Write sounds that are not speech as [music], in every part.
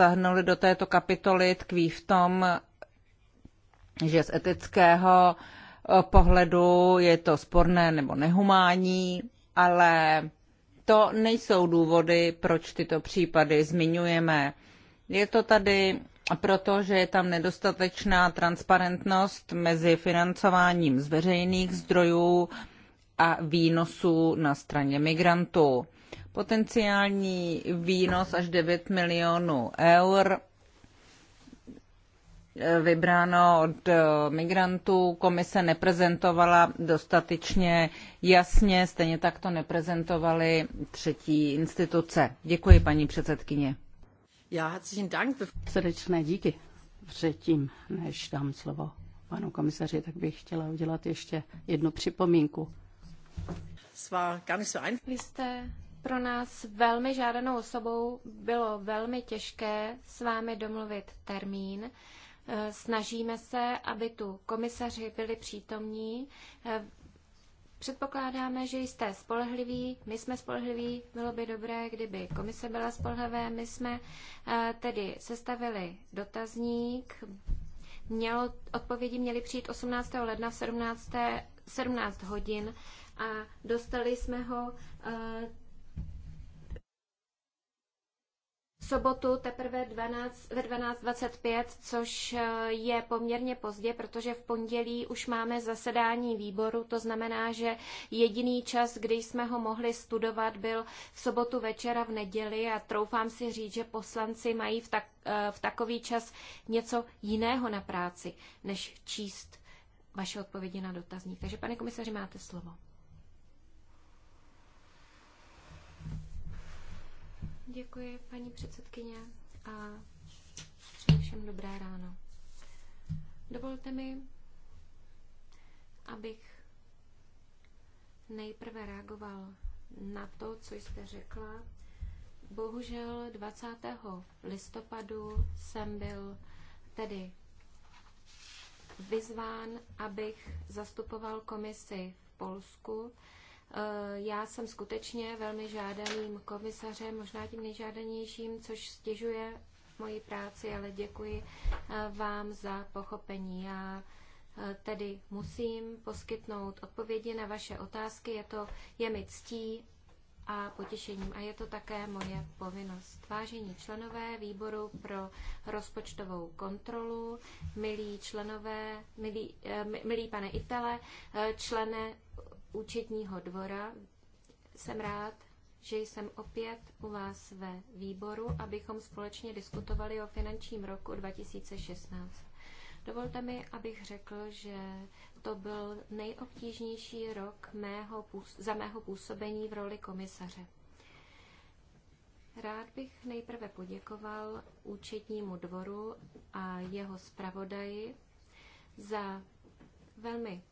zahrnuli do této kapitoly, tkví v tom, že z etického eh, pohledu je to sporné nebo nehumání, ale to nejsou důvody, proč tyto případy zmiňujeme. Je to tady proto, že je tam nedostatečná transparentnost mezi financováním z veřejných zdrojů a výnosů na straně migrantů. Potenciální výnos až 9 milionů eur eh, vybráno od eh, migrantů. Komise neprezentovala dostatečně jasně, stejně tak to neprezentovaly třetí instituce. Děkuji, paní předsedkyně. Já herzlichen Dank. Srdečné díky. Předtím, než dám slovo panu komisaři, tak bych chtěla udělat ještě jednu připomínku. Vy jste pro nás velmi žádanou osobou bylo velmi těžké s vámi domluvit termín. Eh, snažíme se, aby tu komisaři byli přítomní. Eh, předpokládáme, že jste spolehliví, my jsme spolehliví, bylo by dobré, kdyby komise byla spolehlivá. My jsme eh, tedy sestavili dotazník, mělo, odpovědi měly přijít 18. ledna v 17. 17 hodin a dostali jsme ho sobotu teprve 12, ve 12.25, což eh, je poměrně pozdě, protože v pondělí už máme zasedání výboru, to znamená, že jediný čas, kdy jsme ho mohli studovat, byl v sobotu večera v neděli a troufám si říct, že poslanci mají v, tak, eh, v takový čas něco jiného na práci, než číst vaše odpovědi na dotazník. Takže, pane komisaři, máte slovo. Děkuji, paní předsedkyně, a přeji všem dobré ráno. Dovolte mi, abych nejprve reagoval na to, co jste řekla. Bohužel 20. listopadu jsem byl tedy vyzván, abych zastupoval komisi v Polsku. Eh, já jsem skutečně velmi žádaným komisařem, možná tím nejžádanějším, což stěžuje moji práci, ale děkuji eh, vám za pochopení. Já eh, tedy musím poskytnout odpovědi na vaše otázky. Je to je mi ctí a potěšením a je to také moje povinnost. Vážení členové výboru pro rozpočtovou kontrolu, milí členové, milí, milí pane Itele, člene účetního dvora. Jsem rád, že jsem opět u vás ve výboru, abychom společně diskutovali o finančním roku 2016. Dovolte mi, abych řekl, že to byl nejobtížnější rok mého, za mého působení v roli komisaře. Rád bych nejprve poděkoval účetnímu dvoru a jeho zpravodaji za velmi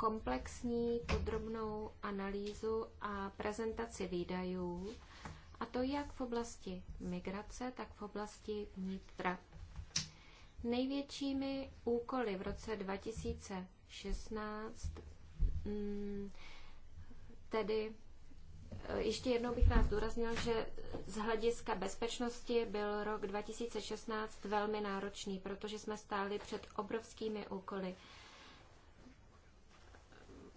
komplexní, podrobnou analýzu a prezentaci výdajů, a to jak v oblasti migrace, tak v oblasti vnitra. Největšími úkoly v roce 2016 mm, tedy e, ještě jednou bych rád zdůraznil, že z hlediska bezpečnosti byl rok 2016 velmi náročný, protože jsme stáli před obrovskými úkoly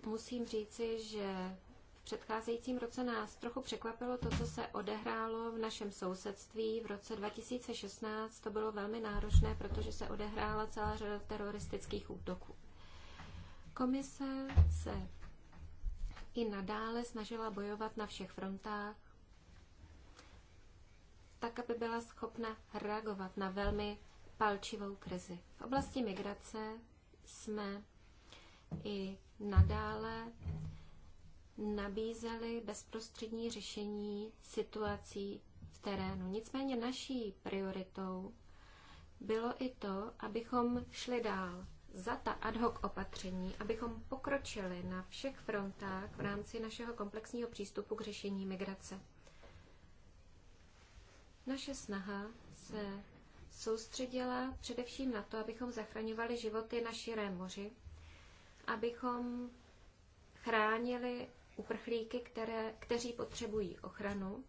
musím říci, že v předcházejícím roce nás trochu překvapilo to, co se odehrálo v našem sousedství. V roce 2016 to bylo velmi náročné, protože se odehrála celá řada teroristických útoků. Komise se i nadále snažila bojovat na všech frontách, tak, aby byla schopna reagovat na velmi palčivou krizi. V oblasti migrace jsme i nadále nabízeli bezprostřední řešení situací v terénu. Nicméně naší prioritou bylo i to, abychom šli dál za ta ad hoc opatření, abychom pokročili na všech frontách v rámci našeho komplexního přístupu k řešení migrace. Naše snaha se soustředila především na to, abychom zachraňovali životy na širém moři, abychom chránili uprchlíky, které, kteří potřebují ochranu,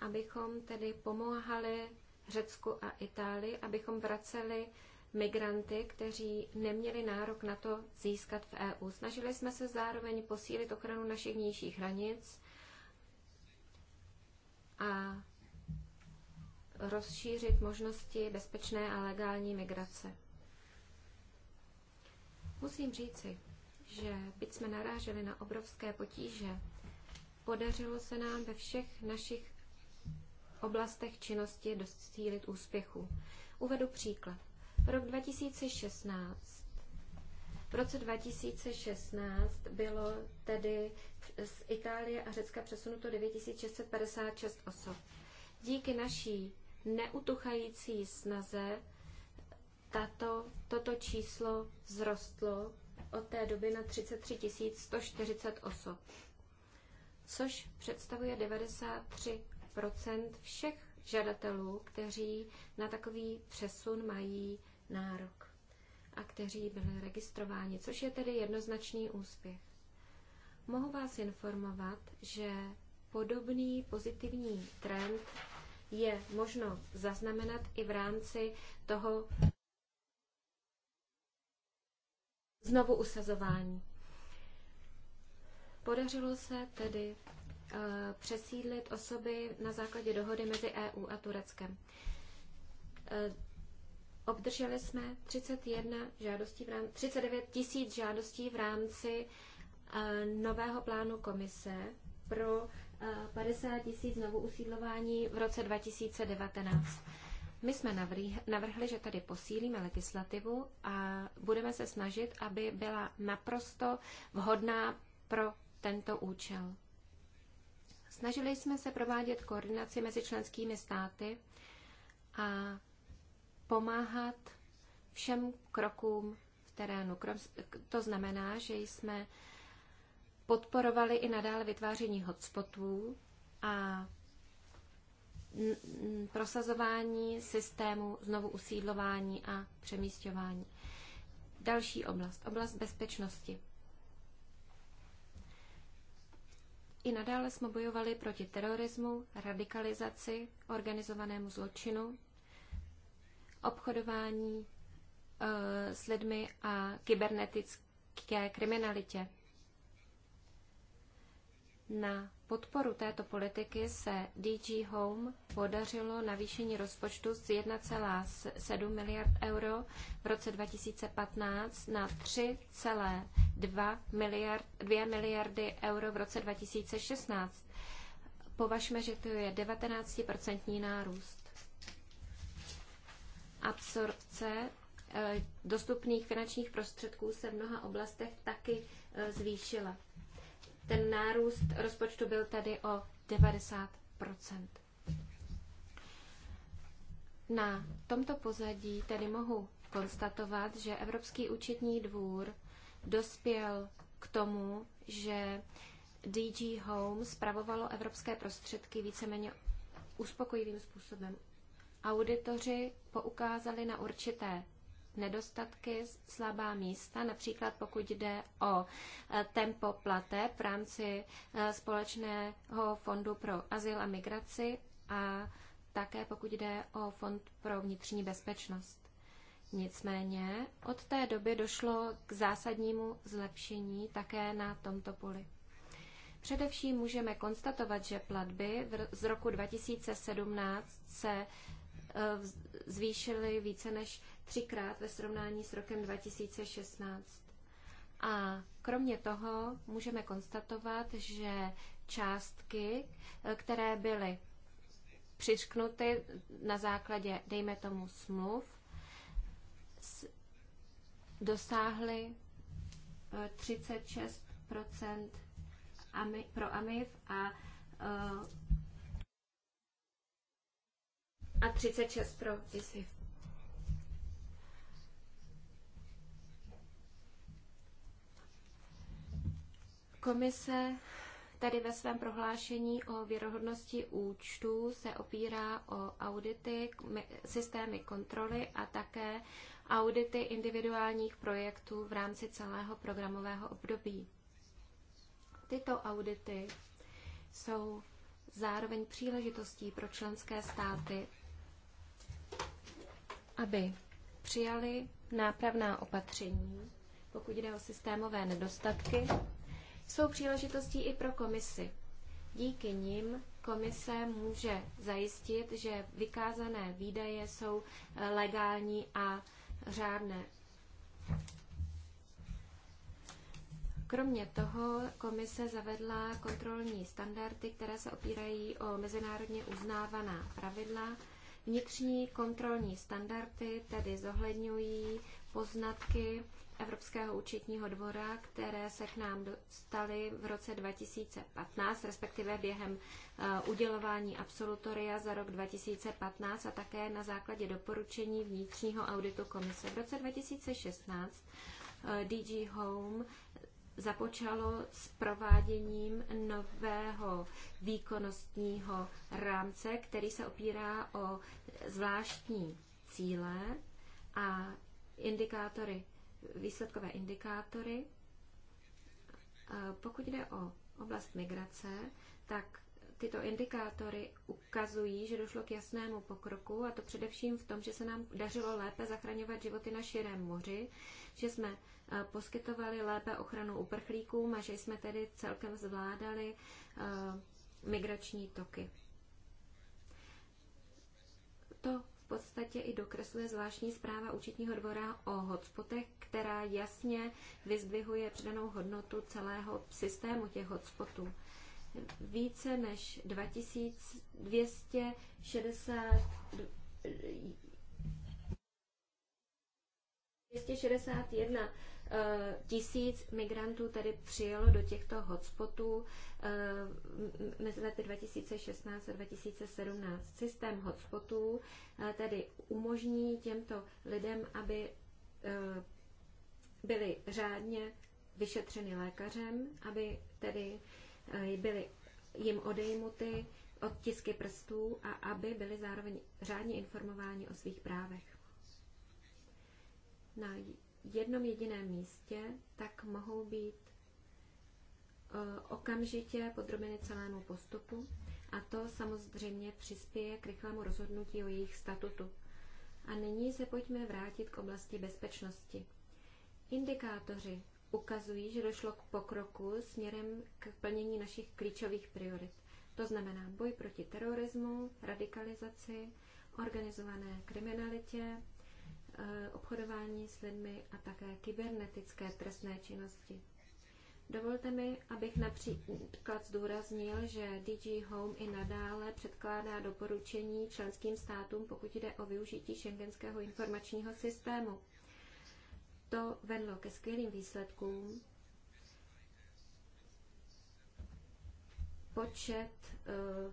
abychom tedy pomáhali Řecku a Itálii, abychom vraceli migranty, kteří neměli nárok na to získat v EU. Snažili jsme se zároveň posílit ochranu našich vnějších hranic a rozšířit možnosti bezpečné a legální migrace. Musím říci, že byť jsme naráželi na obrovské potíže, podařilo se nám ve všech našich oblastech činnosti docílit úspěchu. Uvedu příklad. Rok 2016. V roce 2016 bylo tedy z Itálie a Řecka přesunuto 9656 osob. Díky naší neutuchající snaze tato, toto číslo vzrostlo od té doby na 33 140 osob, což představuje 93 všech žadatelů, kteří na takový přesun mají nárok a kteří byli registrováni, což je tedy jednoznačný úspěch. Mohu vás informovat, že podobný pozitivní trend je možno zaznamenat i v rámci toho znovu usazování. Podařilo se tedy eh, přesídlit osoby na základě dohody mezi EU a Tureckem. Eh, obdrželi jsme 31 žádostí v rámci, 39 tisíc žádostí v rámci eh, nového plánu komise pro 50 tisíc znovu usídlování v roce 2019. My jsme navrhli, že tady posílíme legislativu a budeme se snažit, aby byla naprosto vhodná pro tento účel. Snažili jsme se provádět koordinaci mezi členskými státy a pomáhat všem krokům v terénu. To znamená, že jsme podporovali i nadále vytváření hotspotů a prosazování systému znovu usídlování a přemístování. Další oblast, oblast bezpečnosti. I nadále jsme bojovali proti terorismu, radikalizaci, organizovanému zločinu, obchodování e, s lidmi a kybernetické kriminalitě. Na podporu této politiky se DG Home podařilo navýšení rozpočtu z 1,7 miliard euro v roce 2015 na 3,2 2 miliardy euro v roce 2016. Považme, že to je 19% nárůst. Absorpce eh, dostupných finančních prostředků se v mnoha oblastech taky eh, zvýšila. Ten nárůst rozpočtu byl tady o 90 Na tomto pozadí tedy mohu konstatovat, že Evropský účetní dvůr dospěl k tomu, že DG Home spravovalo evropské prostředky víceméně uspokojivým způsobem. Auditoři poukázali na určité nedostatky, slabá místa, například pokud jde o eh, tempo plate v rámci eh, společného fondu pro azyl a migraci a také pokud jde o fond pro vnitřní bezpečnost. Nicméně od té doby došlo k zásadnímu zlepšení také na tomto poli. Především můžeme konstatovat, že platby z roku 2017 se eh, zvýšily více než třikrát ve srovnání s rokem 2016. A kromě toho můžeme konstatovat, že částky, eh, které byly přišknuty na základě, dejme tomu, smluv, dosáhly 36 eh, pro AMIF a, eh, a 36 pro ISIF. Komise tady ve svém prohlášení o věrohodnosti účtů se opírá o audity, systémy kontroly a také audity individuálních projektů v rámci celého programového období. Tyto audity jsou zároveň příležitostí pro členské státy, aby přijali nápravná opatření, pokud jde o systémové nedostatky jsou příležitostí i pro komisi. Díky nim komise může zajistit, že vykázané výdaje jsou eh, legální a řádné. Kromě toho komise zavedla kontrolní standardy, které se opírají o mezinárodně uznávaná pravidla. Vnitřní kontrolní standardy tedy zohledňují poznatky Evropského účetního dvora, které se k nám dostaly v roce 2015, respektive během eh, udělování absolutoria za rok 2015 a také na základě doporučení vnitřního auditu komise. V roce 2016 eh, DG Home započalo s prováděním nového výkonnostního rámce, který se opírá o zvláštní cíle a indikátory výsledkové indikátory. Pokud jde o oblast migrace, tak tyto indikátory ukazují, že došlo k jasnému pokroku, a to především v tom, že se nám dařilo lépe zachraňovat životy na širém moři, že jsme e, poskytovali lépe ochranu uprchlíkům a že jsme tedy celkem zvládali e, migrační toky. To podstatě i dokresluje zvláštní zpráva účetního dvora o hotspotech, která jasně vyzdvihuje přidanou hodnotu celého systému těch hotspotů. Více než 2260 261 Eh, tisíc migrantů tedy přijelo do těchto hotspotů eh, mezi lety 2016 a 2017. Systém hotspotů eh, tedy umožní těmto lidem, aby byli řádně vyšetřeny lékařem, aby tedy byly jim odejmuty odtisky prstů a aby byli zároveň řádně informováni o svých právech. Na jednom jediném místě, tak mohou být eh, okamžitě podrobeny celému postupu a to samozřejmě přispěje k rychlému rozhodnutí o jejich statutu. A nyní se pojďme vrátit k oblasti bezpečnosti. Indikátoři ukazují, že došlo k pokroku směrem k plnění našich klíčových priorit. To znamená boj proti terorismu, radikalizaci, organizované kriminalitě, Eh, obchodování s lidmi a také kybernetické trestné činnosti. Dovolte mi, abych například zdůraznil, že DG Home i nadále předkládá doporučení členským státům, pokud jde o využití šengenského informačního systému. To vedlo ke skvělým výsledkům. Počet uh,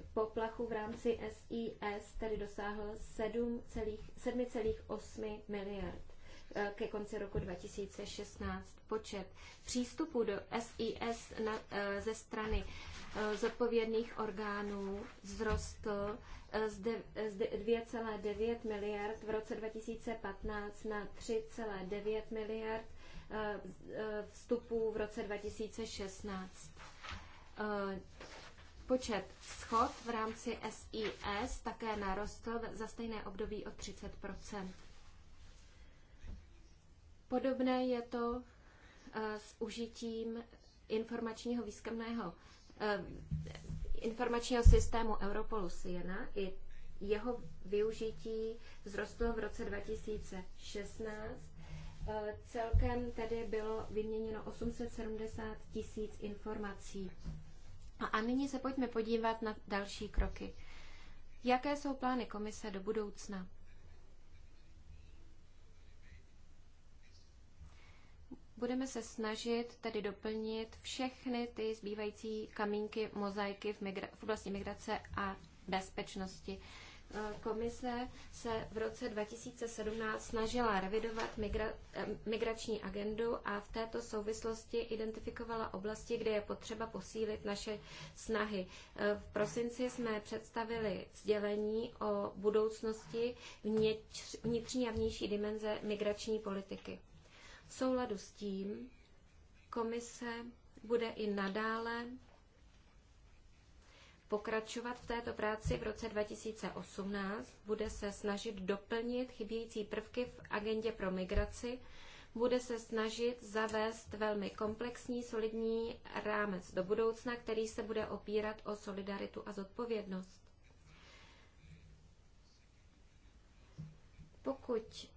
Prostě poplachu v rámci SIS tedy dosáhl 7,8 miliard eh, ke konci roku 2016. Počet přístupů do SIS na, eh, ze strany eh, zodpovědných orgánů vzrostl z 2,9 miliard v roce 2015 na 3,9 miliard vstupů v roce 2016 Počet schod v rámci SIS také narostl za stejné období o 30 Podobné je to eh, s užitím informačního výzkumného eh, informačního systému Europolu Siena i jeho využití vzrostlo v roce 2016. Eh, celkem tedy bylo vyměněno 870 tisíc informací No a nyní se pojďme podívat na další kroky. Jaké jsou plány komise do budoucna? Budeme se snažit tedy doplnit všechny ty zbývající kamínky, mozaiky v, migra- v oblasti migrace a bezpečnosti. Komise se v roce 2017 snažila revidovat migra, eh, migrační agendu a v této souvislosti identifikovala oblasti, kde je potřeba posílit naše snahy. Eh, v prosinci jsme představili sdělení o budoucnosti vnitř, vnitřní a vnější dimenze migrační politiky. V souladu s tím komise bude i nadále pokračovat v této práci v roce 2018, bude se snažit doplnit chybějící prvky v agendě pro migraci, bude se snažit zavést velmi komplexní solidní rámec do budoucna, který se bude opírat o solidaritu a zodpovědnost. Pokud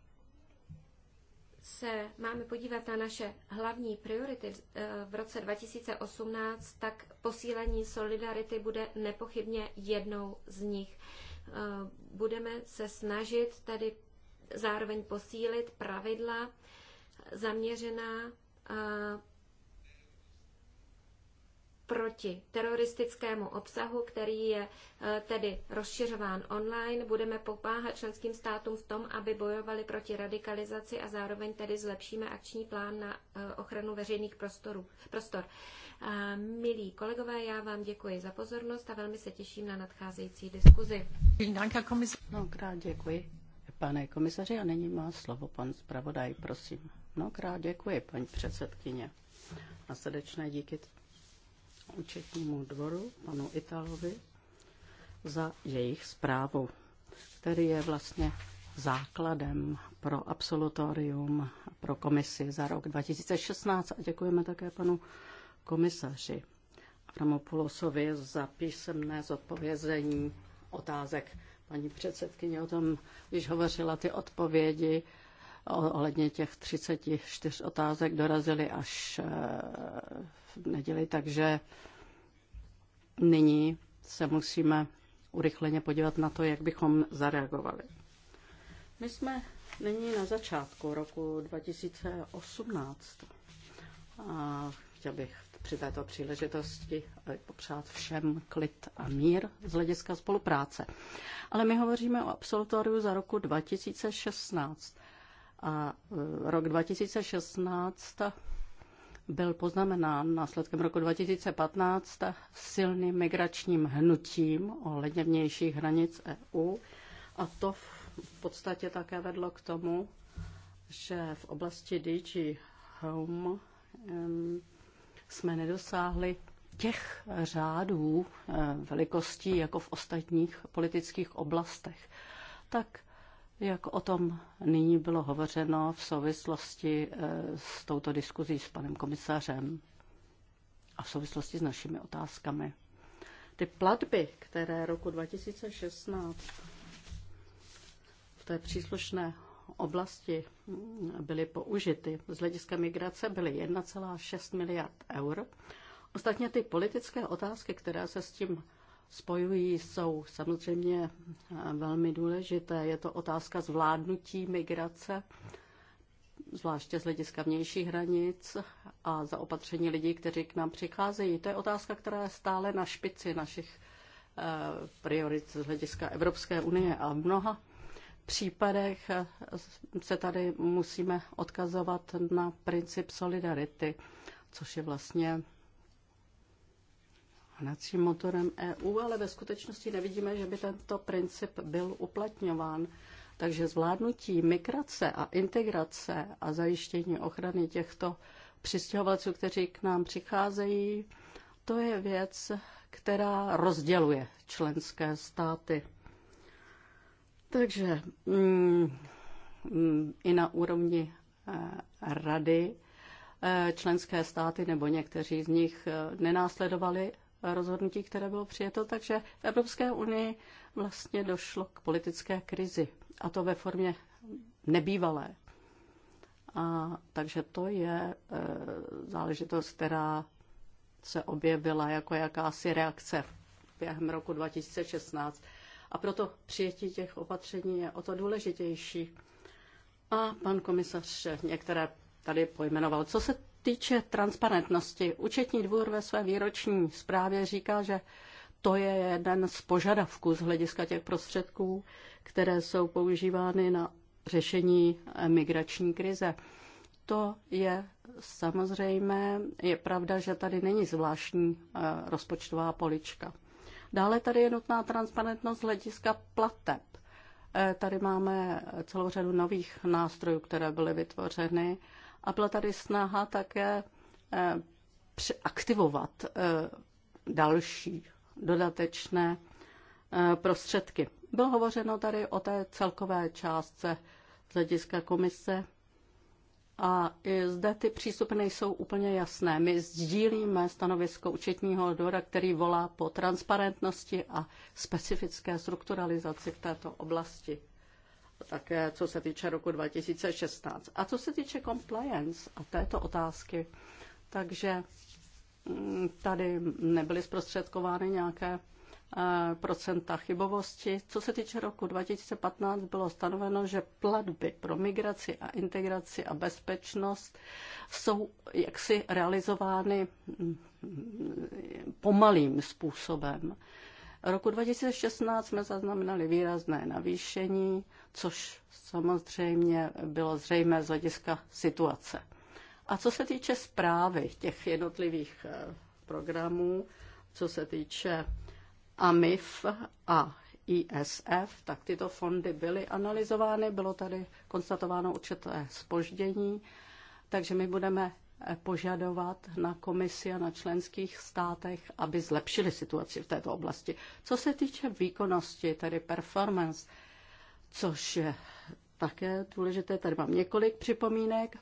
se máme podívat na naše hlavní priority eh, v roce 2018, tak posílení solidarity bude nepochybně jednou z nich. Eh, budeme se snažit tedy zároveň posílit pravidla zaměřená eh, proti teroristickému obsahu, který je eh, tedy rozšiřován online. Budeme popáhat členským státům v tom, aby bojovali proti radikalizaci a zároveň tedy zlepšíme akční plán na eh, ochranu veřejných prostorů, prostor. Eh, milí kolegové, já vám děkuji za pozornost a velmi se těším na nadcházející diskuzi. Mnohokrát děkuji, pane komisaři, a není má slovo pan zpravodaj, prosím. Mnohokrát děkuji, paní předsedkyně. A srdečné díky účetnímu dvoru, panu Italovi, za jejich zprávu, který je vlastně základem pro absolutorium pro komisi za rok 2016 a děkujeme také panu komisaři Avramopoulosovi za písemné zodpovězení otázek. Paní předsedkyně o tom již hovořila ty odpovědi ohledně těch 34 otázek dorazily až eh, v neděli, takže nyní se musíme urychleně podívat na to, jak bychom zareagovali. My jsme nyní na začátku roku 2018 a chtěl bych při této příležitosti popřát všem klid a mír z hlediska spolupráce. Ale my hovoříme o absolutoriu za roku 2016. A e, rok 2016 byl poznamenán následkem roku 2015 silným migračním hnutím o vnějších hranic EU a to v podstatě také vedlo k tomu, že v oblasti DG Home jsme nedosáhli těch řádů eh, velikostí jako v ostatních politických oblastech. Tak jak o tom nyní bylo hovořeno v souvislosti eh, s touto diskuzí s panem komisařem a v souvislosti s našimi otázkami. Ty platby, které roku 2016 v té příslušné oblasti byly použity z hlediska migrace, byly 1,6 miliard eur. Ostatně ty politické otázky, které se s tím spojují, jsou samozřejmě eh, velmi důležité. Je to otázka zvládnutí migrace, zvláště z hlediska vnějších hranic a zaopatření lidí, kteří k nám přicházejí. To je otázka, která je stále na špici našich eh, priorit z hlediska Evropské unie a v mnoha případech eh, se tady musíme odkazovat na princip solidarity, což je vlastně hnacím motorem EU, ale ve skutečnosti nevidíme, že by tento princip byl uplatňován. Takže zvládnutí migrace a integrace a zajištění ochrany těchto přistěhovalců, kteří k nám přicházejí, to je věc, která rozděluje členské státy. Takže mm, mm i na úrovni eh, rady eh, členské státy nebo někteří z nich eh, nenásledovali rozhodnutí, které bylo přijeto, takže v Evropské unii vlastně došlo k politické krizi a to ve formě nebývalé. A, takže to je e, záležitost, která se objevila jako jakási reakce během roku 2016. A proto přijetí těch opatření je o to důležitější. A pan komisař některé tady pojmenoval. Co se týče transparentnosti, účetní dvůr ve své výroční zprávě říká, že to je jeden z požadavků z hlediska těch prostředků, které jsou používány na řešení migrační krize. To je samozřejmé, je pravda, že tady není zvláštní eh, rozpočtová polička. Dále tady je nutná transparentnost z hlediska plateb. Eh, tady máme celou řadu nových nástrojů, které byly vytvořeny a byla tady snaha také eh, aktivovat eh, další dodatečné eh, prostředky. Bylo hovořeno tady o té celkové částce z hlediska komise a i zde ty přístupy nejsou úplně jasné. My sdílíme stanovisko účetního dvora, který volá po transparentnosti a specifické strukturalizaci v této oblasti také co se týče roku 2016. A co se týče compliance a této otázky, takže mm, tady nebyly zprostředkovány nějaké eh, procenta chybovosti. Co se týče roku 2015, bylo stanoveno, že platby pro migraci a integraci a bezpečnost jsou jaksi realizovány mm, pomalým způsobem. Roku 2016 jsme zaznamenali výrazné navýšení, což samozřejmě bylo zřejmé z hlediska situace. A co se týče zprávy těch jednotlivých eh, programů, co se týče AMIF a ISF, tak tyto fondy byly analyzovány, bylo tady konstatováno určité spoždění, takže my budeme požadovat na komisi a na členských státech, aby zlepšili situaci v této oblasti. Co se týče výkonnosti, tedy performance, což je také důležité, tady mám několik připomínek.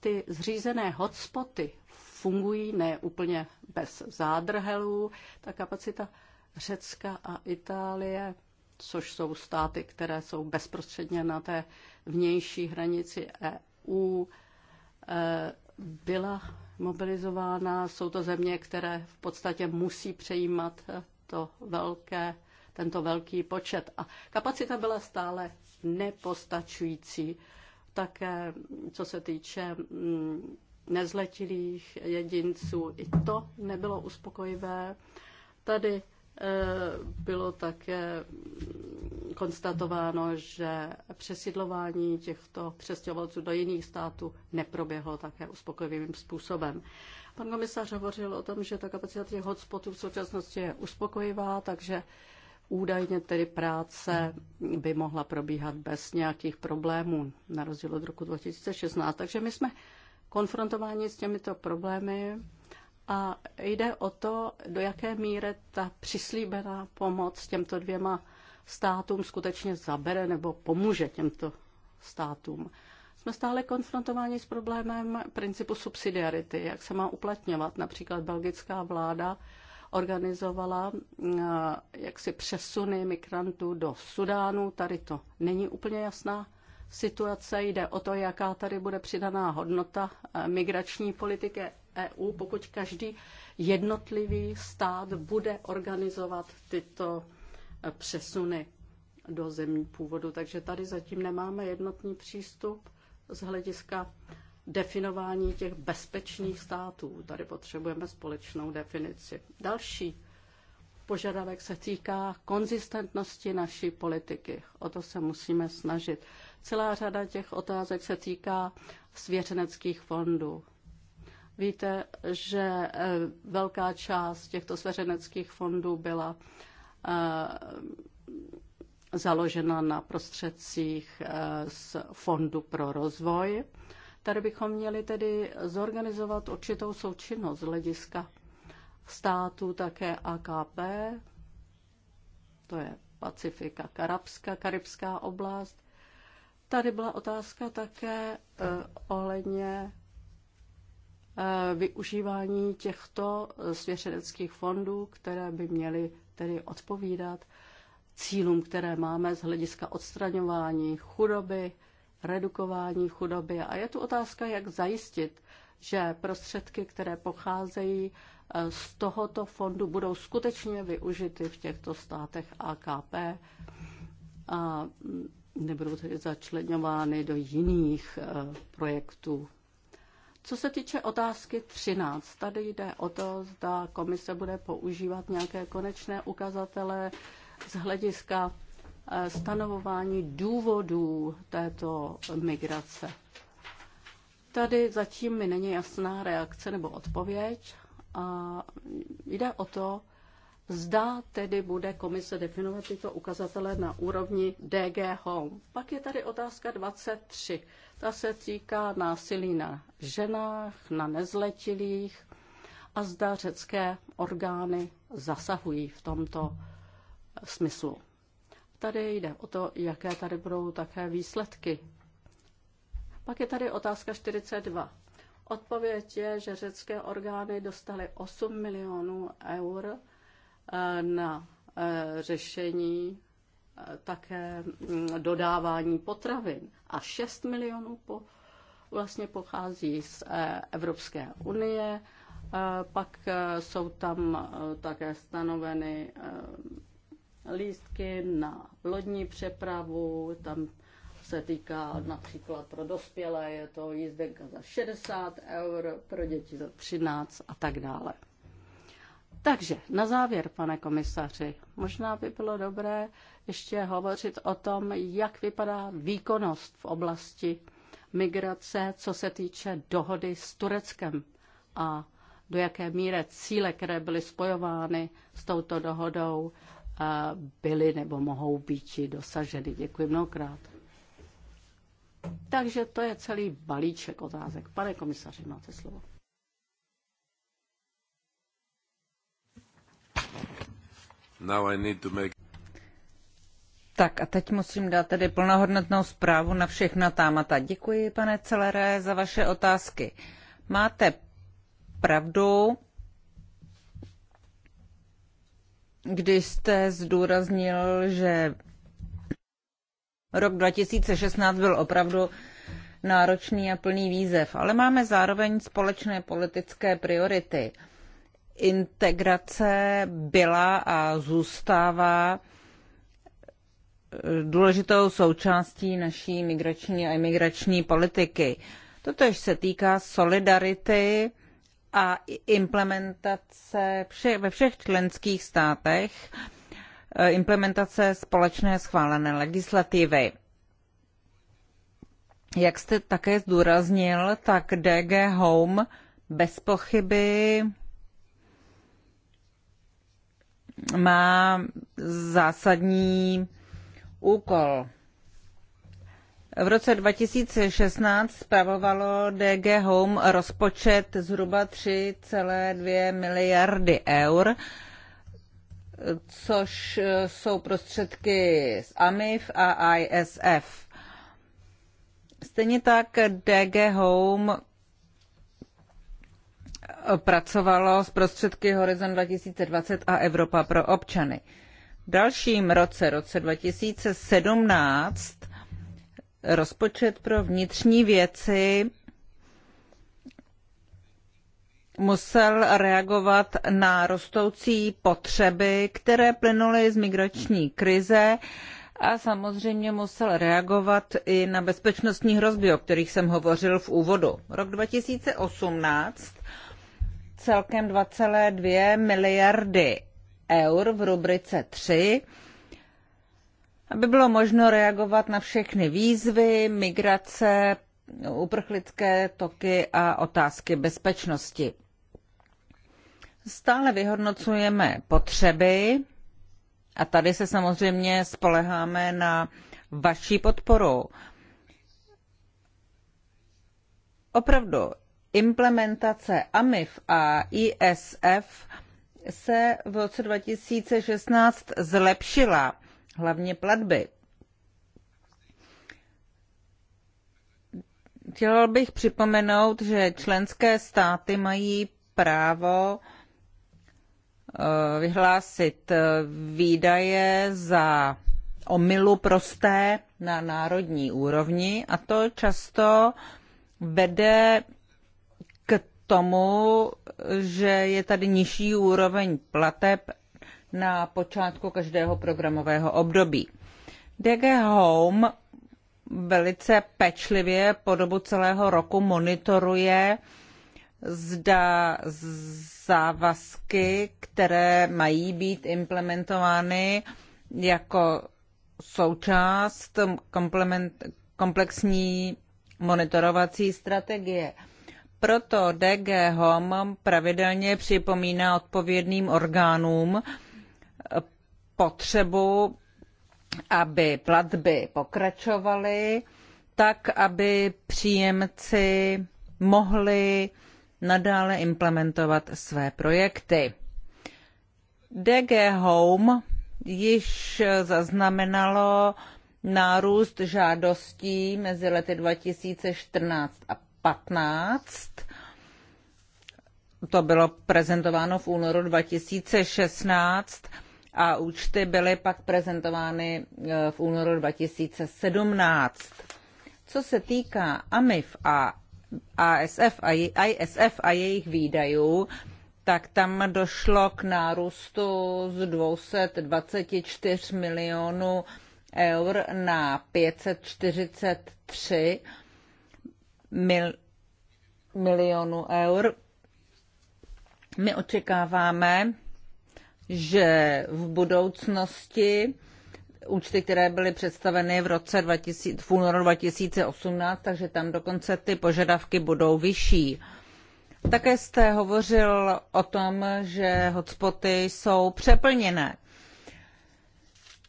Ty zřízené hotspoty fungují ne úplně bez zádrhelů. Ta kapacita Řecka a Itálie, což jsou státy, které jsou bezprostředně na té vnější hranici EU, eh, byla mobilizována. Jsou to země, které v podstatě musí přejímat to velké, tento velký počet. A kapacita byla stále nepostačující. Také co se týče mm, nezletilých jedinců, i to nebylo uspokojivé. Tady Eh, bylo také konstatováno, že přesidlování těchto přestěhovalců do jiných států neproběhlo také uspokojivým způsobem. Pan komisař hovořil o tom, že ta kapacita těch hotspotů v současnosti je uspokojivá, takže údajně tedy práce by mohla probíhat bez nějakých problémů, na rozdíl od roku 2016. Takže my jsme konfrontováni s těmito problémy a jde o to, do jaké míry ta přislíbená pomoc těmto dvěma státům skutečně zabere nebo pomůže těmto státům. Jsme stále konfrontováni s problémem principu subsidiarity, jak se má uplatňovat. Například belgická vláda organizovala eh, jaksi přesuny migrantů do Sudánu. Tady to není úplně jasná situace. Jde o to, jaká tady bude přidaná hodnota eh, migrační politiky EU, pokud každý jednotlivý stát bude organizovat tyto eh, přesuny do zemí původu. Takže tady zatím nemáme jednotný přístup z hlediska definování těch bezpečných států. Tady potřebujeme společnou definici. Další požadavek se týká konzistentnosti naší politiky. O to se musíme snažit. Celá řada těch otázek se týká svěřeneckých fondů. Víte, že eh, velká část těchto svěřeneckých fondů byla eh, založena na prostředcích eh, z Fondu pro rozvoj. Tady bychom měli tedy zorganizovat určitou součinnost z hlediska států také AKP, to je Pacifika, Karabska, Karibská oblast. Tady byla otázka také eh, ohledně Eh, využívání těchto svěřeneckých fondů, které by měly tedy odpovídat cílům, které máme z hlediska odstraňování chudoby, redukování chudoby. A je tu otázka, jak zajistit, že prostředky, které pocházejí eh, z tohoto fondu, budou skutečně využity v těchto státech AKP a mm, nebudou tedy začleňovány do jiných eh, projektů co se týče otázky 13, tady jde o to, zda komise bude používat nějaké konečné ukazatele z hlediska eh, stanovování důvodů této migrace. Tady zatím mi není jasná reakce nebo odpověď a jde o to, Zda tedy bude komise definovat tyto ukazatele na úrovni DG Home. Pak je tady otázka 23. Ta se týká násilí na ženách, na nezletilých a zda řecké orgány zasahují v tomto smyslu. Tady jde o to, jaké tady budou také výsledky. Pak je tady otázka 42. Odpověď je, že řecké orgány dostaly 8 milionů eur na eh, řešení eh, také mm, dodávání potravin a 6 milionů po, vlastně pochází z eh, Evropské unie. Pak jsou tam také stanoveny lístky na lodní přepravu, tam se týká například pro dospělé, je to jízdenka za 60 eur, pro děti za 13 a tak dále. Takže na závěr, pane komisaři, možná by bylo dobré ještě hovořit o tom, jak vypadá výkonnost v oblasti migrace, co se týče dohody s Tureckem a do jaké míry cíle, které byly spojovány s touto dohodou, eh, byly nebo mohou být dosaženy. Děkuji mnohokrát. Takže to je celý balíček otázek. Pane komisaři, máte slovo. Tak a teď musím dát tedy plnohodnotnou zprávu na všechna támata. Děkuji, pane Celere, za vaše otázky. Máte pravdu, když jste zdůraznil, že rok 2016 byl opravdu náročný a plný výzev, ale máme zároveň společné politické priority – integrace byla a zůstává eh, důležitou součástí naší migrační a imigrační politiky. Totež se týká solidarity a implementace ve všech členských státech eh, implementace společné schválené legislativy. Jak jste také zdůraznil, tak DG Home bez pochyby má zásadní úkol. V roce 2016 spravovalo DG Home rozpočet zhruba 3,2 miliardy eur, což jsou prostředky z AMIF a ISF. Stejně tak DG Home pracovalo s prostředky Horizon 2020 a Evropa pro občany. V dalším roce, roce 2017, rozpočet pro vnitřní věci musel reagovat na rostoucí potřeby, které plynuly z migrační krize a samozřejmě musel reagovat i na bezpečnostní hrozby, o kterých jsem hovořil v úvodu. Rok 2018 celkem 2,2 miliardy eur v rubrice 3, aby bylo možno reagovat na všechny výzvy, migrace, uprchlické toky a otázky bezpečnosti. Stále vyhodnocujeme potřeby a tady se samozřejmě spoleháme na vaší podporu. Opravdu, implementace AMIF a ISF se v roce 2016 zlepšila, hlavně platby. Chtěl bych připomenout, že členské státy mají právo eh, vyhlásit eh, výdaje za omylu prosté na národní úrovni a to často vede tomu, že je tady nižší úroveň plateb na počátku každého programového období. DG Home velice pečlivě po dobu celého roku monitoruje, zda závazky, které mají být implementovány jako součást komplexní monitorovací strategie proto DG Home pravidelně připomíná odpovědným orgánům potřebu, aby platby pokračovaly, tak aby příjemci mohli nadále implementovat své projekty. DG Home již zaznamenalo nárůst žádostí mezi lety 2014 a 15. To bylo prezentováno v únoru 2016 a účty byly pak prezentovány e, v únoru 2017. Co se týká AMIF a ASF a, ISF a jejich výdajů, tak tam došlo k nárůstu z 224 milionů eur na 543 mil, milionů eur. My očekáváme, že v budoucnosti účty, které byly představeny v roce 2000, v únoru 2018, takže tam dokonce ty požadavky budou vyšší. Také jste hovořil o tom, že hotspoty jsou přeplněné.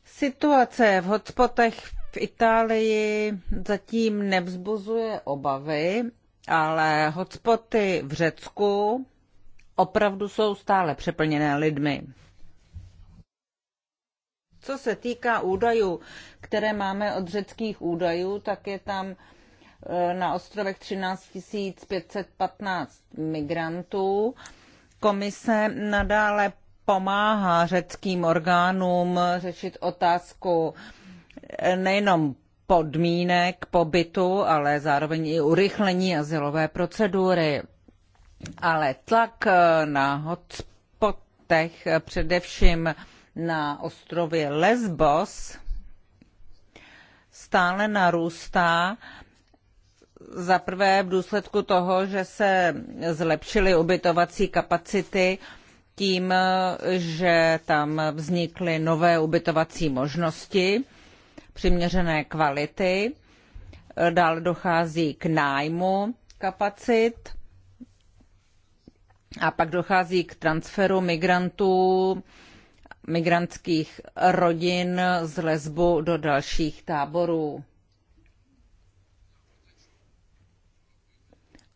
Situace v hotspotech v Itálii zatím nevzbuzuje obavy, ale hotspoty v Řecku opravdu jsou stále přeplněné lidmi. Co se týká údajů, které máme od řeckých údajů, tak je tam e, na ostrovech 13 515 migrantů. Komise nadále pomáhá řeckým orgánům řešit otázku nejenom podmínek pobytu, ale zároveň i urychlení asilové procedury. Ale tlak eh, na hotspotech, eh, především na ostrově Lesbos, stále narůstá. Za prvé v důsledku toho, že se zlepšily ubytovací kapacity, tím, eh, že tam vznikly nové ubytovací možnosti přiměřené kvality. Dále dochází k nájmu kapacit a pak dochází k transferu migrantů, migrantských rodin z Lesbu do dalších táborů.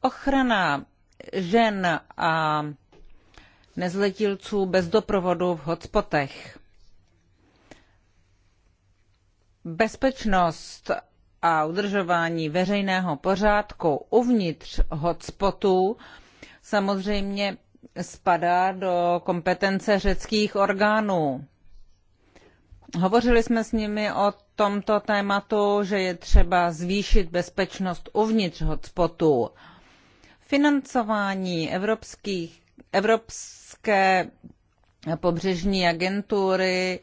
Ochrana žen a nezletilců bez doprovodu v hotspotech. bezpečnost a udržování veřejného pořádku uvnitř hotspotů samozřejmě spadá do kompetence řeckých orgánů. Hovořili jsme s nimi o tomto tématu, že je třeba zvýšit bezpečnost uvnitř hotspotů. Financování evropských, evropské pobřežní agentury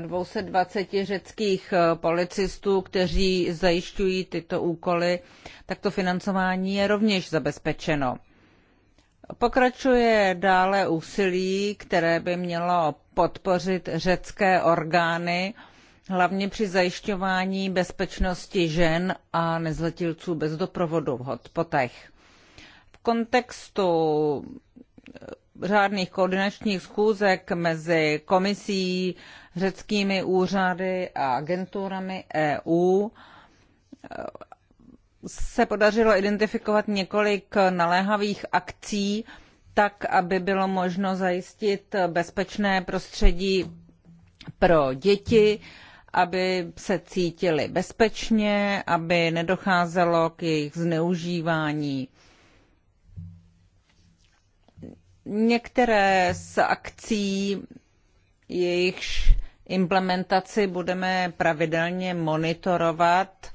220 řeckých eh, policistů, kteří zajišťují tyto úkoly, tak to financování je rovněž zabezpečeno. Pokračuje dále úsilí, které by mělo podpořit řecké orgány, hlavně při zajišťování bezpečnosti žen a nezletilců bez doprovodu v hotpotech. V kontextu řádných koordinačních schůzek mezi komisí, řeckými úřady a agenturami EU se podařilo identifikovat několik naléhavých akcí, tak, aby bylo možno zajistit bezpečné prostředí pro děti, aby se cítili bezpečně, aby nedocházelo k jejich zneužívání. Některé z akcí, jejichž implementaci budeme pravidelně monitorovat,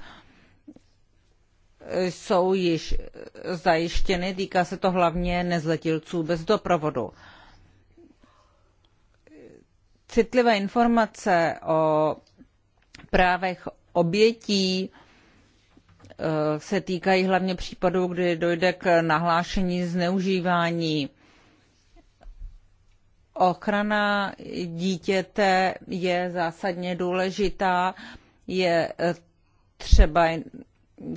jsou již zajištěny. Týká se to hlavně nezletilců bez doprovodu. Citlivé informace o právech obětí eh, se týkají hlavně případů, kdy dojde k nahlášení zneužívání. Ochrana dítěte je zásadně důležitá. Je eh, třeba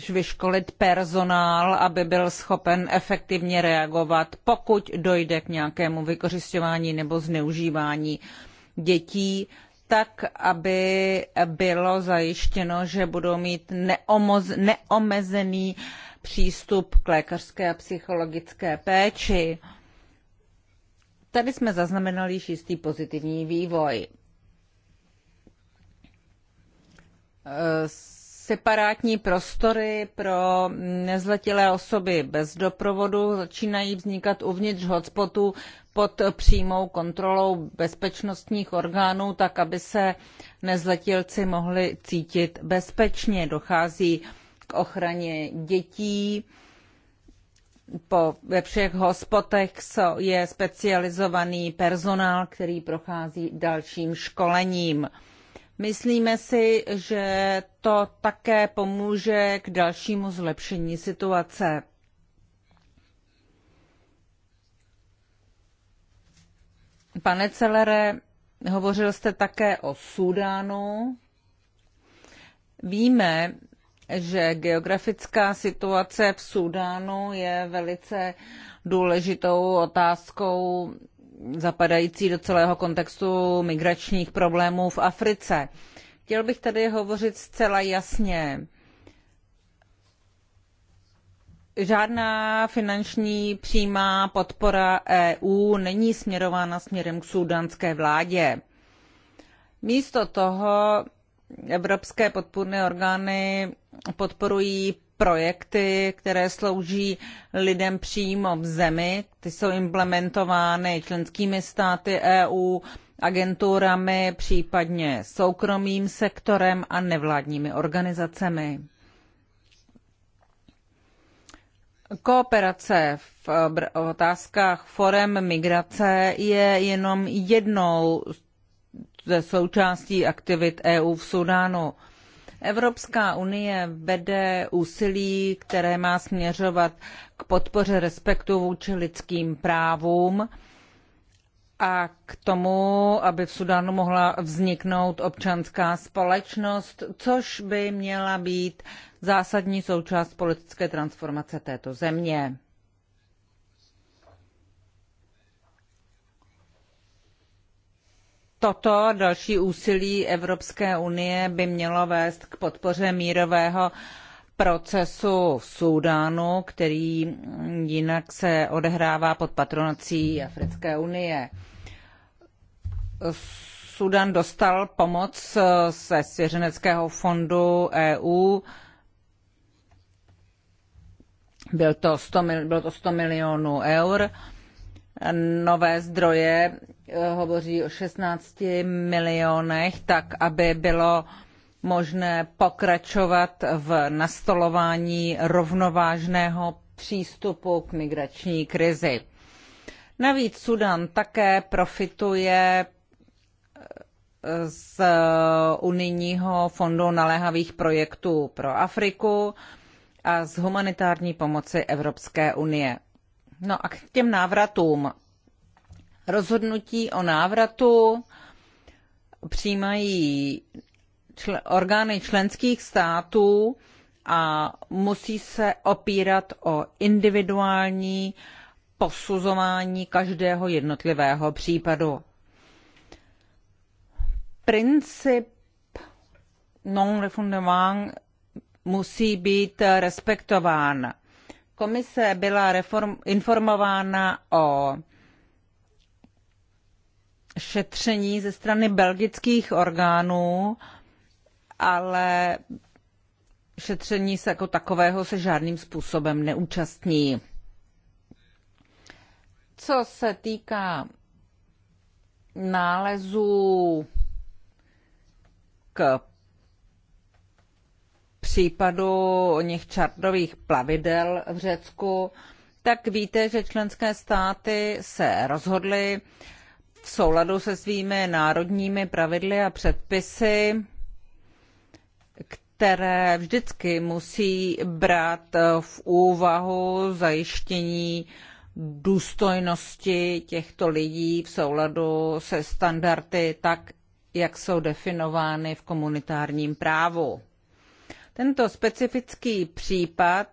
vyškolit personál, aby byl schopen efektivně reagovat, pokud dojde k nějakému vykořišťování nebo zneužívání dětí, tak aby bylo zajištěno, že budou mít neomoz, neomezený přístup k lékařské a psychologické péči. Tady jsme zaznamenali již jistý pozitivní vývoj. Separátní prostory pro nezletilé osoby bez doprovodu začínají vznikat uvnitř hotspotu pod přímou kontrolou bezpečnostních orgánů, tak aby se nezletilci mohli cítit bezpečně. Dochází k ochraně dětí, po, ve všech hospotech je specializovaný personál, který prochází dalším školením. Myslíme si, že to také pomůže k dalšímu zlepšení situace. Pane Celere, hovořil jste také o Súdánu. Víme, že geografická situace v Súdánu je velice důležitou otázkou zapadající do celého kontextu migračních problémů v Africe. Chtěl bych tady hovořit zcela jasně. Žádná finanční přímá podpora EU není směrována směrem k súdánské vládě. Místo toho evropské podpůrné orgány podporují projekty, které slouží lidem přímo v zemi. Ty jsou implementovány členskými státy EU, agenturami, případně soukromým sektorem a nevládními organizacemi. Kooperace v otázkách forem migrace je jenom jednou z ze součástí aktivit EU v Sudánu. Evropská unie vede úsilí, které má směřovat k podpoře respektu vůči lidským právům a k tomu, aby v Sudánu mohla vzniknout občanská společnost, což by měla být zásadní součást politické transformace této země. toto další úsilí Evropské unie by mělo vést k podpoře mírového procesu v Súdánu, který jinak se odehrává pod patronací Africké unie. Súdán dostal pomoc ze svěřeneckého fondu EU. Byl to 100, bylo to 100 milionů eur nové zdroje, eh, hovoří o 16 milionech, tak aby bylo možné pokračovat v nastolování rovnovážného přístupu k migrační krizi. Navíc Sudan také profituje eh, z unijního fondu naléhavých projektů pro Afriku a z humanitární pomoci Evropské unie. No a k těm návratům. Rozhodnutí o návratu přijímají čl- orgány členských států a musí se opírat o individuální posuzování každého jednotlivého případu. Princip non-refundement musí být respektován komise byla reform, informována o šetření ze strany belgických orgánů, ale šetření se jako takového se žádným způsobem neúčastní. Co se týká nálezů k případu o nich čardových plavidel v Řecku, tak víte, že členské státy se rozhodly v souladu se svými národními pravidly a předpisy, které vždycky musí brát v úvahu zajištění důstojnosti těchto lidí v souladu se standardy tak, jak jsou definovány v komunitárním právu. Tento specifický případ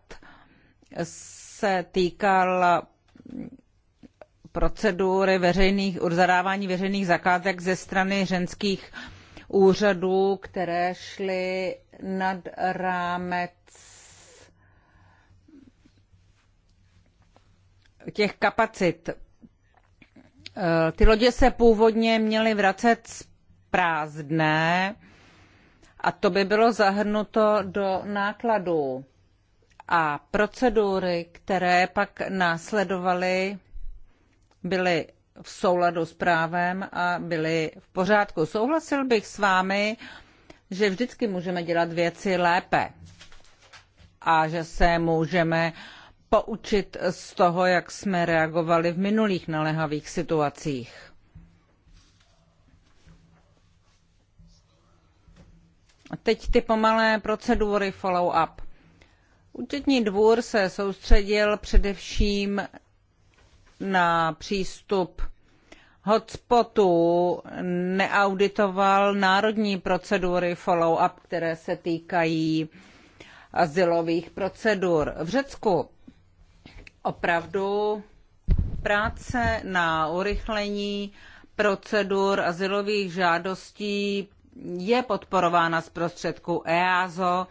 se týkal procedury veřejných, zadávání veřejných zakázek ze strany ženských úřadů, které šly nad rámec těch kapacit. Ty lodě se původně měly vracet z prázdné, a to by bylo zahrnuto do nákladů. A procedury, které pak následovaly, byly v souladu s právem a byly v pořádku. Souhlasil bych s vámi, že vždycky můžeme dělat věci lépe a že se můžeme poučit z toho, jak jsme reagovali v minulých nalehavých situacích. Teď ty pomalé procedury follow-up. Účetní dvůr se soustředil především na přístup hotspotů, neauditoval národní procedury follow-up, které se týkají azylových procedur. V Řecku opravdu práce na urychlení procedur azylových žádostí je podporována z prostředku EASO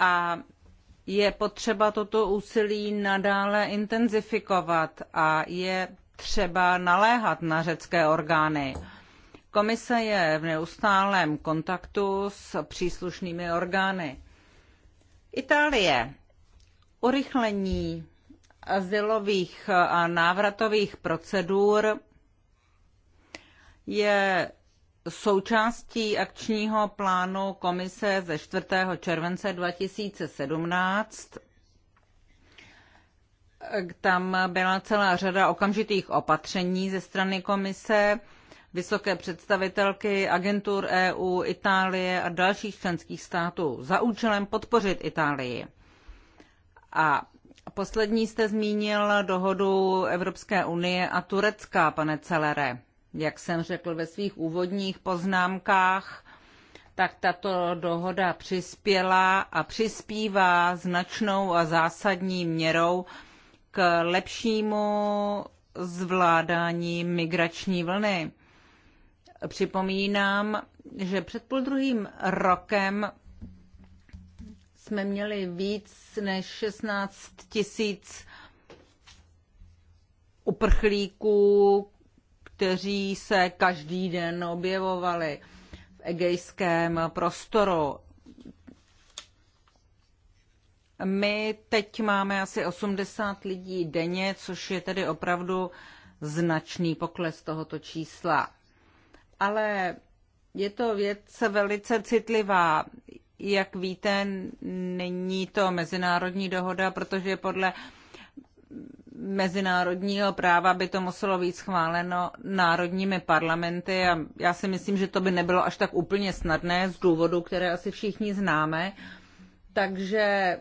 a je potřeba toto úsilí nadále intenzifikovat a je třeba naléhat na řecké orgány. Komise je v neustálém kontaktu s příslušnými orgány. Itálie. Urychlení azylových a návratových procedur je součástí akčního plánu komise ze 4. července 2017. Tam byla celá řada okamžitých opatření ze strany komise, vysoké představitelky agentur EU, Itálie a dalších členských států za účelem podpořit Itálii. A poslední jste zmínil dohodu Evropské unie a Turecka, pane Celere. Jak jsem řekl ve svých úvodních poznámkách, tak tato dohoda přispěla a přispívá značnou a zásadní měrou k lepšímu zvládání migrační vlny. Připomínám, že před půl druhým rokem jsme měli víc než 16 tisíc uprchlíků, kteří se každý den objevovali v egejském prostoru. My teď máme asi 80 lidí denně, což je tedy opravdu značný pokles tohoto čísla. Ale je to věc velice citlivá. Jak víte, není to mezinárodní dohoda, protože podle mezinárodního práva by to muselo být schváleno národními parlamenty a já si myslím, že to by nebylo až tak úplně snadné z důvodu, které asi všichni známe. Takže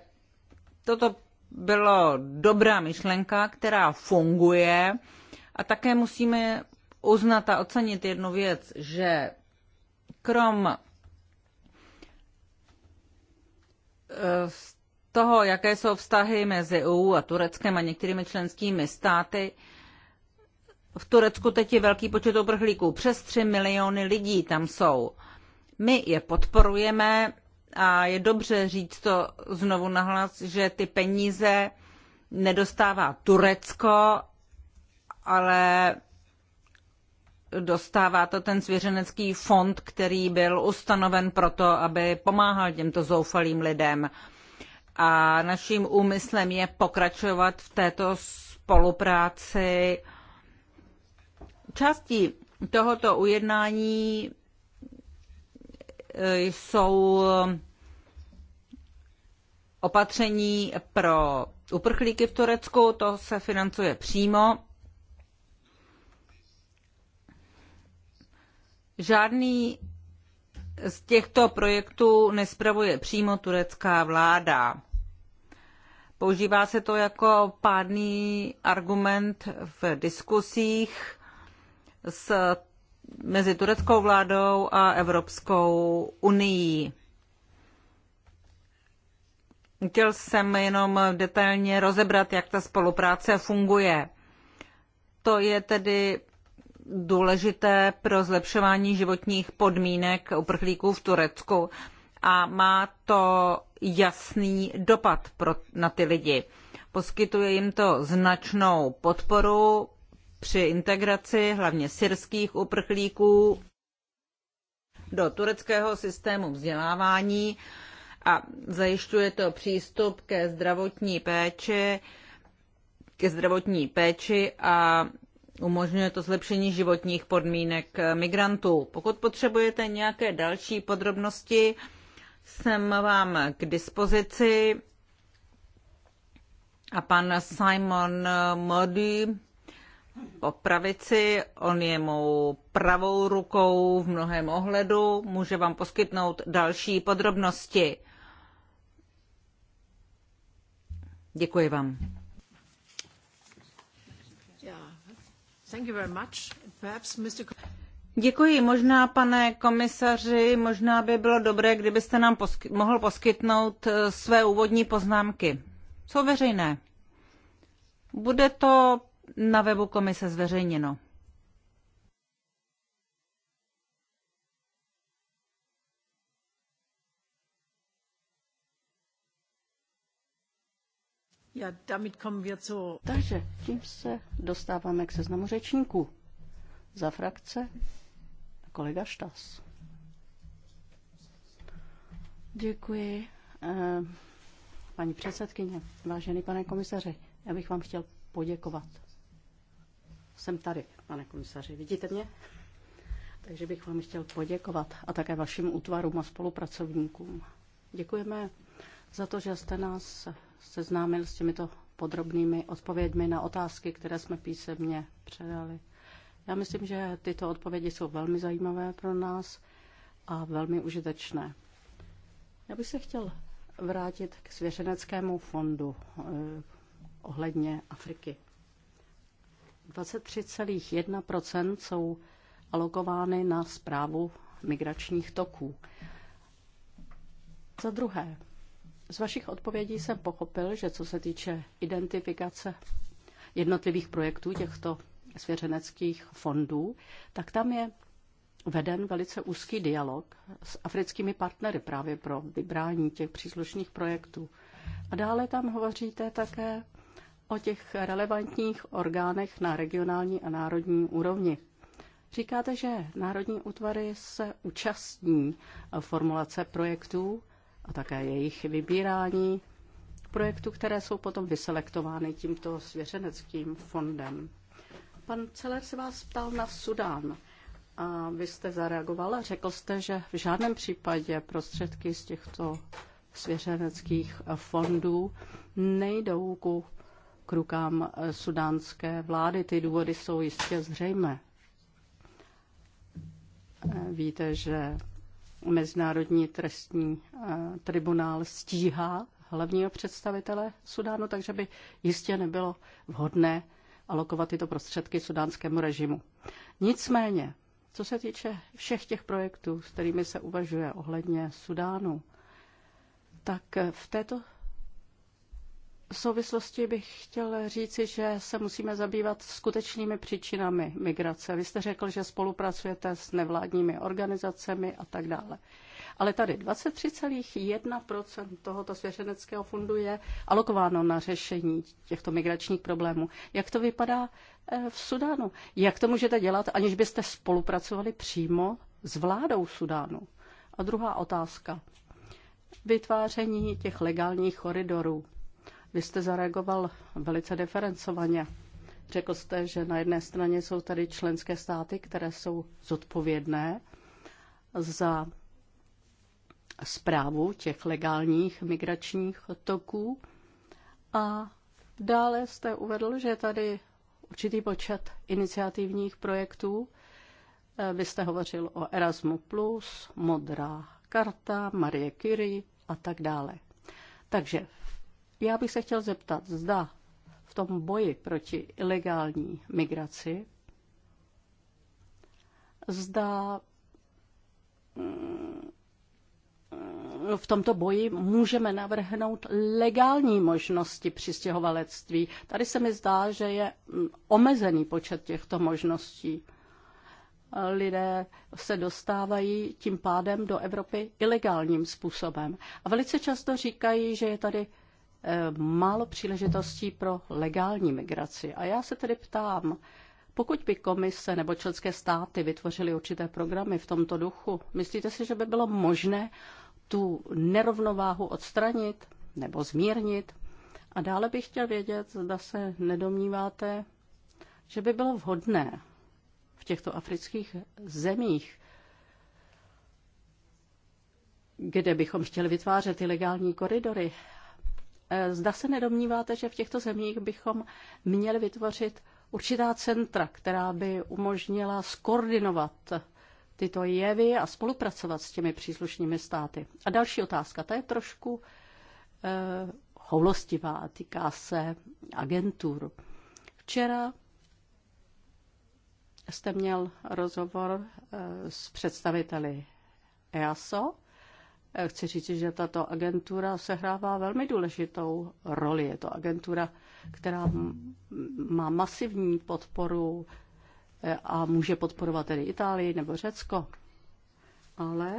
toto bylo dobrá myšlenka, která funguje a také musíme uznat a ocenit jednu věc, že krom eh, toho, jaké jsou vztahy mezi EU a Tureckem a některými členskými státy, v Turecku teď je velký počet uprchlíků, přes 3 miliony lidí tam jsou. My je podporujeme a je dobře říct to znovu nahlas, že ty peníze nedostává Turecko, ale dostává to ten svěřenecký fond, který byl ustanoven proto, aby pomáhal těmto zoufalým lidem a naším úmyslem je pokračovat v této spolupráci. Částí tohoto ujednání eh, jsou opatření pro uprchlíky v Turecku, to se financuje přímo. Žádný z těchto projektů nespravuje přímo turecká vláda. Používá se to jako pádný argument v diskusích s, mezi tureckou vládou a Evropskou unii. Chtěl jsem jenom detailně rozebrat, jak ta spolupráce funguje. To je tedy důležité pro zlepšování životních podmínek uprchlíků v Turecku a má to jasný dopad pro, na ty lidi. Poskytuje jim to značnou podporu při integraci hlavně syrských uprchlíků do tureckého systému vzdělávání a zajišťuje to přístup ke zdravotní péči, ke zdravotní péči a Umožňuje to zlepšení životních podmínek migrantů. Pokud potřebujete nějaké další podrobnosti, jsem vám k dispozici. A pan Simon Mody po pravici, on je mou pravou rukou v mnohem ohledu, může vám poskytnout další podrobnosti. Děkuji vám. Děkuji. Možná, pane komisaři, možná by bylo dobré, kdybyste nám posky- mohl poskytnout eh, své úvodní poznámky. Jsou veřejné. Bude to na webu komise zveřejněno. Ja, damit kommen wir zu... Takže tím se dostáváme k seznamu řečníků. Za frakce kolega Štas. Děkuji. Eh, paní předsedkyně, vážený pane komisaři, já bych vám chtěl poděkovat. Jsem tady, pane komisaři, vidíte mě? Takže bych vám chtěl poděkovat a také vašim útvarům a spolupracovníkům. Děkujeme za to, že jste nás seznámil s těmito podrobnými odpověďmi na otázky, které jsme písemně předali. Já myslím, že tyto odpovědi jsou velmi zajímavé pro nás a velmi užitečné. Já bych se chtěl vrátit k svěřeneckému fondu eh, ohledně Afriky. 23,1 jsou alokovány na zprávu migračních toků. Za druhé, z vašich odpovědí jsem pochopil, že co se týče identifikace jednotlivých projektů těchto svěřeneckých fondů, tak tam je veden velice úzký dialog s africkými partnery právě pro vybrání těch příslušných projektů. A dále tam hovoříte také o těch relevantních orgánech na regionální a národní úrovni. Říkáte, že národní útvary se účastní formulace projektů a také jejich vybírání projektů, které jsou potom vyselektovány tímto svěřeneckým fondem. Pan Celer se vás ptal na Sudán a vy jste zareagovala. Řekl jste, že v žádném případě prostředky z těchto svěřeneckých fondů nejdou ku k rukám sudánské vlády. Ty důvody jsou jistě zřejmé. Víte, že Mezinárodní trestní eh, tribunál stíhá hlavního představitele Sudánu, takže by jistě nebylo vhodné alokovat tyto prostředky sudánskému režimu. Nicméně, co se týče všech těch projektů, s kterými se uvažuje ohledně Sudánu, tak v této v souvislosti bych chtěl říci, že se musíme zabývat skutečnými příčinami migrace. Vy jste řekl, že spolupracujete s nevládními organizacemi a tak dále. Ale tady 23,1 tohoto svěřeneckého fundu je alokováno na řešení těchto migračních problémů. Jak to vypadá eh, v Sudánu? Jak to můžete dělat, aniž byste spolupracovali přímo s vládou Sudánu? A druhá otázka. Vytváření těch legálních koridorů. Vy jste zareagoval velice diferencovaně. Řekl jste, že na jedné straně jsou tady členské státy, které jsou zodpovědné za zprávu těch legálních migračních toků. A dále jste uvedl, že tady určitý počet iniciativních projektů. Vy jste hovořil o Erasmu+, Modrá karta, Marie Curie a tak dále. Takže já bych se chtěl zeptat, zda v tom boji proti ilegální migraci, zda mm, v tomto boji můžeme navrhnout legální možnosti přistěhovalectví. Tady se mi zdá, že je mm, omezený počet těchto možností. Lidé se dostávají tím pádem do Evropy ilegálním způsobem. A velice často říkají, že je tady málo příležitostí pro legální migraci. A já se tedy ptám, pokud by komise nebo členské státy vytvořily určité programy v tomto duchu, myslíte si, že by bylo možné tu nerovnováhu odstranit nebo zmírnit? A dále bych chtěl vědět, zda se nedomníváte, že by bylo vhodné v těchto afrických zemích, kde bychom chtěli vytvářet ilegální koridory, Eh, zda se nedomníváte, že v těchto zemích bychom měli vytvořit určitá centra, která by umožnila skoordinovat tyto jevy a spolupracovat s těmi příslušnými státy. A další otázka, ta je trošku eh, houlostivá, týká se agentur. Včera jste měl rozhovor eh, s představiteli EASO Chci říct, že tato agentura sehrává velmi důležitou roli. Je to agentura, která má masivní podporu e, a může podporovat tedy Itálii nebo Řecko. Ale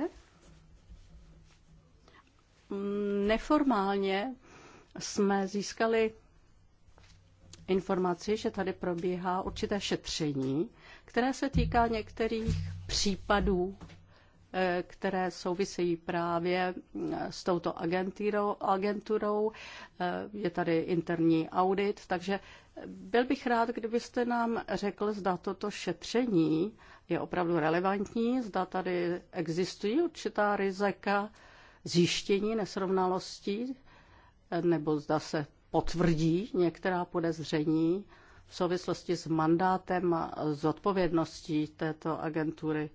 neformálně jsme získali informaci, že tady probíhá určité šetření, které se týká některých případů které souvisejí právě eh, s touto agenturou. Eh, je tady interní audit, takže eh, byl bych rád, kdybyste nám řekl, zda toto šetření je opravdu relevantní, zda tady existují určitá rizika zjištění nesrovnalostí, nebo zda se potvrdí některá podezření v souvislosti s mandátem a zodpovědností této agentury.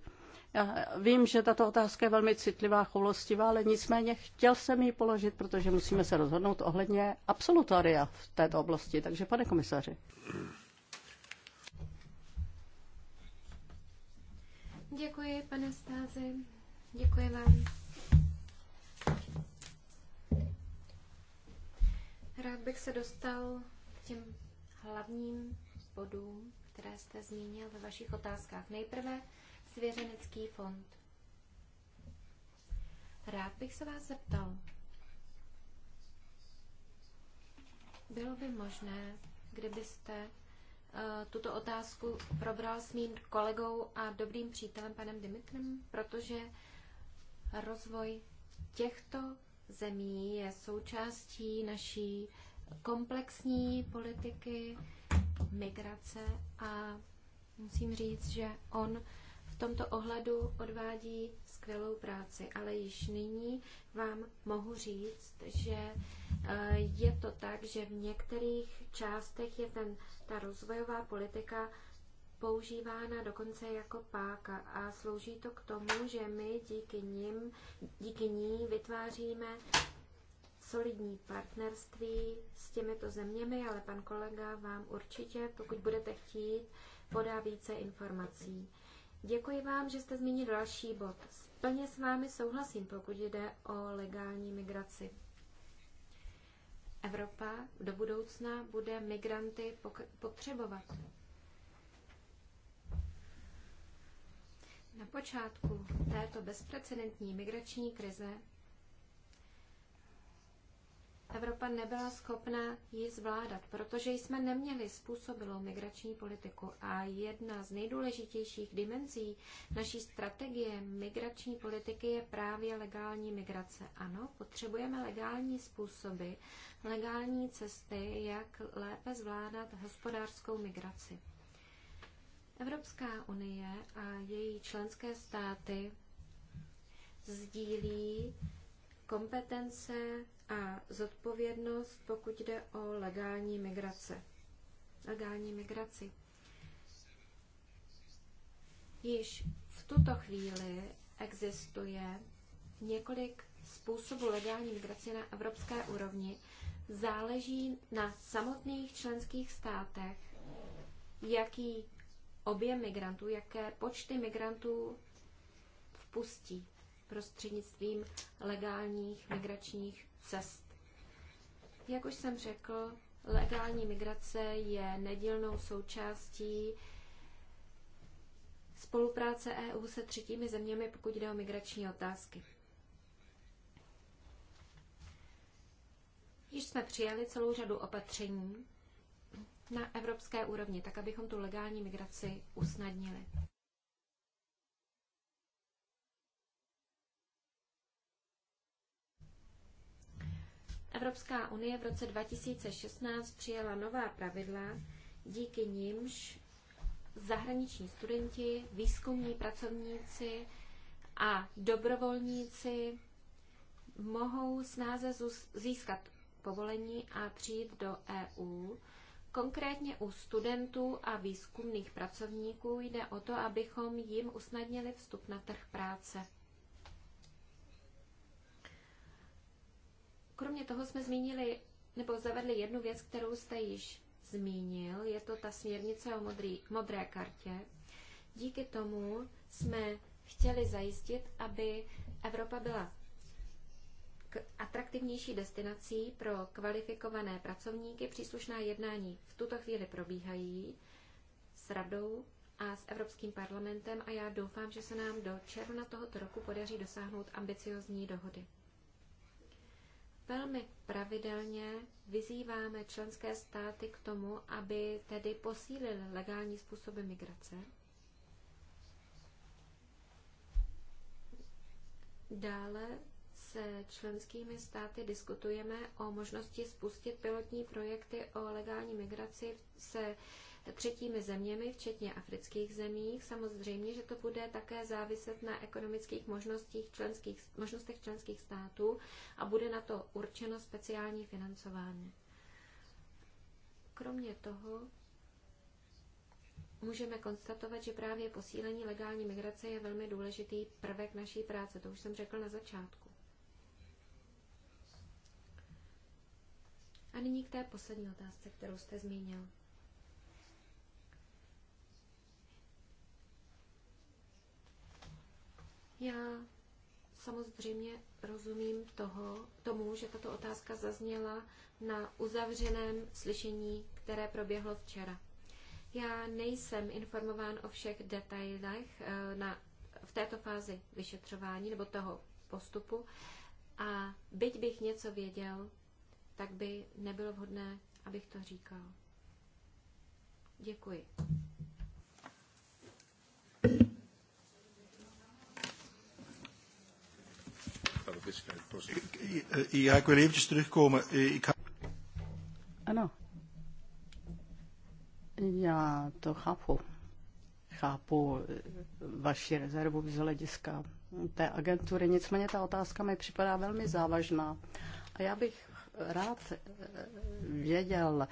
Já vím, že tato otázka je velmi citlivá, choulostivá, ale nicméně chtěl jsem ji položit, protože musíme se rozhodnout ohledně absolutoria v této oblasti. Takže pane komisaři. Děkuji, pane Stázi. Děkuji vám. Rád bych se dostal k těm hlavním bodům, které jste zmínil ve vašich otázkách. Nejprve svěřenecký fond. Rád bych se vás zeptal, bylo by možné, kdybyste eh, tuto otázku probral s mým kolegou a dobrým přítelem panem Dimitrem, protože rozvoj těchto zemí je součástí naší komplexní politiky migrace a musím říct, že on tomto ohledu odvádí skvělou práci, ale již nyní vám mohu říct, že eh, je to tak, že v některých částech je ten, ta rozvojová politika používána dokonce jako páka a slouží to k tomu, že my díky, ním, díky ní vytváříme solidní partnerství s těmito zeměmi, ale pan kolega vám určitě, pokud budete chtít, podá více informací. Děkuji vám, že jste zmínil další bod. Plně s vámi souhlasím, pokud jde o legální migraci. Evropa do budoucna bude migranty potřebovat. Na počátku této bezprecedentní migrační krize Evropa nebyla schopna ji zvládat, protože jsme neměli způsobilou migrační politiku a jedna z nejdůležitějších dimenzí naší strategie migrační politiky je právě legální migrace. Ano, potřebujeme legální způsoby, legální cesty, jak lépe zvládat hospodářskou migraci. Evropská unie a její členské státy sdílí kompetence, a zodpovědnost, pokud jde o legální migrace. Legální migraci. Již v tuto chvíli existuje několik způsobů legální migrace na evropské úrovni. Záleží na samotných členských státech, jaký objem migrantů, jaké počty migrantů vpustí prostřednictvím legálních migračních cest. Jak už jsem řekl, legální migrace je nedílnou součástí spolupráce EU se třetími zeměmi, pokud jde o migrační otázky. Již jsme přijali celou řadu opatření na evropské úrovni, tak abychom tu legální migraci usnadnili. Evropská unie v roce 2016 přijala nová pravidla, díky nimž zahraniční studenti, výzkumní pracovníci a dobrovolníci mohou snáze získat povolení a přijít do EU. Konkrétně u studentů a výzkumných pracovníků jde o to, abychom jim usnadnili vstup na trh práce. Kromě toho jsme zmínili nebo zavedli jednu věc, kterou jste již zmínil. Je to ta směrnice o modrý, modré kartě. Díky tomu jsme chtěli zajistit, aby Evropa byla atraktivnější destinací pro kvalifikované pracovníky. Příslušná jednání v tuto chvíli probíhají s radou a s Evropským parlamentem a já doufám, že se nám do června tohoto roku podaří dosáhnout ambiciozní dohody velmi pravidelně vyzýváme členské státy k tomu, aby tedy posílili legální způsoby migrace. Dále se členskými státy diskutujeme o možnosti spustit pilotní projekty o legální migraci se třetími zeměmi, včetně afrických zemí. Samozřejmě, že to bude také záviset na ekonomických možnostích členských, možnostech členských států a bude na to určeno speciální financování. Kromě toho můžeme konstatovat, že právě posílení legální migrace je velmi důležitý prvek naší práce. To už jsem řekl na začátku. A nyní k té poslední otázce, kterou jste zmínil. Já samozřejmě rozumím toho, tomu, že tato otázka zazněla na uzavřeném slyšení, které proběhlo včera. Já nejsem informován o všech detailech eh, na, v této fázi vyšetřování nebo toho postupu a byť bych něco věděl, tak by nebylo vhodné, abych to říkal. Děkuji. fiscale process. Ja, ik wil eventjes terugkomen. Ik ano. Já to chápu. Chápu eh, vaši rezervu z hlediska té agentury. Nicméně ta otázka mi připadá velmi závažná. A já bych rád eh, věděl,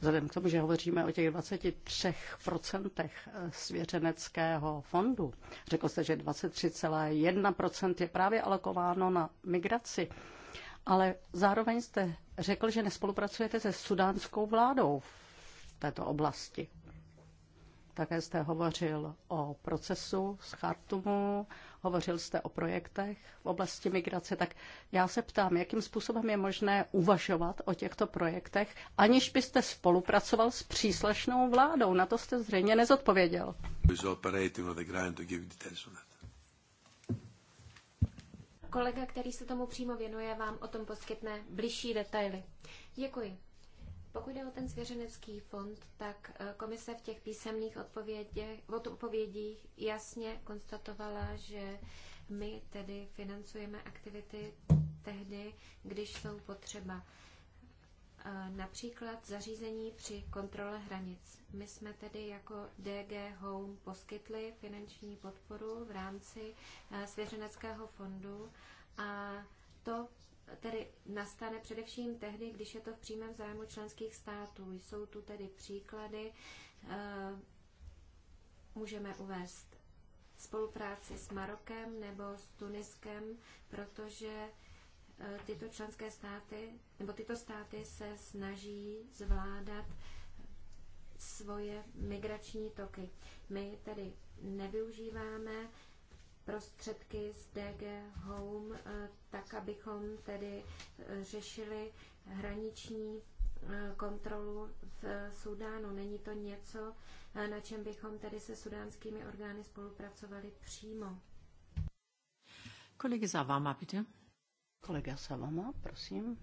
Vzhledem k tomu, že hovoříme o těch 23% eh, svěřeneckého fondu, řekl jste, že 23,1% je právě alokováno na migraci, ale zároveň jste řekl, že nespolupracujete se sudánskou vládou v této oblasti. Také jste hovořil o procesu z Chartumu, hovořil jste o projektech v oblasti migrace, tak já se ptám, jakým způsobem je možné uvažovat o těchto projektech, aniž byste spolupracoval s příslušnou vládou. Na to jste zřejmě nezodpověděl. Kolega, který se tomu přímo věnuje, vám o tom poskytne bližší detaily. Děkuji. Pokud jde o ten svěřenecký fond, tak e, komise v těch písemných odpovědích jasně konstatovala, že my tedy financujeme aktivity tehdy, když jsou potřeba. E, například zařízení při kontrole hranic. My jsme tedy jako DG Home poskytli finanční podporu v rámci e, svěřeneckého fondu a to tedy nastane především tehdy, když je to v přímém zájmu členských států. Jsou tu tedy příklady, eh, můžeme uvést spolupráci s Marokem nebo s Tuniskem, protože eh, tyto členské státy nebo tyto státy se snaží zvládat svoje migrační toky. My tedy nevyužíváme prostředky z DG Home, eh, tak abychom tedy eh, řešili hraniční eh, kontrolu v Sudánu. Není to něco, na čem bychom tedy se sudánskými orgány spolupracovali přímo. za váma, bitte. Kolega Savama, prosím.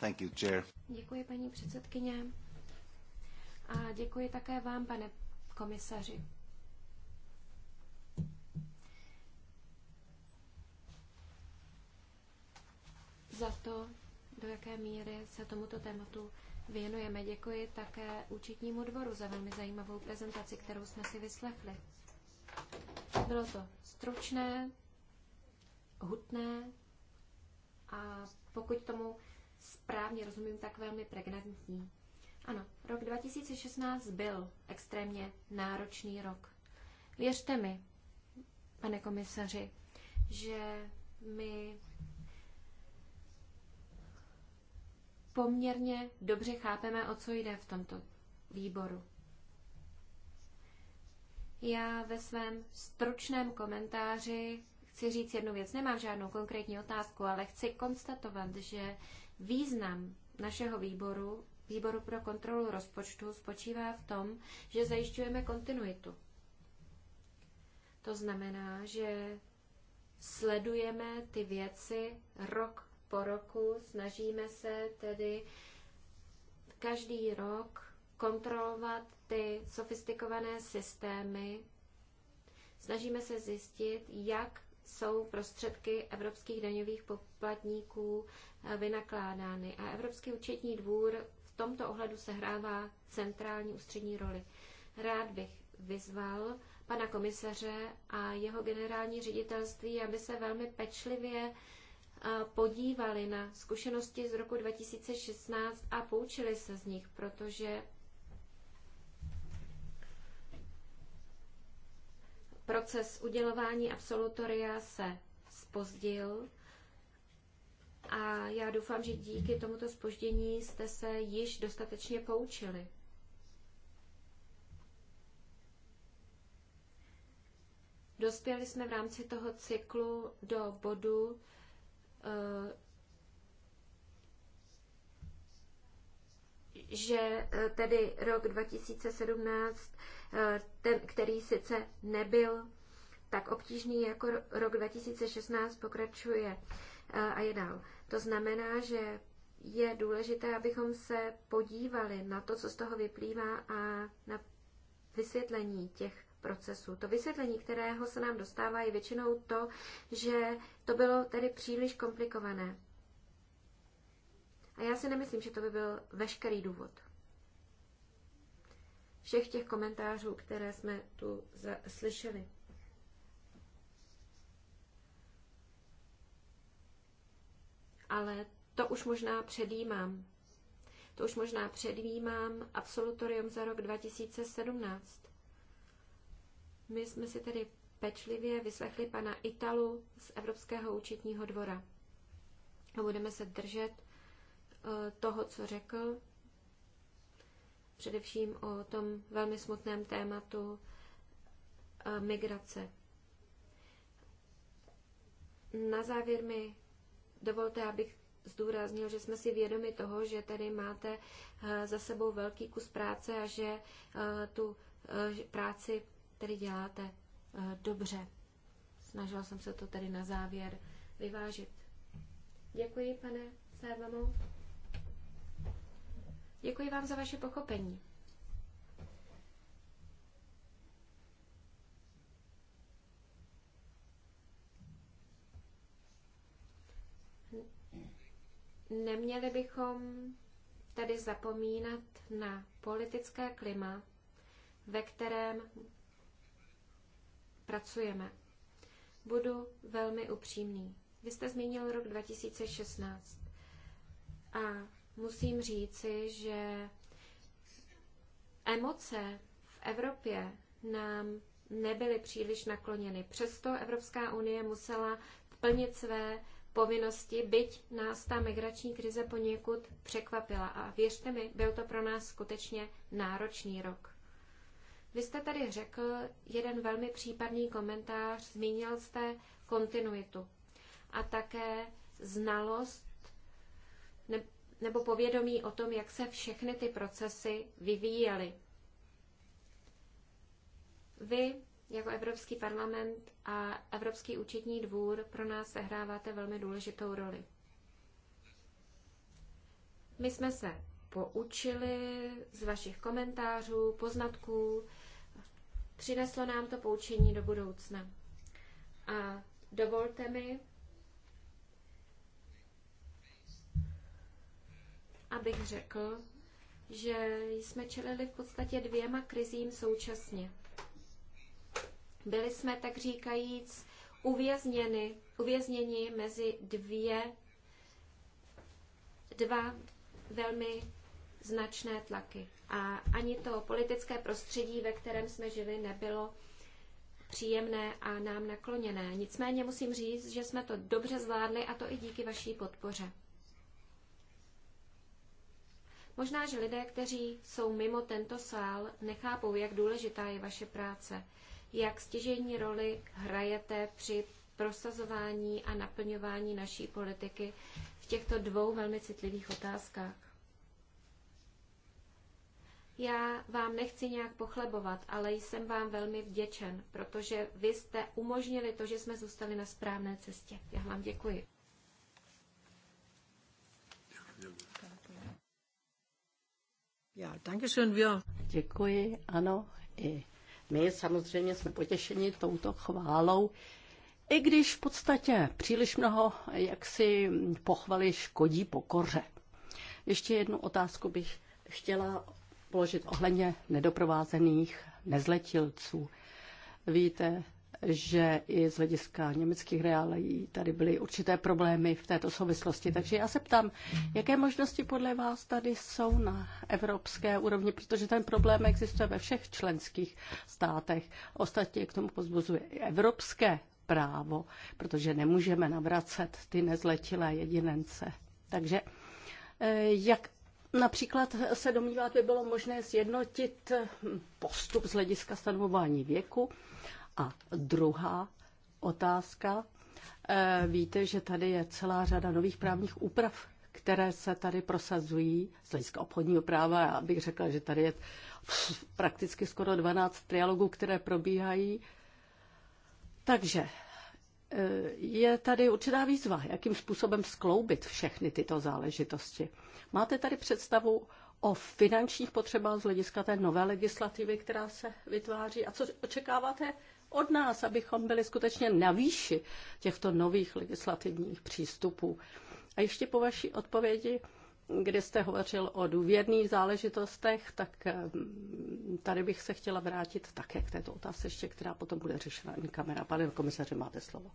Thank you, chair. Děkuji, paní předsedkyně. A děkuji také vám, pane komisaři. za to, do jaké míry se tomuto tématu věnujeme. Děkuji také účetnímu dvoru za velmi zajímavou prezentaci, kterou jsme si vyslechli. Bylo to stručné, hutné a pokud tomu správně rozumím, tak velmi pregnantní. Ano, rok 2016 byl extrémně náročný rok. Věřte mi, pane komisaři, že my poměrně dobře chápeme, o co jde v tomto výboru. Já ve svém stručném komentáři chci říct jednu věc. Nemám žádnou konkrétní otázku, ale chci konstatovat, že význam našeho výboru, výboru pro kontrolu rozpočtu, spočívá v tom, že zajišťujeme kontinuitu. To znamená, že sledujeme ty věci rok po roku. Snažíme se tedy každý rok kontrolovat ty sofistikované systémy. Snažíme se zjistit, jak jsou prostředky evropských daňových poplatníků eh, vynakládány. A Evropský účetní dvůr v tomto ohledu sehrává centrální ústřední roli. Rád bych vyzval pana komisaře a jeho generální ředitelství, aby se velmi pečlivě podívali na zkušenosti z roku 2016 a poučili se z nich, protože proces udělování absolutoria se spozdil a já doufám, že díky tomuto spoždění jste se již dostatečně poučili. Dospěli jsme v rámci toho cyklu do bodu, Eh, že eh, tedy rok 2017, eh, ten, který sice nebyl tak obtížný jako rok 2016, pokračuje a je dál. To znamená, že je důležité, abychom se podívali na to, co z toho vyplývá a na vysvětlení těch procesu. To vysvětlení, kterého se nám dostává, je většinou to, že to bylo tedy příliš komplikované. A já si nemyslím, že to by byl veškerý důvod všech těch komentářů, které jsme tu slyšeli. Ale to už možná předjímám. To už možná předjímám absolutorium za rok 2017. My jsme si tedy pečlivě vyslechli pana Italu z Evropského účetního dvora. A budeme se držet eh, toho, co řekl, především o tom velmi smutném tématu eh, migrace. Na závěr mi dovolte, abych zdůraznil, že jsme si vědomi toho, že tady máte eh, za sebou velký kus práce a že tu práci tedy děláte eh, dobře. Snažila jsem se to tedy na závěr vyvážit. Děkuji, pane Sávamo. Děkuji vám za vaše pochopení. Neměli bychom tedy zapomínat na politické klima, ve kterém pracujeme. Budu velmi upřímný. Vy jste zmínil rok 2016 a musím říci, že emoce v Evropě nám nebyly příliš nakloněny. Přesto Evropská unie musela plnit své povinnosti, byť nás ta migrační krize poněkud překvapila. A věřte mi, byl to pro nás skutečně náročný rok. Vy jste tady řekl jeden velmi případný komentář, zmínil jste kontinuitu a také znalost nebo povědomí o tom, jak se všechny ty procesy vyvíjely. Vy jako Evropský parlament a Evropský účetní dvůr pro nás sehráváte velmi důležitou roli. My jsme se poučili z vašich komentářů, poznatků, Přineslo nám to poučení do budoucna. A dovolte mi, abych řekl, že jsme čelili v podstatě dvěma krizím současně. Byli jsme, tak říkajíc, uvězněni, uvězněni mezi dvě, dva velmi značné tlaky a ani to politické prostředí, ve kterém jsme žili, nebylo příjemné a nám nakloněné. Nicméně musím říct, že jsme to dobře zvládli a to i díky vaší podpoře. Možná, že lidé, kteří jsou mimo tento sál, nechápou, jak důležitá je vaše práce, jak stěžení roli hrajete při prosazování a naplňování naší politiky v těchto dvou velmi citlivých otázkách. Já vám nechci nějak pochlebovat, ale jsem vám velmi vděčen, protože vy jste umožnili to, že jsme zůstali na správné cestě. Já vám děkuji. Já, děkuji. děkuji, ano, i my samozřejmě jsme potěšeni touto chválou, i když v podstatě příliš mnoho jaksi pochvaly škodí pokoře. Ještě jednu otázku bych chtěla položit ohledně nedoprovázených nezletilců. Víte, že i z hlediska německých reálí tady byly určité problémy v této souvislosti. Takže já se ptám, jaké možnosti podle vás tady jsou na evropské úrovni, protože ten problém existuje ve všech členských státech. Ostatně k tomu pozbuzuje i evropské právo, protože nemůžeme navracet ty nezletilé jedinence. Takže eh, jak Například se domnívat by bylo možné sjednotit postup z hlediska stanovování věku. A druhá otázka. Eh, víte, že tady je celá řada nových právních úprav, které se tady prosazují z hlediska obchodního práva. Já bych řekla, že tady je prakticky skoro 12 trialogů, které probíhají. Takže eh, je tady určitá výzva, jakým způsobem skloubit všechny tyto záležitosti. Máte tady představu o finančních potřebách z hlediska té nové legislativy, která se vytváří a co očekáváte od nás, abychom byli skutečně na výši těchto nových legislativních přístupů. A ještě po vaší odpovědi, kde jste hovořil o důvěrných záležitostech, tak mm, tady bych se chtěla vrátit také k této otázce ještě, která potom bude řešena kamera. Pane komisaře, máte slovo.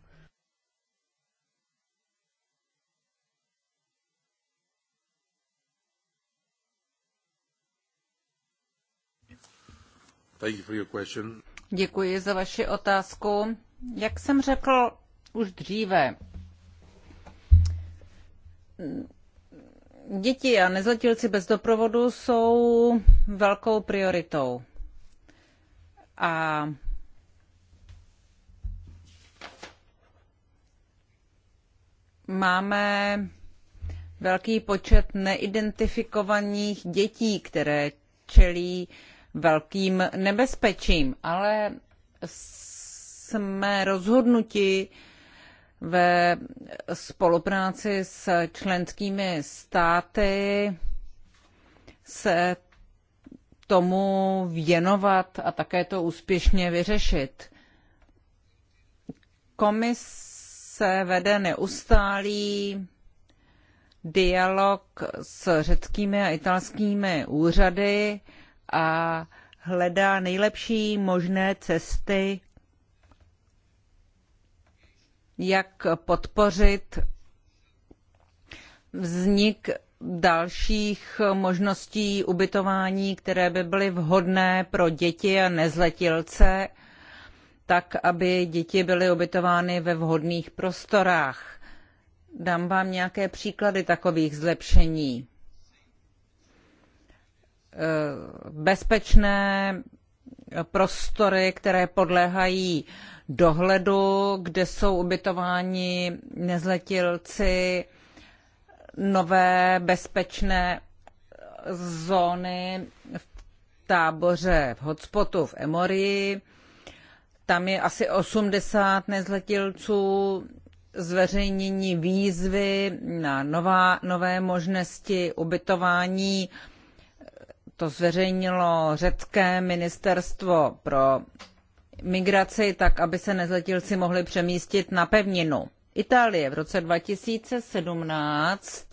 Děkuji za vaši otázku. Jak jsem řekl už dříve, děti a nezletilci bez doprovodu jsou velkou prioritou. A máme velký počet neidentifikovaných dětí, které čelí uh, velkým nebezpečím, ale jsme rozhodnuti ve spolupráci s členskými státy se tomu věnovat a také to úspěšně vyřešit. Komise vede neustálý dialog s řeckými a italskými úřady, a hledá nejlepší možné cesty, jak podpořit vznik dalších možností ubytování, které by byly vhodné pro děti a nezletilce, tak aby děti byly ubytovány ve vhodných prostorách. Dám vám nějaké příklady takových zlepšení. Eh, bezpečné prostory, které podléhají dohledu, kde jsou ubytováni nezletilci, nové bezpečné zóny v táboře v hotspotu v Emorii. Tam je asi 80 nezletilců, zveřejnění výzvy na nová, nové možnosti ubytování to zveřejnilo řecké ministerstvo pro migraci, tak aby se nezletilci mohli přemístit na pevninu. Itálie v roce 2017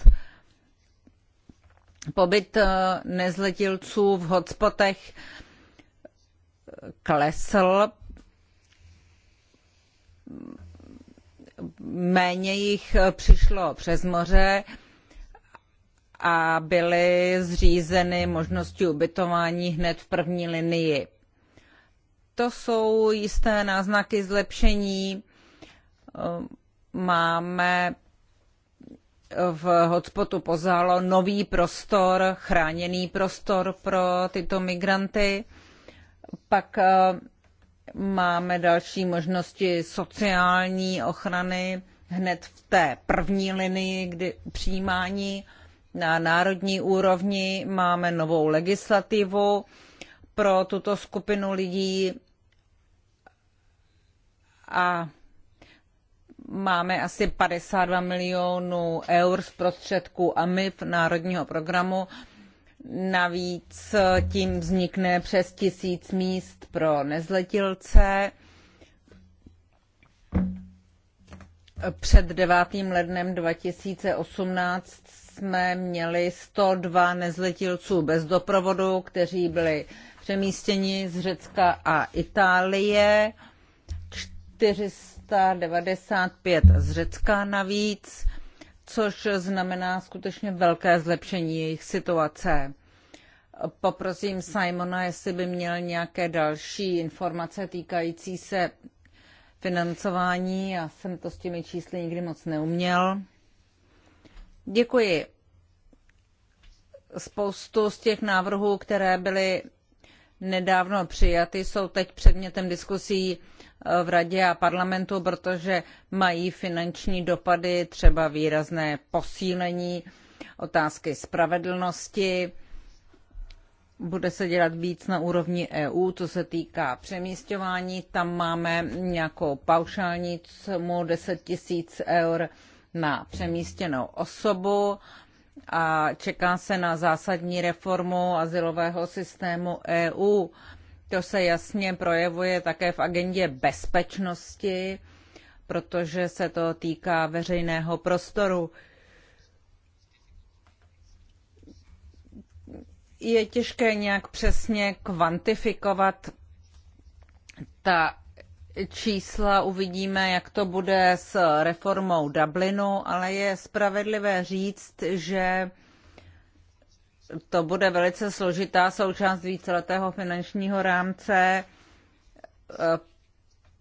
pobyt eh, nezletilců v hotspotech eh, klesl. Méně jich eh, přišlo přes moře a byly zřízeny možnosti ubytování hned v první linii. To jsou jisté náznaky zlepšení. Eh, máme v hotspotu Pozálo nový prostor, chráněný prostor pro tyto migranty. Pak eh, máme další možnosti sociální ochrany hned v té první linii kdy přijímání na národní úrovni máme novou legislativu pro tuto skupinu lidí a máme asi 52 milionů eur z prostředků AMIF národního programu. Navíc tím vznikne přes tisíc míst pro nezletilce. Před 9. lednem 2018 jsme měli 102 nezletilců bez doprovodu, kteří byli přemístěni z Řecka a Itálie, 495 z Řecka navíc, což znamená skutečně velké zlepšení jejich situace. Poprosím Simona, jestli by měl nějaké další informace týkající se financování. Já jsem to s těmi čísly nikdy moc neuměl. Děkuji. Spoustu z těch návrhů, které byly nedávno přijaty, jsou teď předmětem diskusí eh, v radě a parlamentu, protože mají finanční dopady, třeba výrazné posílení otázky spravedlnosti. Bude se dělat víc na úrovni EU, co se týká přemístování. Tam máme nějakou paušální sumu 10 tisíc eur na přemístěnou osobu a čeká se na zásadní reformu asilového systému EU. To se jasně projevuje také v agendě bezpečnosti, protože se to týká veřejného prostoru. Je těžké nějak přesně kvantifikovat ta čísla, uvidíme, jak to bude s reformou Dublinu, ale je spravedlivé říct, že to bude velice složitá součást víceletého finančního rámce.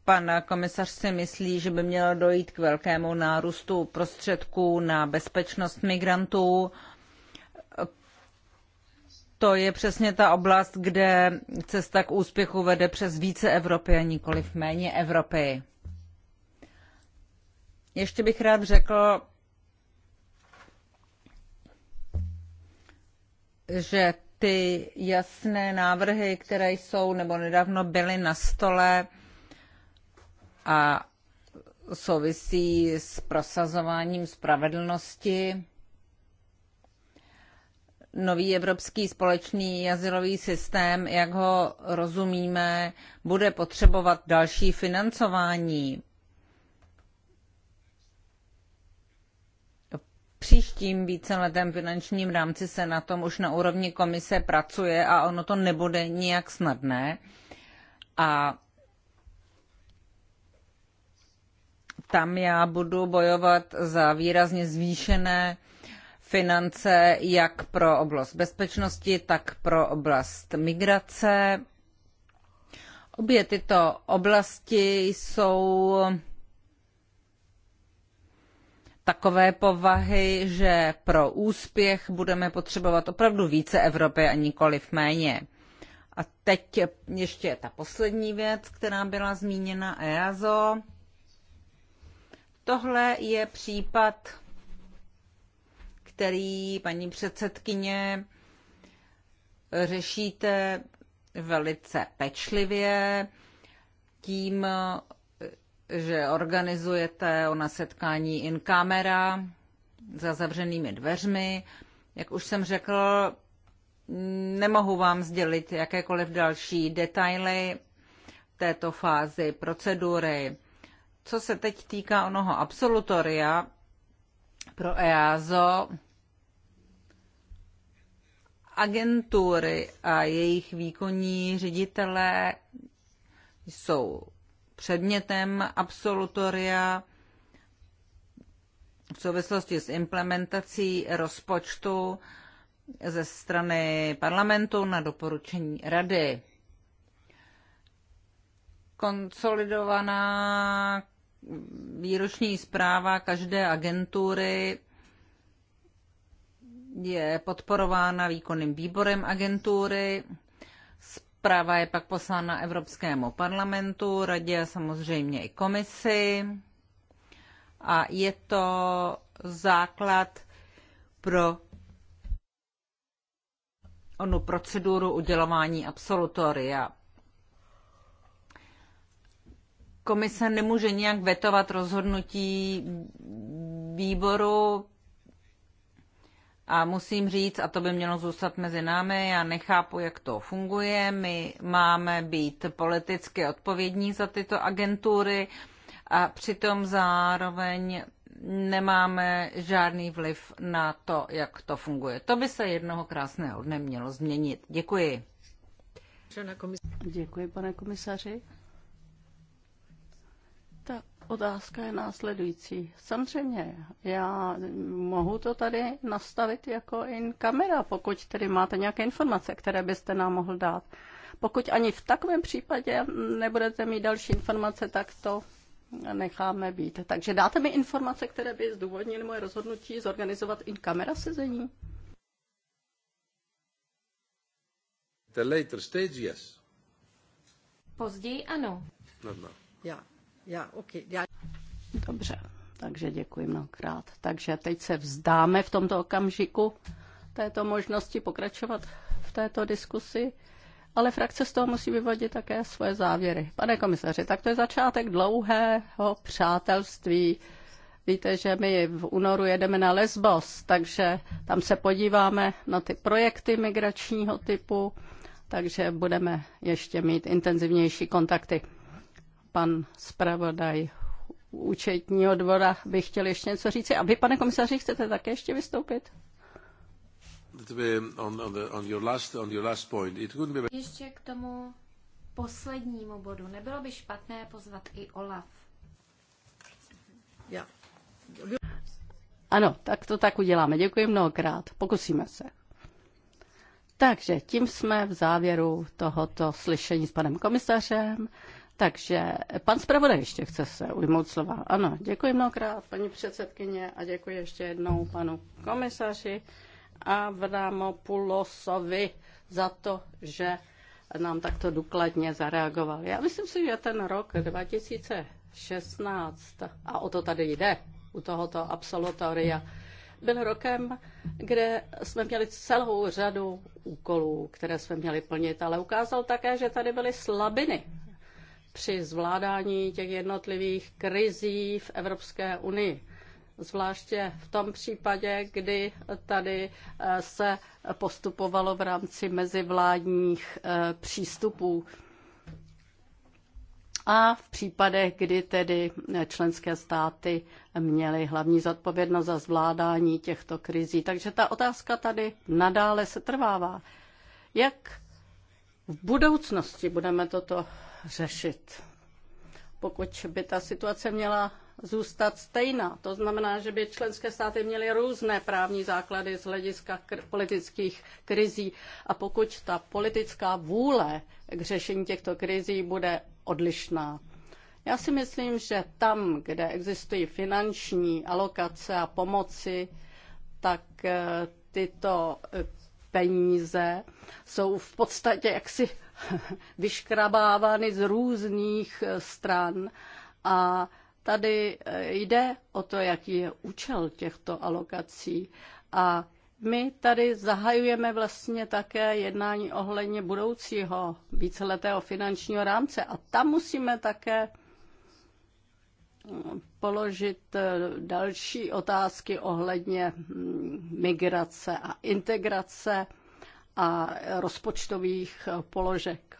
Pan komisař si myslí, že by mělo dojít k velkému nárůstu prostředků na bezpečnost migrantů to je přesně ta oblast, kde cesta k úspěchu vede přes více Evropy a v méně Evropy. Ještě bych rád řekl, že ty jasné návrhy, které jsou nebo nedávno byly na stole a souvisí s prosazováním spravedlnosti, nový evropský společný azylový systém, jak ho rozumíme, bude potřebovat další financování. V příštím víceletém finančním rámci se na tom už na úrovni komise pracuje a ono to nebude nijak snadné. A tam já budu bojovat za výrazně zvýšené finance jak pro oblast bezpečnosti, tak pro oblast migrace. Obě tyto oblasti jsou takové povahy, že pro úspěch budeme potřebovat opravdu více Evropy a nikoliv méně. A teď ještě ta poslední věc, která byla zmíněna EASO. Tohle je případ který, paní předsedkyně, řešíte velice pečlivě tím, že organizujete ona setkání in camera za zavřenými dveřmi. Jak už jsem řekl, nemohu vám sdělit jakékoliv další detaily této fázi procedury. Co se teď týká onoho absolutoria pro EASO, agentury a jejich výkonní ředitelé jsou předmětem absolutoria v souvislosti s implementací rozpočtu ze strany parlamentu na doporučení rady. Konsolidovaná výroční zpráva každé agentury je podporována výkonným výborem agentury. Zpráva je pak poslána Evropskému parlamentu, radě a samozřejmě i komisi. A je to základ pro onu proceduru udělování absolutoria. Komise nemůže nějak vetovat rozhodnutí výboru, a musím říct, a to by mělo zůstat mezi námi, já nechápu, jak to funguje. My máme být politicky odpovědní za tyto agentury a přitom zároveň nemáme žádný vliv na to, jak to funguje. To by se jednoho krásného dne mělo změnit. Děkuji. Děkuji, pane komisaři. Otázka je následující. Samozřejmě, já mohu to tady nastavit jako in kamera, pokud tedy máte nějaké informace, které byste nám mohl dát. Pokud ani v takovém případě nebudete mít další informace, tak to necháme být. Takže dáte mi informace, které by zdůvodnily moje rozhodnutí zorganizovat in kamera sezení? The later stage, yes. Později ano. No, no. Yeah. Já, okay, já. Dobře, takže děkuji mnohokrát. Takže teď se vzdáme v tomto okamžiku této možnosti pokračovat v této diskusi, ale frakce z toho musí vyvodit také svoje závěry. Pane komisaři, tak to je začátek dlouhého přátelství. Víte, že my v únoru jedeme na Lesbos, takže tam se podíváme na ty projekty migračního typu, takže budeme ještě mít intenzivnější kontakty pan zpravodaj účetního dvora by chtěl ještě něco říci. A vy, pane komisaři, chcete také ještě vystoupit? Ještě k tomu poslednímu bodu. Nebylo by špatné pozvat i Olaf. Ano, tak to tak uděláme. Děkuji mnohokrát. Pokusíme se. Takže tím jsme v závěru tohoto slyšení s panem komisařem. Takže pan zpravodaj ještě chce se ujmout slova. Ano, děkuji mnohokrát paní předsedkyně a děkuji ještě jednou panu komisaři Avramopulosovi za to, že nám takto důkladně zareagoval. Já myslím si, že ten rok 2016, a o to tady jde u tohoto absolutoria, byl rokem, kde jsme měli celou řadu úkolů, které jsme měli plnit, ale ukázal také, že tady byly slabiny při zvládání těch jednotlivých krizí v Evropské unii. Zvláště v tom případě, kdy tady eh, se postupovalo v rámci mezivládních eh, přístupů a v případech, kdy tedy eh, členské státy měly hlavní zodpovědnost za zvládání těchto krizí. Takže ta otázka tady nadále se trvává. Jak v budoucnosti budeme toto řešit. Pokud by ta situace měla zůstat stejná, to znamená, že by členské státy měly různé právní základy z hlediska kr- politických krizí a pokud ta politická vůle k řešení těchto krizí bude odlišná. Já si myslím, že tam, kde existují finanční alokace a pomoci, tak eh, tyto eh, peníze jsou v podstatě jaksi [laughs] vyškrabávány z různých eh, stran a tady eh, jde o to, jaký je účel těchto alokací a my tady zahajujeme vlastně také jednání ohledně budoucího víceletého finančního rámce a tam musíme také mm, položit eh, další otázky ohledně mm, migrace a integrace a rozpočtových eh, položek.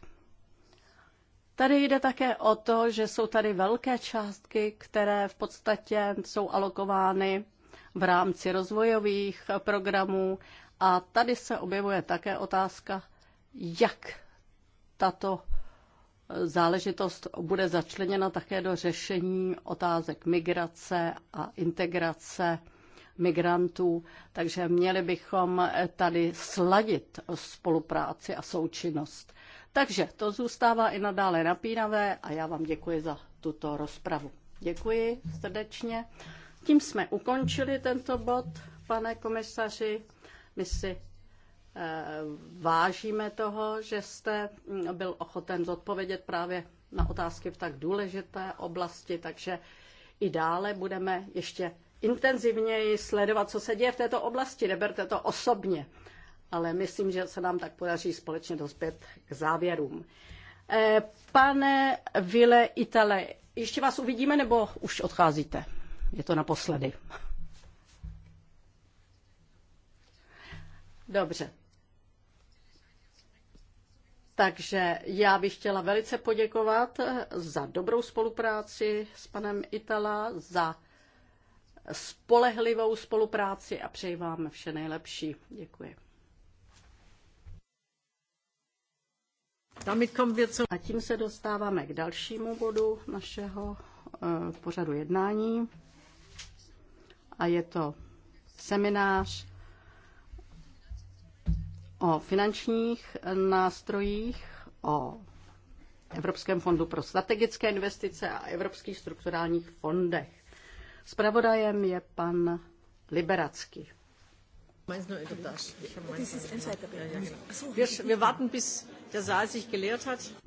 Tady jde také o to, že jsou tady velké částky, které v podstatě jsou alokovány v rámci rozvojových eh, programů a tady se objevuje také otázka, jak tato eh, záležitost bude začleněna také do řešení otázek migrace a integrace migrantů, takže měli bychom tady sladit spolupráci a součinnost. Takže to zůstává i nadále napínavé a já vám děkuji za tuto rozpravu. Děkuji srdečně. Tím jsme ukončili tento bod, pane komisaři. My si eh, vážíme toho, že jste mm, byl ochoten zodpovědět právě na otázky v tak důležité oblasti, takže i dále budeme ještě intenzivněji sledovat, co se děje v této oblasti. Neberte to osobně, ale myslím, že se nám tak podaří společně dospět k závěrům. Eh, pane Vile Itale, ještě vás uvidíme, nebo už odcházíte? Je to naposledy. Dobře. Takže já bych chtěla velice poděkovat za dobrou spolupráci s panem Itala, za spolehlivou spolupráci a přeji vám vše nejlepší. Děkuji. A tím se dostáváme k dalšímu bodu našeho eh, pořadu jednání. A je to seminář o finančních nástrojích, o Evropském fondu pro strategické investice a Evropských strukturálních fondech. Spravodajem je pan Liberacký.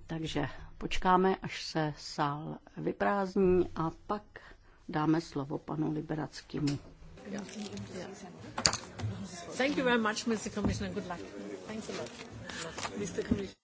Takže počkáme, až se sál vyprázdní a pak dáme slovo panu Liberackému. Thank you very much, Mr. Commissioner. Good luck. Thanks a lot. Mr. Commissioner.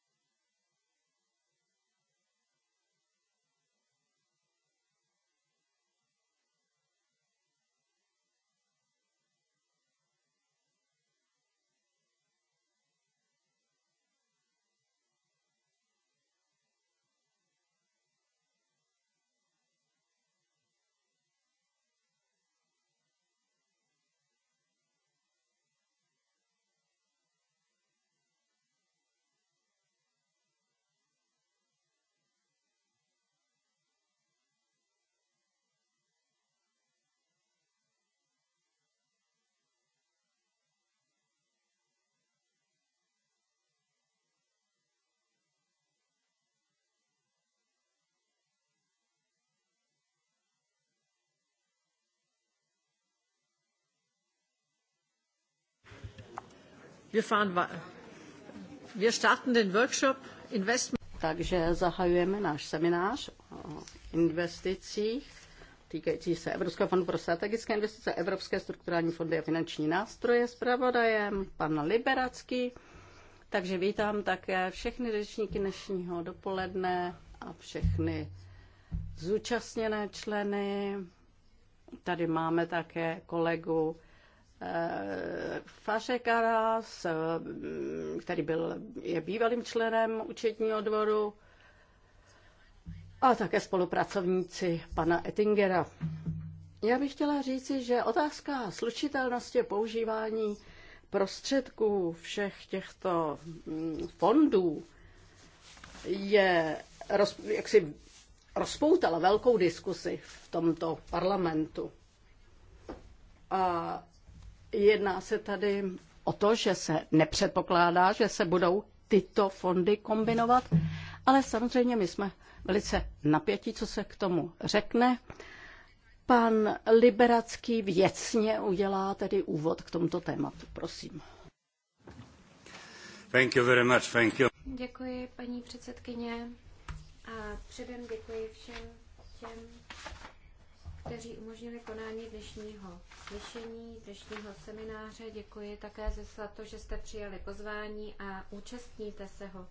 Takže zahajujeme náš seminář o investicích týkající se Evropského fondu pro strategické investice, Evropské strukturální fondy a finanční nástroje s pravodajem pan Liberacký. Takže vítám také všechny řečníky dnešního dopoledne a všechny zúčastněné členy. Tady máme také kolegu Eh, Fašekaras, eh, který byl, je bývalým členem účetního dvoru, a také spolupracovníci pana Ettingera. Já bych chtěla říci, že otázka slučitelnosti používání prostředků všech těchto mm, fondů je roz, jaksi rozpoutala velkou diskusi v tomto parlamentu. A Jedná se tady o to, že se nepředpokládá, že se budou tyto fondy kombinovat, ale samozřejmě my jsme velice napětí, co se k tomu řekne. Pan Liberacký věcně udělá tedy úvod k tomuto tématu. Prosím. Thank you very much. Thank you. Děkuji, paní předsedkyně. A předem děkuji všem těm, kteří umožnili konání dnešního slyšení, dnešního semináře. Děkuji také za to, že jste přijali pozvání a účastníte se ho.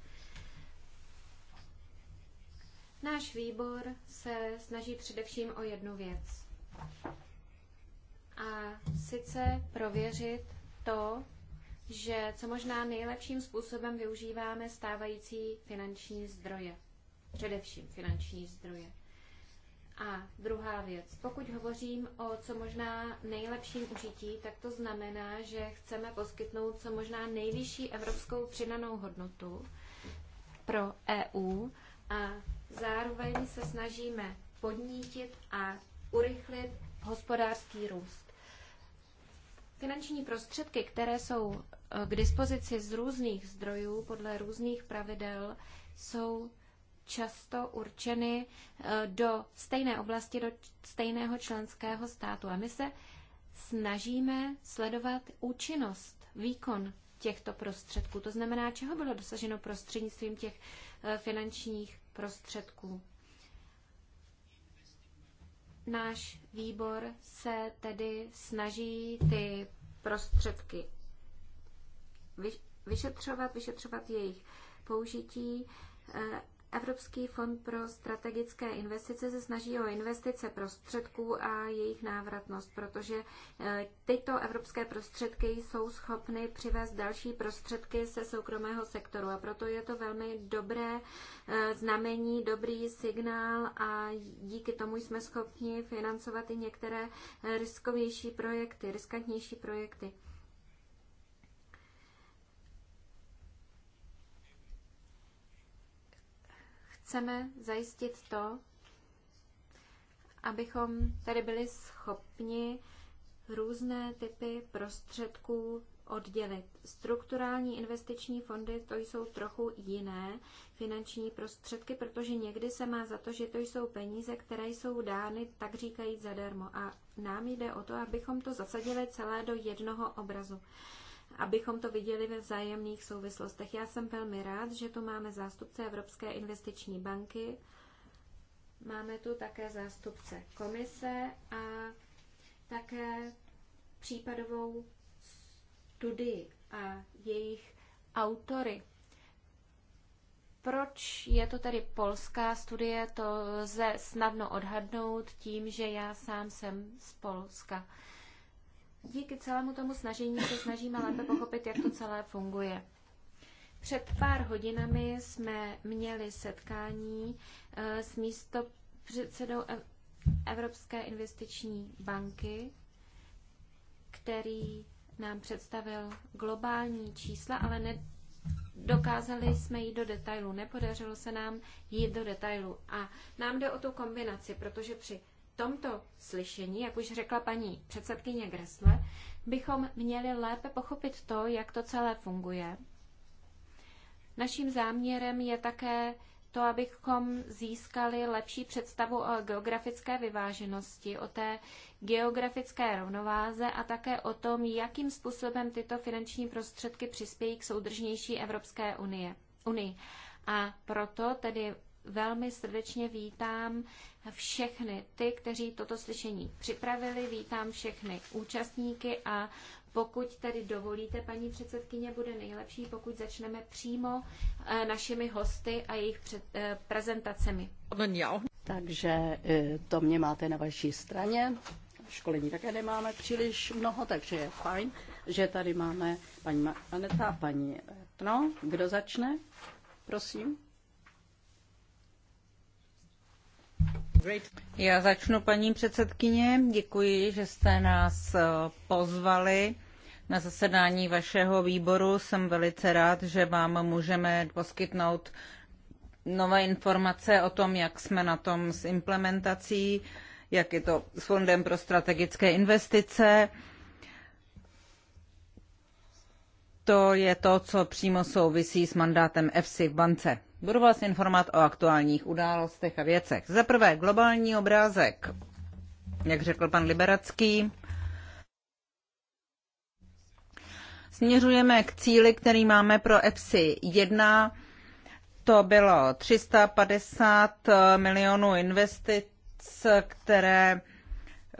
Náš výbor se snaží především o jednu věc. A sice prověřit to, že co možná nejlepším způsobem využíváme stávající finanční zdroje. Především finanční zdroje. A druhá věc, pokud hovořím o co možná nejlepším užití, tak to znamená, že chceme poskytnout co možná nejvyšší evropskou přidanou hodnotu pro EU a zároveň se snažíme podnítit a urychlit hospodářský růst. Finanční prostředky, které jsou eh, k dispozici z různých zdrojů podle různých pravidel, jsou často určeny eh, do stejné oblasti, do stejného členského státu. A my se snažíme sledovat účinnost, výkon těchto prostředků. To znamená, čeho bylo dosaženo prostřednictvím těch eh, finančních prostředků. Náš výbor se tedy snaží ty prostředky vyšetřovat, vyšetřovat jejich použití eh, Evropský fond pro strategické investice se snaží o investice prostředků a jejich návratnost, protože eh, tyto evropské prostředky jsou schopny přivést další prostředky se soukromého sektoru a proto je to velmi dobré eh, znamení, dobrý signál a díky tomu jsme schopni financovat i některé eh, riskovější projekty, riskantnější projekty. Chceme zajistit to, abychom tady byli schopni různé typy prostředků oddělit. Strukturální investiční fondy to jsou trochu jiné finanční prostředky, protože někdy se má za to, že to jsou peníze, které jsou dány tak říkají zadarmo. A nám jde o to, abychom to zasadili celé do jednoho obrazu abychom to viděli ve vzájemných souvislostech. Já jsem velmi rád, že tu máme zástupce Evropské investiční banky, máme tu také zástupce komise a také případovou studii a jejich autory. Proč je to tedy polská studie, to lze snadno odhadnout tím, že já sám jsem z Polska díky celému tomu snažení se snažíme lépe pochopit, jak to celé funguje. Před pár hodinami jsme měli setkání eh, s místo předsedou Evropské investiční banky, který nám představil globální čísla, ale nedokázali jsme jít do detailu. Nepodařilo se nám jít do detailu. A nám jde o tu kombinaci, protože při tomto slyšení, jak už řekla paní předsedkyně Gresle, bychom měli lépe pochopit to, jak to celé funguje. Naším záměrem je také to, abychom získali lepší představu o geografické vyváženosti, o té geografické rovnováze a také o tom, jakým způsobem tyto finanční prostředky přispějí k soudržnější Evropské unie. unii. A proto tedy velmi srdečně vítám všechny ty, kteří toto slyšení připravili, vítám všechny účastníky a pokud tedy dovolíte, paní předsedkyně, bude nejlepší, pokud začneme přímo eh, našimi hosty a jejich před, eh, prezentacemi. Takže eh, to mě máte na vaší straně. Školení také nemáme příliš mnoho, takže je fajn, že tady máme paní Aneta a paní Tno. Kdo začne? Prosím. Já začnu, paní předsedkyně. Děkuji, že jste nás eh, pozvali na zasedání vašeho výboru. Jsem velice rád, že vám můžeme poskytnout nové informace o tom, jak jsme na tom s implementací, jak je to s Fondem pro strategické investice. To je to, co přímo souvisí s mandátem EFSI v bance. Budu vás informovat o aktuálních událostech a věcech. Za prvé, globální obrázek. Jak řekl pan Liberacký, směřujeme k cíli, který máme pro EPSI 1. To bylo 350 milionů investic, které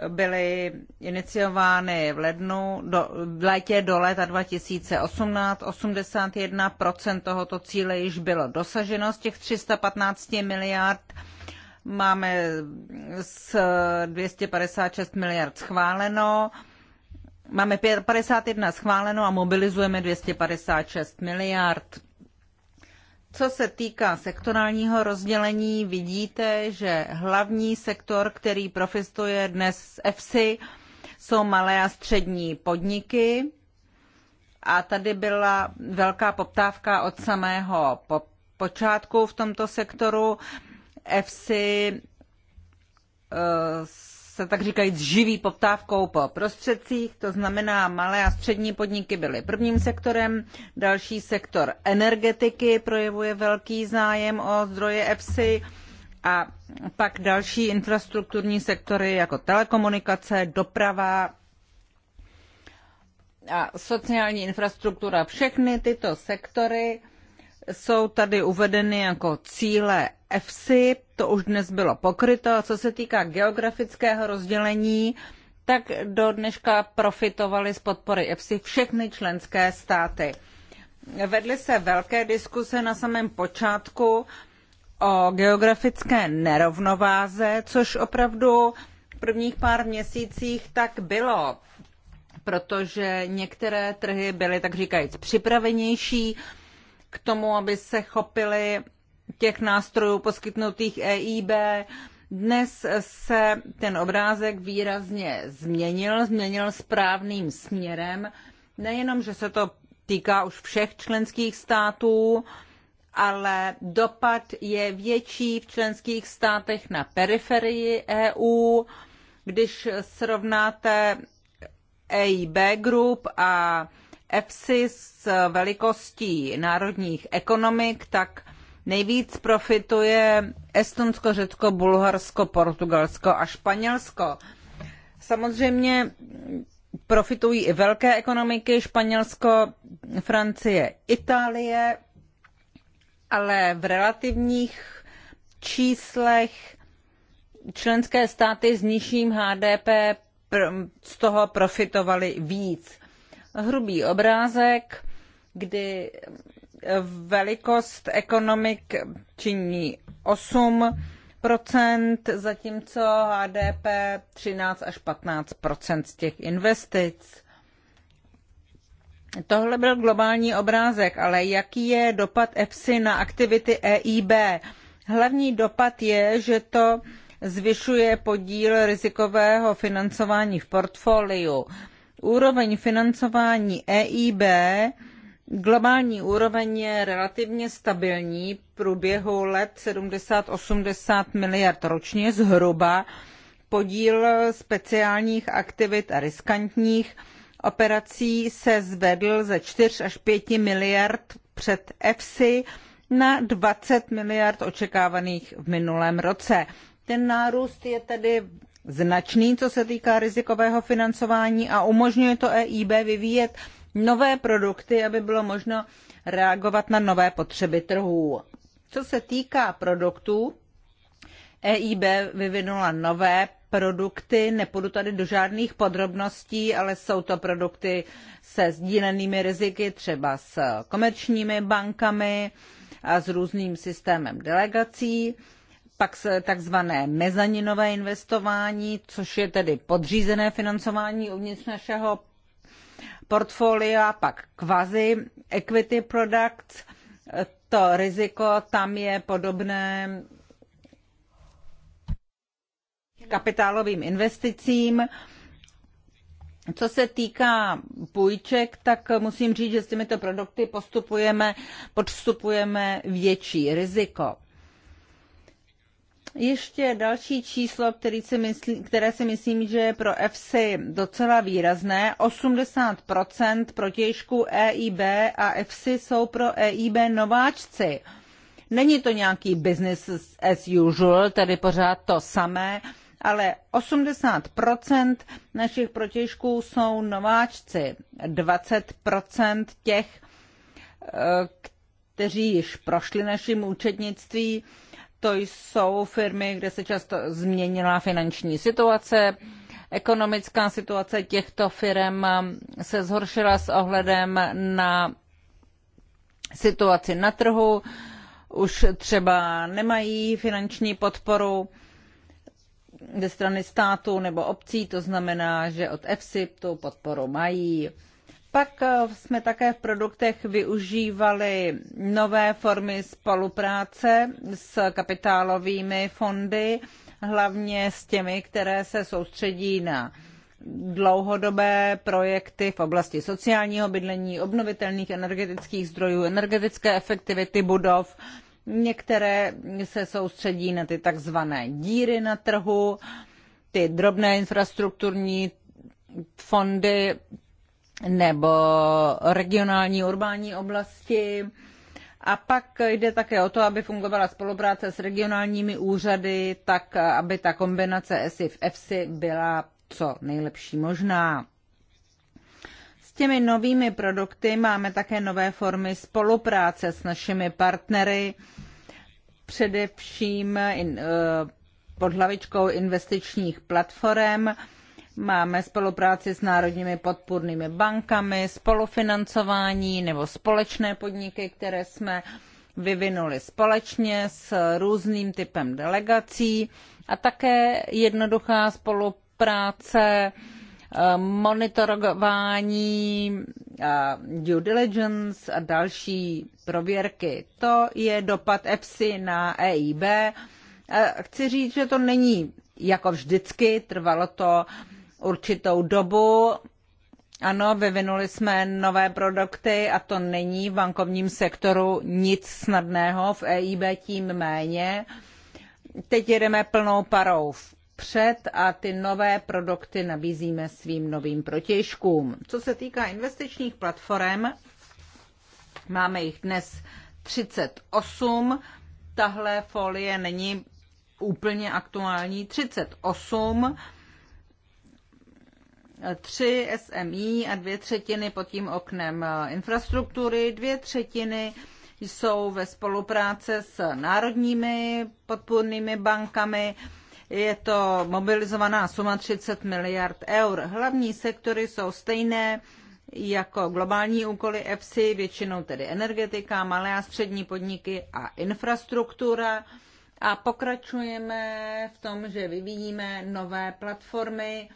byly iniciovány v lednu, do, v létě do léta 2018. 81% tohoto cíle již bylo dosaženo z těch 315 miliard. Máme s 256 miliard schváleno. Máme 51 schváleno a mobilizujeme 256 miliard. Co se týká sektorálního rozdělení, vidíte, že hlavní sektor, který profistuje dnes z EFSI, jsou malé a střední podniky. A tady byla velká poptávka od samého po počátku v tomto sektoru. EFSI eh, se tak říkajíc živí poptávkou po prostředcích, to znamená malé a střední podniky byly prvním sektorem, další sektor energetiky projevuje velký zájem o zdroje EPSI a pak další infrastrukturní sektory jako telekomunikace, doprava a sociální infrastruktura. Všechny tyto sektory jsou tady uvedeny jako cíle EFSI, to už dnes bylo pokryto. A co se týká geografického rozdělení, tak do dneška profitovaly z podpory EFSI všechny členské státy. Vedly se velké diskuse na samém počátku o geografické nerovnováze, což opravdu v prvních pár měsících tak bylo, protože některé trhy byly, tak říkajíc, připravenější, k tomu, aby se chopili těch nástrojů poskytnutých EIB. Dnes se ten obrázek výrazně změnil, změnil správným směrem. Nejenom, že se to týká už všech členských států, ale dopad je větší v členských státech na periferii EU. Když srovnáte EIB Group a EFSI s velikostí národních ekonomik, tak nejvíc profituje Estonsko, Řecko, Bulharsko, Portugalsko a Španělsko. Samozřejmě profitují i velké ekonomiky, Španělsko, Francie, Itálie, ale v relativních číslech členské státy s nižším HDP z toho profitovaly víc hrubý obrázek, kdy velikost ekonomik činí 8 zatímco HDP 13 až 15 z těch investic. Tohle byl globální obrázek, ale jaký je dopad EFSI na aktivity EIB? Hlavní dopad je, že to zvyšuje podíl rizikového financování v portfoliu. Úroveň financování EIB, globální úroveň je relativně stabilní, v průběhu let 70-80 miliard ročně zhruba. Podíl speciálních aktivit a riskantních operací se zvedl ze 4 až 5 miliard před EFSI na 20 miliard očekávaných v minulém roce. Ten nárůst je tedy značný, co se týká rizikového financování a umožňuje to EIB vyvíjet nové produkty, aby bylo možno reagovat na nové potřeby trhů. Co se týká produktů, EIB vyvinula nové produkty, nepůjdu tady do žádných podrobností, ale jsou to produkty se sdílenými riziky, třeba s komerčními bankami a s různým systémem delegací pak takzvané mezaninové investování, což je tedy podřízené financování uvnitř našeho portfolia, pak kvazi equity products, to riziko tam je podobné kapitálovým investicím. Co se týká půjček, tak musím říct, že s těmito produkty postupujeme, podstupujeme větší riziko. Ještě další číslo, který si myslí, které si myslím, že je pro EFSI docela výrazné. 80% protějšků EIB a EFSI jsou pro EIB nováčci. Není to nějaký business as usual, tedy pořád to samé, ale 80% našich protěžků jsou nováčci. 20% těch, eh, kteří již prošli naším účetnictví, to jsou firmy, kde se často změnila finanční situace, ekonomická situace těchto firm se zhoršila s ohledem na situaci na trhu, už třeba nemají finanční podporu ze strany státu nebo obcí, to znamená, že od EFSI tu podporu mají. Pak eh, jsme také v produktech využívali nové formy spolupráce s kapitálovými fondy, hlavně s těmi, které se soustředí na dlouhodobé projekty v oblasti sociálního bydlení, obnovitelných energetických zdrojů, energetické efektivity budov. Některé se soustředí na ty takzvané díry na trhu, ty drobné infrastrukturní fondy, nebo regionální urbání oblasti. A pak jde také o to, aby fungovala spolupráce s regionálními úřady, tak aby ta kombinace v EFSI byla co nejlepší možná. S těmi novými produkty máme také nové formy spolupráce s našimi partnery, především eh, pod hlavičkou investičních platform Máme spolupráci s národními podpůrnými bankami, spolufinancování nebo společné podniky, které jsme vyvinuli společně s různým typem delegací a také jednoduchá spolupráce, eh, monitorování, eh, due diligence a další prověrky. To je dopad EPSI na EIB. Eh, chci říct, že to není jako vždycky, trvalo to určitou dobu. Ano, vyvinuli jsme nové produkty a to není v bankovním sektoru nic snadného, v EIB tím méně. Teď jedeme plnou parou vpřed a ty nové produkty nabízíme svým novým protěžkům. Co se týká investičních platform, máme jich dnes 38. Tahle folie není úplně aktuální. 38 tři SMI a dvě třetiny pod tím oknem infrastruktury, dvě třetiny jsou ve spolupráci s národními podpůrnými bankami. Je to mobilizovaná suma 30 miliard eur. Hlavní sektory jsou stejné jako globální úkoly EPSI, většinou tedy energetika, malé a střední podniky a infrastruktura. A pokračujeme v tom, že vyvíjíme nové platformy,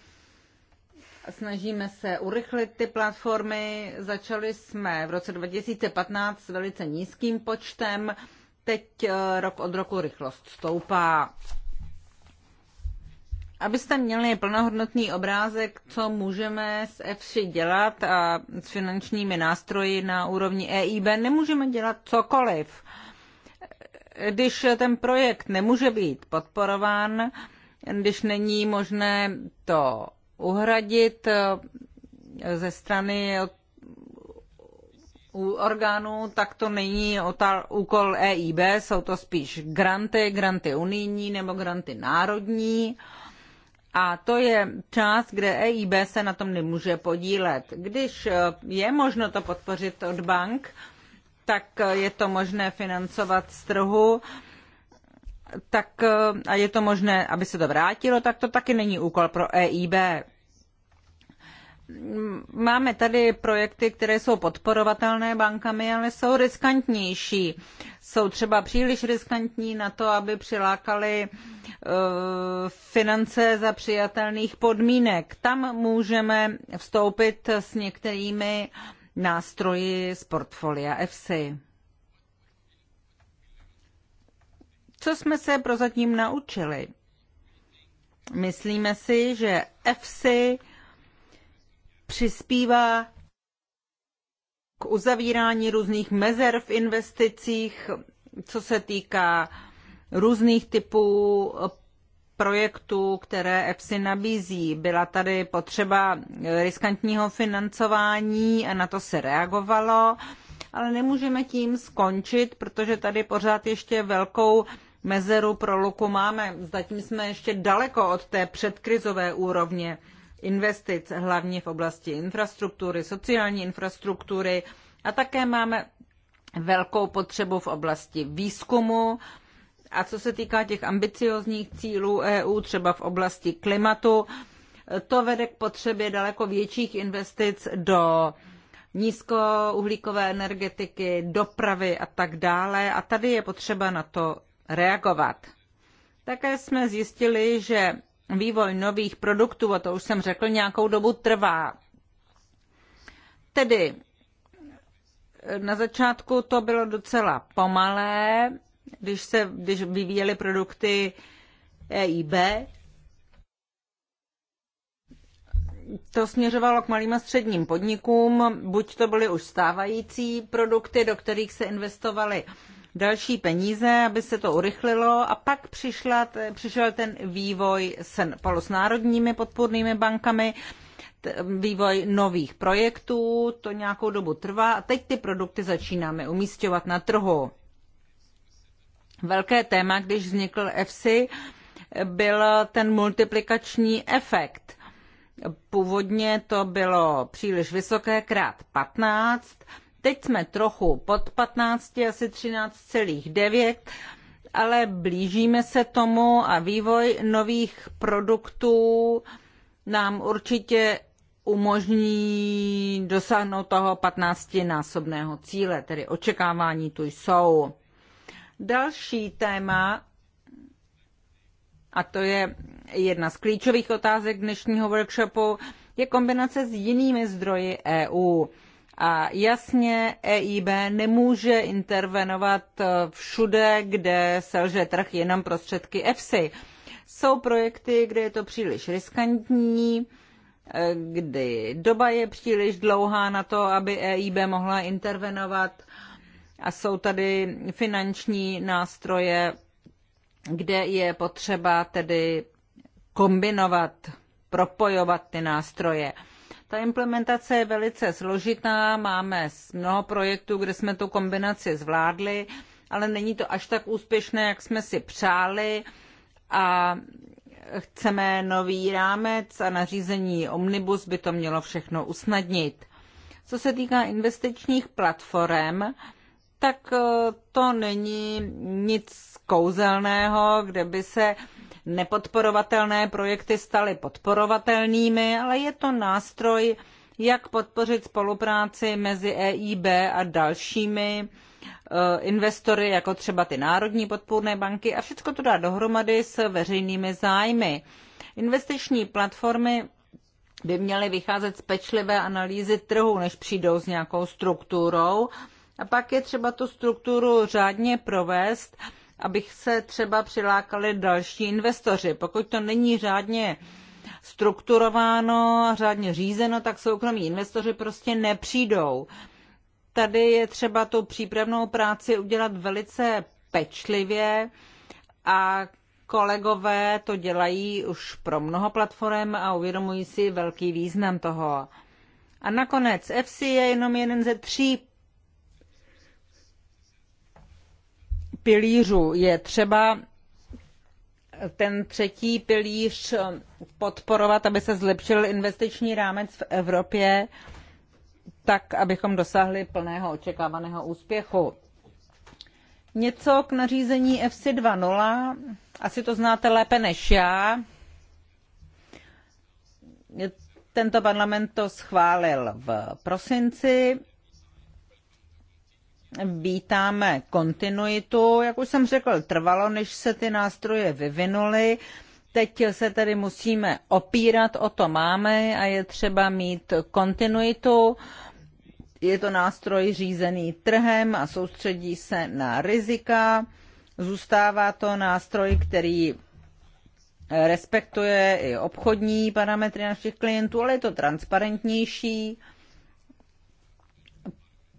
Snažíme se urychlit ty platformy. Začali jsme v roce 2015 s velice nízkým počtem, teď eh, rok od roku rychlost stoupá. Abyste měli plnohodnotný obrázek, co můžeme s EFSI dělat a s finančními nástroji na úrovni EIB, nemůžeme dělat cokoliv. Když ten projekt nemůže být podporován, když není možné to uhradit eh, ze strany orgánů, tak to není úkol EIB, jsou to spíš granty, granty unijní nebo granty národní. A to je část, kde EIB se na tom nemůže podílet. Když eh, je možno to podpořit od bank, tak eh, je to možné financovat z trhu tak eh, a je to možné, aby se to vrátilo, tak to taky není úkol pro EIB. Máme tady projekty, které jsou podporovatelné bankami, ale jsou riskantnější. Jsou třeba příliš riskantní na to, aby přilákali eh, finance za přijatelných podmínek. Tam můžeme vstoupit s některými nástroji z portfolia EFSI. Co jsme se prozatím naučili? Myslíme si, že EFSI přispívá k uzavírání různých mezer v investicích, co se týká různých typů projektů, které EPSI nabízí. Byla tady potřeba riskantního financování a na to se reagovalo, ale nemůžeme tím skončit, protože tady pořád ještě velkou mezeru pro luku máme. Zatím jsme ještě daleko od té předkrizové úrovně investic, hlavně v oblasti infrastruktury, sociální infrastruktury a také máme velkou potřebu v oblasti výzkumu. A co se týká těch ambiciozních cílů EU, třeba v oblasti klimatu, to vede k potřebě daleko větších investic do nízkouhlíkové energetiky, dopravy a tak dále. A tady je potřeba na to reagovat. Také jsme zjistili, že vývoj nových produktů, a to už jsem řekl, nějakou dobu trvá. Tedy na začátku to bylo docela pomalé, když se když vyvíjely produkty EIB. To směřovalo k malým a středním podnikům, buď to byly už stávající produkty, do kterých se investovaly další peníze, aby se to urychlilo a pak přišla, přišel ten vývoj s polosnárodními podpůrnými bankami, vývoj nových projektů, to nějakou dobu trvá a teď ty produkty začínáme umístěvat na trhu. Velké téma, když vznikl EFSI, byl ten multiplikační efekt. Původně to bylo příliš vysoké krát 15, Teď jsme trochu pod 15, asi 13,9, ale blížíme se tomu a vývoj nových produktů nám určitě umožní dosáhnout toho 15-násobného cíle, tedy očekávání tu jsou. Další téma, a to je jedna z klíčových otázek dnešního workshopu, je kombinace s jinými zdroji EU. A jasně EIB nemůže intervenovat eh, všude, kde selže trh jenom prostředky EFSI. Jsou projekty, kde je to příliš riskantní, eh, kdy doba je příliš dlouhá na to, aby EIB mohla intervenovat a jsou tady finanční nástroje, kde je potřeba tedy kombinovat, propojovat ty nástroje. Ta implementace je velice složitá, máme mnoho projektů, kde jsme tu kombinaci zvládli, ale není to až tak úspěšné, jak jsme si přáli a chceme nový rámec a nařízení Omnibus by to mělo všechno usnadnit. Co se týká investičních platform, tak eh, to není nic kouzelného, kde by se nepodporovatelné projekty staly podporovatelnými, ale je to nástroj, jak podpořit spolupráci mezi EIB a dalšími eh, investory, jako třeba ty národní podpůrné banky a všechno to dá dohromady s veřejnými zájmy. Investiční platformy by měly vycházet z pečlivé analýzy trhu, než přijdou s nějakou strukturou. A pak je třeba tu strukturu řádně provést abych se třeba přilákali další investoři. Pokud to není řádně strukturováno, řádně řízeno, tak soukromí investoři prostě nepřijdou. Tady je třeba tu přípravnou práci udělat velice pečlivě a kolegové to dělají už pro mnoho platform a uvědomují si velký význam toho. A nakonec FC je jenom jeden ze tří pilířů. Je třeba ten třetí pilíř podporovat, aby se zlepšil investiční rámec v Evropě, tak abychom dosáhli plného očekávaného úspěchu. Něco k nařízení FC 2.0. Asi to znáte lépe než já. Tento parlament to schválil v prosinci vítáme kontinuitu. Jak už jsem řekl, trvalo, než se ty nástroje vyvinuly. Teď se tedy musíme opírat, o to máme a je třeba mít kontinuitu. Je to nástroj řízený trhem a soustředí se na rizika. Zůstává to nástroj, který respektuje i obchodní parametry našich klientů, ale je to transparentnější.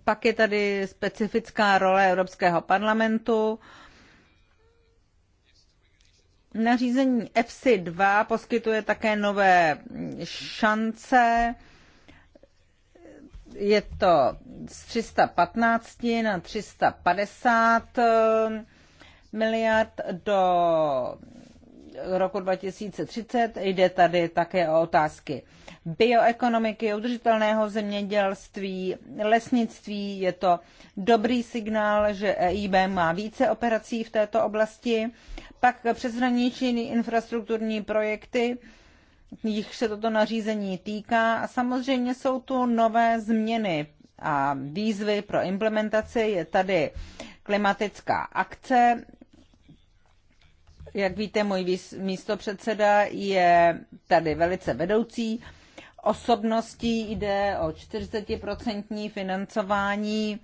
Pak je tady specifická role Evropského parlamentu. Nařízení EFSI 2 poskytuje také nové šance. Je to z 315 na 350 eh, miliard do roku 2030. Jde tady také o otázky bioekonomiky, udržitelného zemědělství, lesnictví. Je to dobrý signál, že EIB má více operací v této oblasti. Pak přeshraniční infrastrukturní projekty, jich se toto nařízení týká. A samozřejmě jsou tu nové změny a výzvy pro implementaci. Je tady klimatická akce. Jak víte, můj místopředseda je tady velice vedoucí osobností, jde o 40% financování e,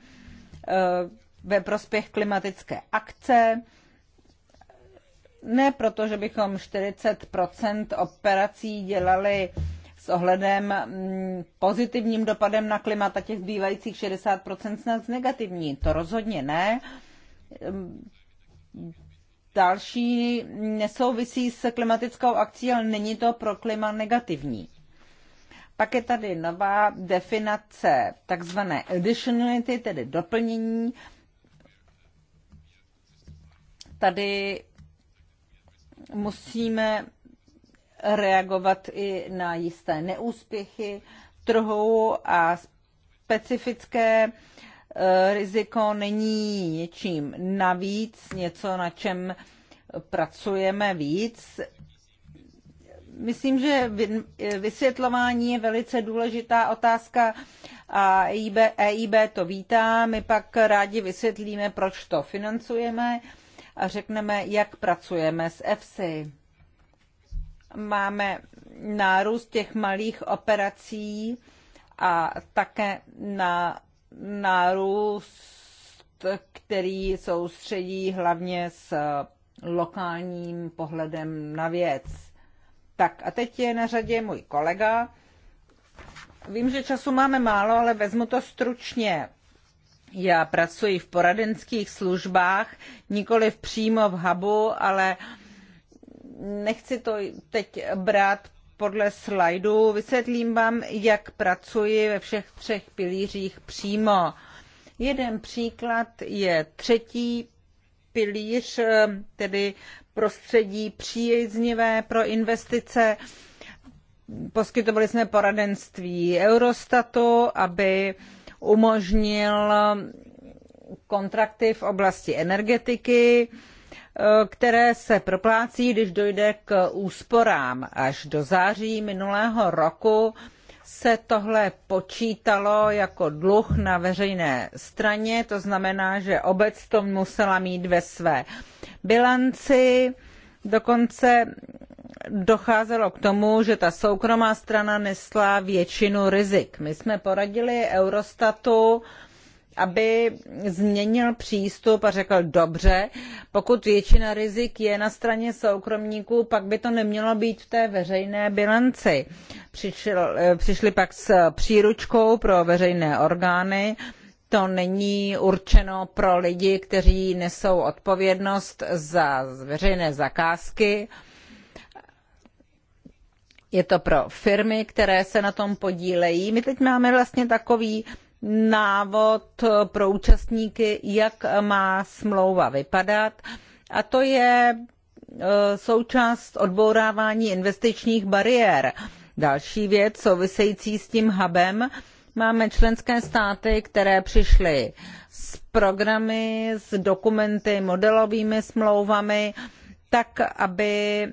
ve prospěch klimatické akce. Ne proto, že bychom 40% operací dělali s ohledem mm, pozitivním dopadem na klimat a těch zbývajících 60% snad negativní. To rozhodně ne. E, další nesouvisí s klimatickou akcí, ale není to pro klima negativní. Pak je tady nová definace takzvané additionality, tedy doplnění. Tady musíme reagovat i na jisté neúspěchy trhu a specifické e, riziko není něčím navíc, něco, na čem pracujeme víc. Myslím, že vysvětlování je velice důležitá otázka a EIB, EIB to vítá. My pak rádi vysvětlíme, proč to financujeme a řekneme, jak pracujeme s EFSI. Máme nárůst těch malých operací a také na nárůst, který soustředí hlavně s lokálním pohledem na věc. Tak a teď je na řadě můj kolega. Vím, že času máme málo, ale vezmu to stručně. Já pracuji v poradenských službách, nikoli přímo v hubu, ale nechci to teď brát podle slajdu. Vysvětlím vám, jak pracuji ve všech třech pilířích přímo. Jeden příklad je třetí pilíř, eh, tedy prostředí příznivé pro investice. Poskytovali jsme poradenství Eurostatu, aby umožnil kontrakty v oblasti energetiky, eh, které se proplácí, když dojde k úsporám. Až do září minulého roku se tohle počítalo jako dluh na veřejné straně, to znamená, že obec to musela mít ve své bilanci. Dokonce docházelo k tomu, že ta soukromá strana nesla většinu rizik. My jsme poradili Eurostatu, aby změnil přístup a řekl dobře, pokud většina rizik je na straně soukromníků, pak by to nemělo být v té veřejné bilanci. Eh, přišli pak s příručkou pro veřejné orgány, to není určeno pro lidi, kteří nesou odpovědnost za veřejné zakázky. Je to pro firmy, které se na tom podílejí. My teď máme vlastně takový návod pro účastníky, jak má smlouva vypadat. A to je e, součást odbourávání investičních bariér. Další věc související s tím hubem, máme členské státy, které přišly s programy, s dokumenty, modelovými smlouvami, tak, aby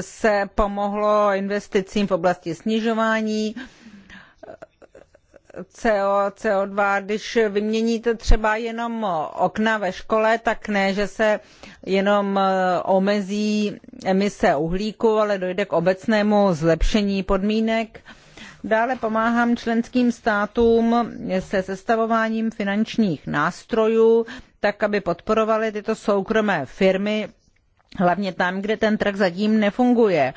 se pomohlo investicím v oblasti snižování CO, CO2, když vyměníte třeba jenom okna ve škole, tak ne, že se jenom e, omezí emise uhlíku, ale dojde k obecnému zlepšení podmínek. Dále pomáhám členským státům se sestavováním finančních nástrojů, tak aby podporovaly tyto soukromé firmy, hlavně tam, kde ten trh zatím nefunguje.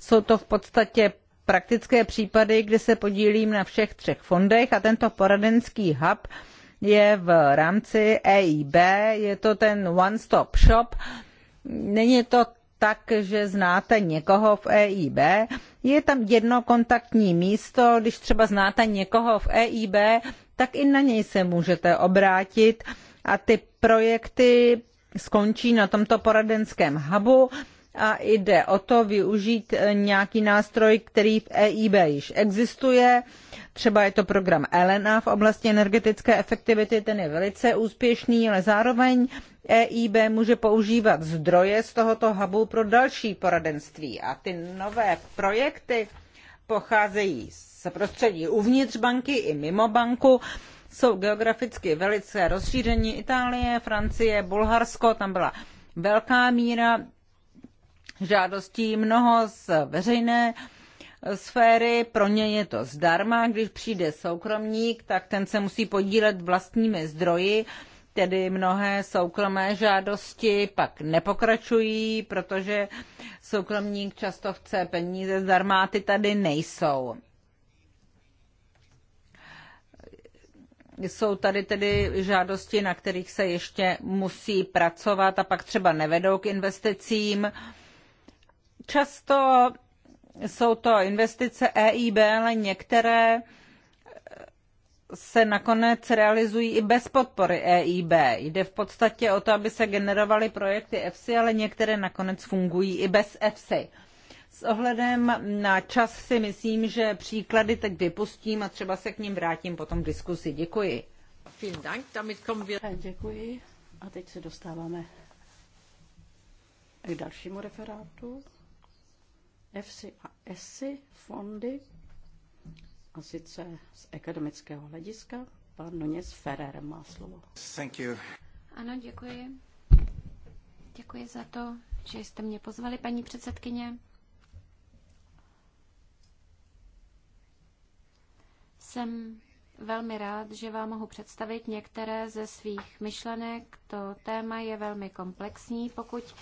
Jsou to v podstatě praktické případy, kdy se podílím na všech třech fondech a tento poradenský hub je v rámci EIB, je to ten one-stop shop. Není to tak, že znáte někoho v EIB. Je tam jedno kontaktní místo, když třeba znáte někoho v EIB, tak i na něj se můžete obrátit a ty projekty skončí na tomto poradenském hubu a jde o to využít eh, nějaký nástroj, který v EIB již existuje. Třeba je to program ELENA v oblasti energetické efektivity, ten je velice úspěšný, ale zároveň EIB může používat zdroje z tohoto hubu pro další poradenství. A ty nové projekty pocházejí z prostředí uvnitř banky i mimo banku jsou geograficky velice rozšíření Itálie, Francie, Bulharsko, tam byla velká míra žádostí, mnoho z veřejné sféry, pro ně je to zdarma, když přijde soukromník, tak ten se musí podílet vlastními zdroji, tedy mnohé soukromé žádosti pak nepokračují, protože soukromník často chce peníze zdarma, ty tady nejsou. Jsou tady tedy žádosti, na kterých se ještě musí pracovat a pak třeba nevedou k investicím. Často jsou to investice EIB, ale některé se nakonec realizují i bez podpory EIB. Jde v podstatě o to, aby se generovaly projekty EFSI, ale některé nakonec fungují i bez EFSI. S ohledem na čas si myslím, že příklady teď vypustím a třeba se k ním vrátím potom v diskusi. Děkuji. Eh, děkuji. A teď se dostáváme k dalšímu referátu. EFSI a ESI fondy, a sice z akademického hlediska. Pan Nunes Ferrer má slovo. Thank you. Ano, děkuji. Děkuji za to, že jste mě pozvali, paní předsedkyně. Jsem velmi rád, že vám mohu představit některé ze svých myšlenek. To téma je velmi komplexní. Pokud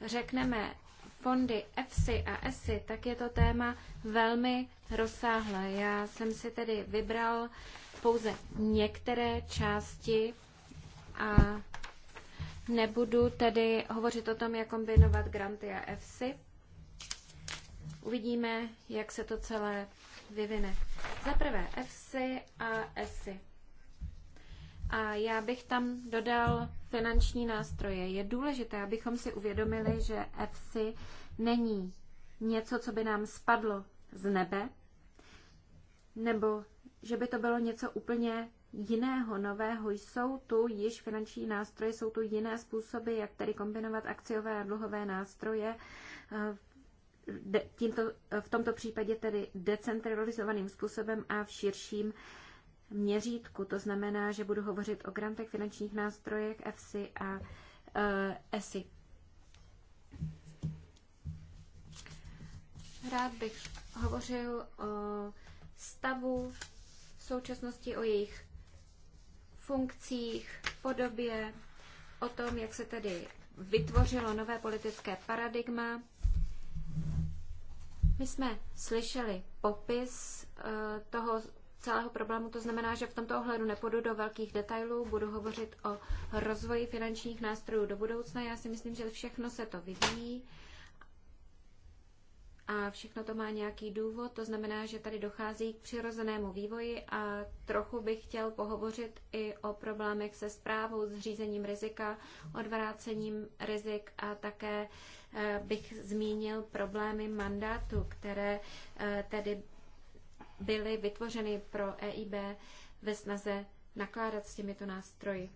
řekneme fondy EFSI a ESI, tak je to téma velmi rozsáhlé. Já jsem si tedy vybral pouze některé části a nebudu tedy hovořit o tom, jak kombinovat granty a EFSI. Uvidíme, jak se to celé vyvine. Za prvé EFSI a ESI. A já bych tam dodal finanční nástroje. Je důležité, abychom si uvědomili, že EFSI není něco, co by nám spadlo z nebe, nebo že by to bylo něco úplně jiného, nového. Jsou tu již finanční nástroje, jsou tu jiné způsoby, jak tedy kombinovat akciové a dluhové nástroje. Eh, tímto, v tomto případě tedy decentralizovaným způsobem a v širším měřítku. To znamená, že budu hovořit o grantech, finančních nástrojech, EFSI a uh, eh, ESI. Rád bych hovořil o stavu v současnosti, o jejich funkcích, podobě, o tom, jak se tedy vytvořilo nové politické paradigma. My jsme slyšeli popis eh, toho, celého problému. To znamená, že v tomto ohledu nepůjdu do velkých detailů, budu hovořit o rozvoji finančních nástrojů do budoucna. Já si myslím, že všechno se to vyvíjí a všechno to má nějaký důvod, to znamená, že tady dochází k přirozenému vývoji a trochu bych chtěl pohovořit i o problémech se zprávou, s řízením rizika, odvrácením rizik a také eh, bych zmínil problémy mandátu, které eh, tedy byly vytvořeny pro EIB ve snaze nakládat s těmito nástroji.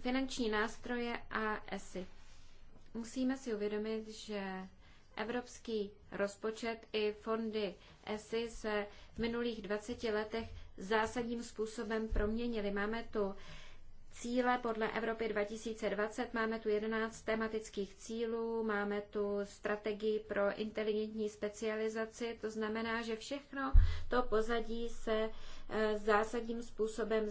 Finanční nástroje a ESI. Musíme si uvědomit, že evropský rozpočet i fondy ESI se v minulých 20 letech zásadním způsobem proměnily. Máme tu cíle podle Evropy 2020. Máme tu 11 tematických cílů, máme tu strategii pro inteligentní specializaci, to znamená, že všechno to pozadí se e, zásadním způsobem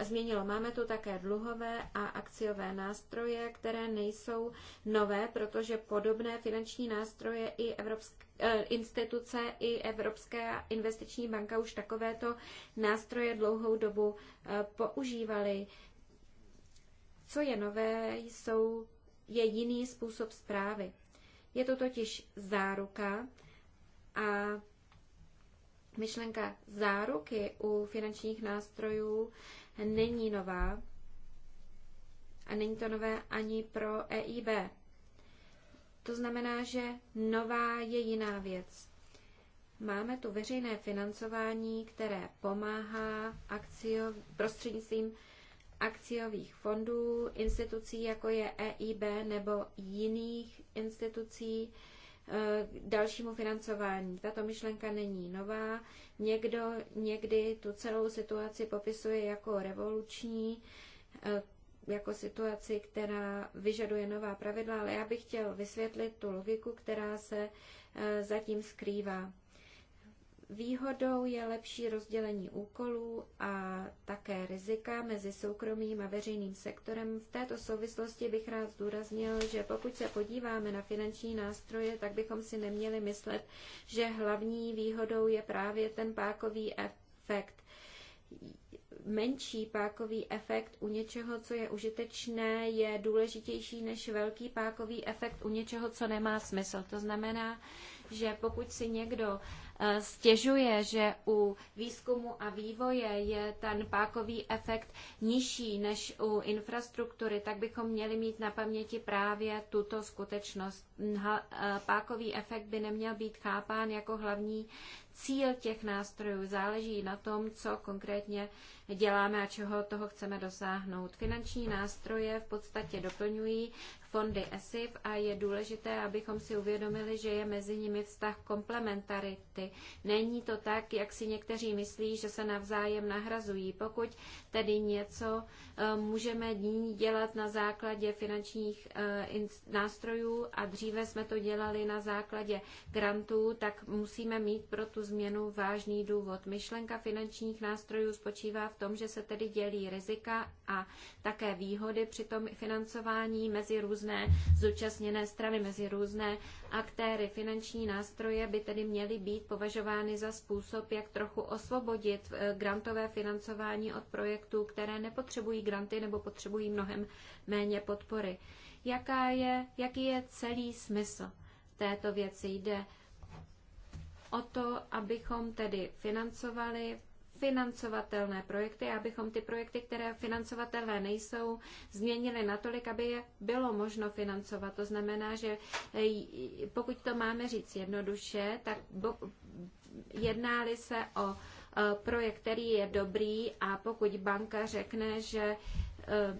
změnilo. Máme tu také dluhové a akciové nástroje, které nejsou nové, protože podobné finanční nástroje i evropské e, instituce i Evropská investiční banka už takovéto nástroje dlouhou dobu e, používaly. Co je nové, jsou, je jiný způsob zprávy. Je to totiž záruka a myšlenka záruky u finančních nástrojů není nová a není to nové ani pro EIB. To znamená, že nová je jiná věc. Máme tu veřejné financování, které pomáhá akciov, prostřednictvím akciových fondů, institucí jako je EIB nebo jiných institucí eh, k dalšímu financování. Tato myšlenka není nová. Někdo někdy tu celou situaci popisuje jako revoluční, eh, jako situaci, která vyžaduje nová pravidla, ale já bych chtěl vysvětlit tu logiku, která se eh, zatím skrývá. Výhodou je lepší rozdělení úkolů a také rizika mezi soukromým a veřejným sektorem. V této souvislosti bych rád zdůraznil, že pokud se podíváme na finanční nástroje, tak bychom si neměli myslet, že hlavní výhodou je právě ten pákový efekt. Menší pákový efekt u něčeho, co je užitečné, je důležitější než velký pákový efekt u něčeho, co nemá smysl. To znamená, že pokud si někdo Eh, stěžuje, že u výzkumu a vývoje je ten pákový efekt nižší než u infrastruktury, tak bychom měli mít na paměti právě tuto skutečnost. Eh, pákový efekt by neměl být chápán jako hlavní cíl těch nástrojů, záleží na tom, co konkrétně děláme a čeho toho chceme dosáhnout. Finanční nástroje v podstatě doplňují fondy ESIP a je důležité, abychom si uvědomili, že je mezi nimi vztah komplementarity. Není to tak, jak si někteří myslí, že se navzájem nahrazují. Pokud tedy něco eh, můžeme nyní dělat na základě finančních eh, nástrojů a dříve jsme to dělali na základě grantů, tak musíme mít pro tu změnu vážný důvod. Myšlenka finančních nástrojů spočívá v tom, že se tedy dělí rizika a také výhody při tom financování mezi různé zúčastněné strany, mezi různé aktéry. Finanční nástroje by tedy měly být považovány za způsob, jak trochu osvobodit eh, grantové financování od projektů, které nepotřebují granty nebo potřebují mnohem méně podpory. Jaká je, jaký je celý smysl této věci? Jde o to, abychom tedy financovali financovatelné projekty, abychom ty projekty, které financovatelné nejsou, změnili natolik, aby je bylo možno financovat. To znamená, že eh, pokud to máme říct jednoduše, tak jednáli se o eh, projekt, který je dobrý a pokud banka řekne, že eh,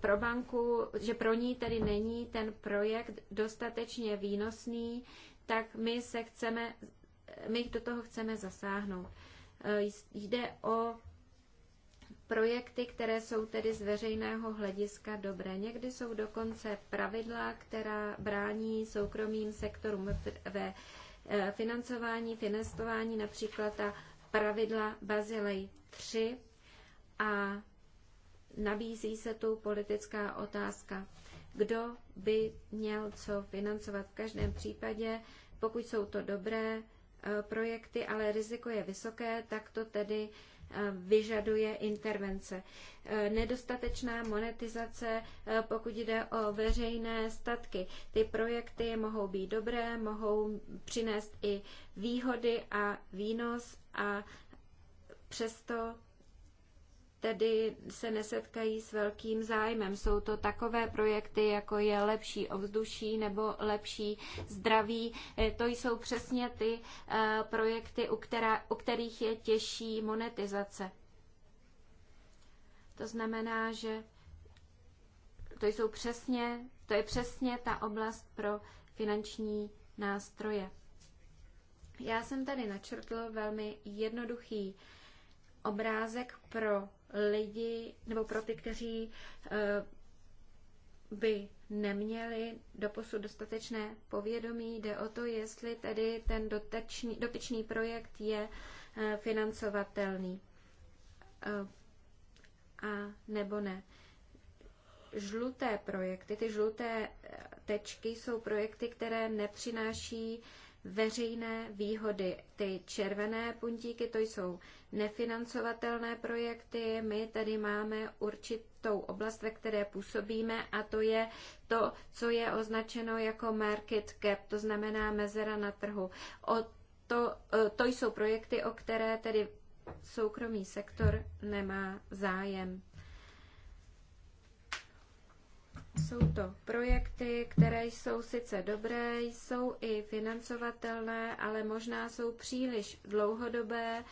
pro banku, že pro ní tedy není ten projekt dostatečně výnosný, tak my se chceme my do toho chceme zasáhnout. Eh, jde o projekty, které jsou tedy z veřejného hlediska dobré. Někdy jsou dokonce pravidla, která brání soukromým sektorům ve eh, financování, finestování, například ta pravidla Bazilej 3 a nabízí se tu politická otázka, kdo by měl co financovat. V každém případě, pokud jsou to dobré Eh, projekty, ale riziko je vysoké, tak to tedy eh, vyžaduje intervence. Eh, nedostatečná monetizace, pokud jde o veřejné statky. Ty projekty mohou být dobré, mohou přinést i výhody a výnos a přesto tedy se nesetkají s velkým zájmem. Jsou to takové projekty, jako je lepší ovzduší nebo lepší zdraví. E, to jsou přesně ty e, projekty, u, která, u kterých je těžší monetizace. To znamená, že to jsou přesně, to je přesně ta oblast pro finanční nástroje. Já jsem tady načrtl velmi jednoduchý obrázek pro lidi nebo pro ty, kteří eh, by neměli doposud dostatečné povědomí. Jde o to, jestli tedy ten dotečný, dotyčný projekt je eh, financovatelný eh, a nebo ne. Žluté projekty, ty žluté tečky jsou projekty, které nepřináší veřejné výhody. Ty červené puntíky to jsou nefinancovatelné projekty. My tady máme určitou oblast, ve které působíme a to je to, co je označeno jako market cap, to znamená mezera na trhu. O to, e, to jsou projekty, o které tedy soukromý sektor nemá zájem. Jsou to projekty, které jsou sice dobré, jsou i financovatelné, ale možná jsou příliš dlouhodobé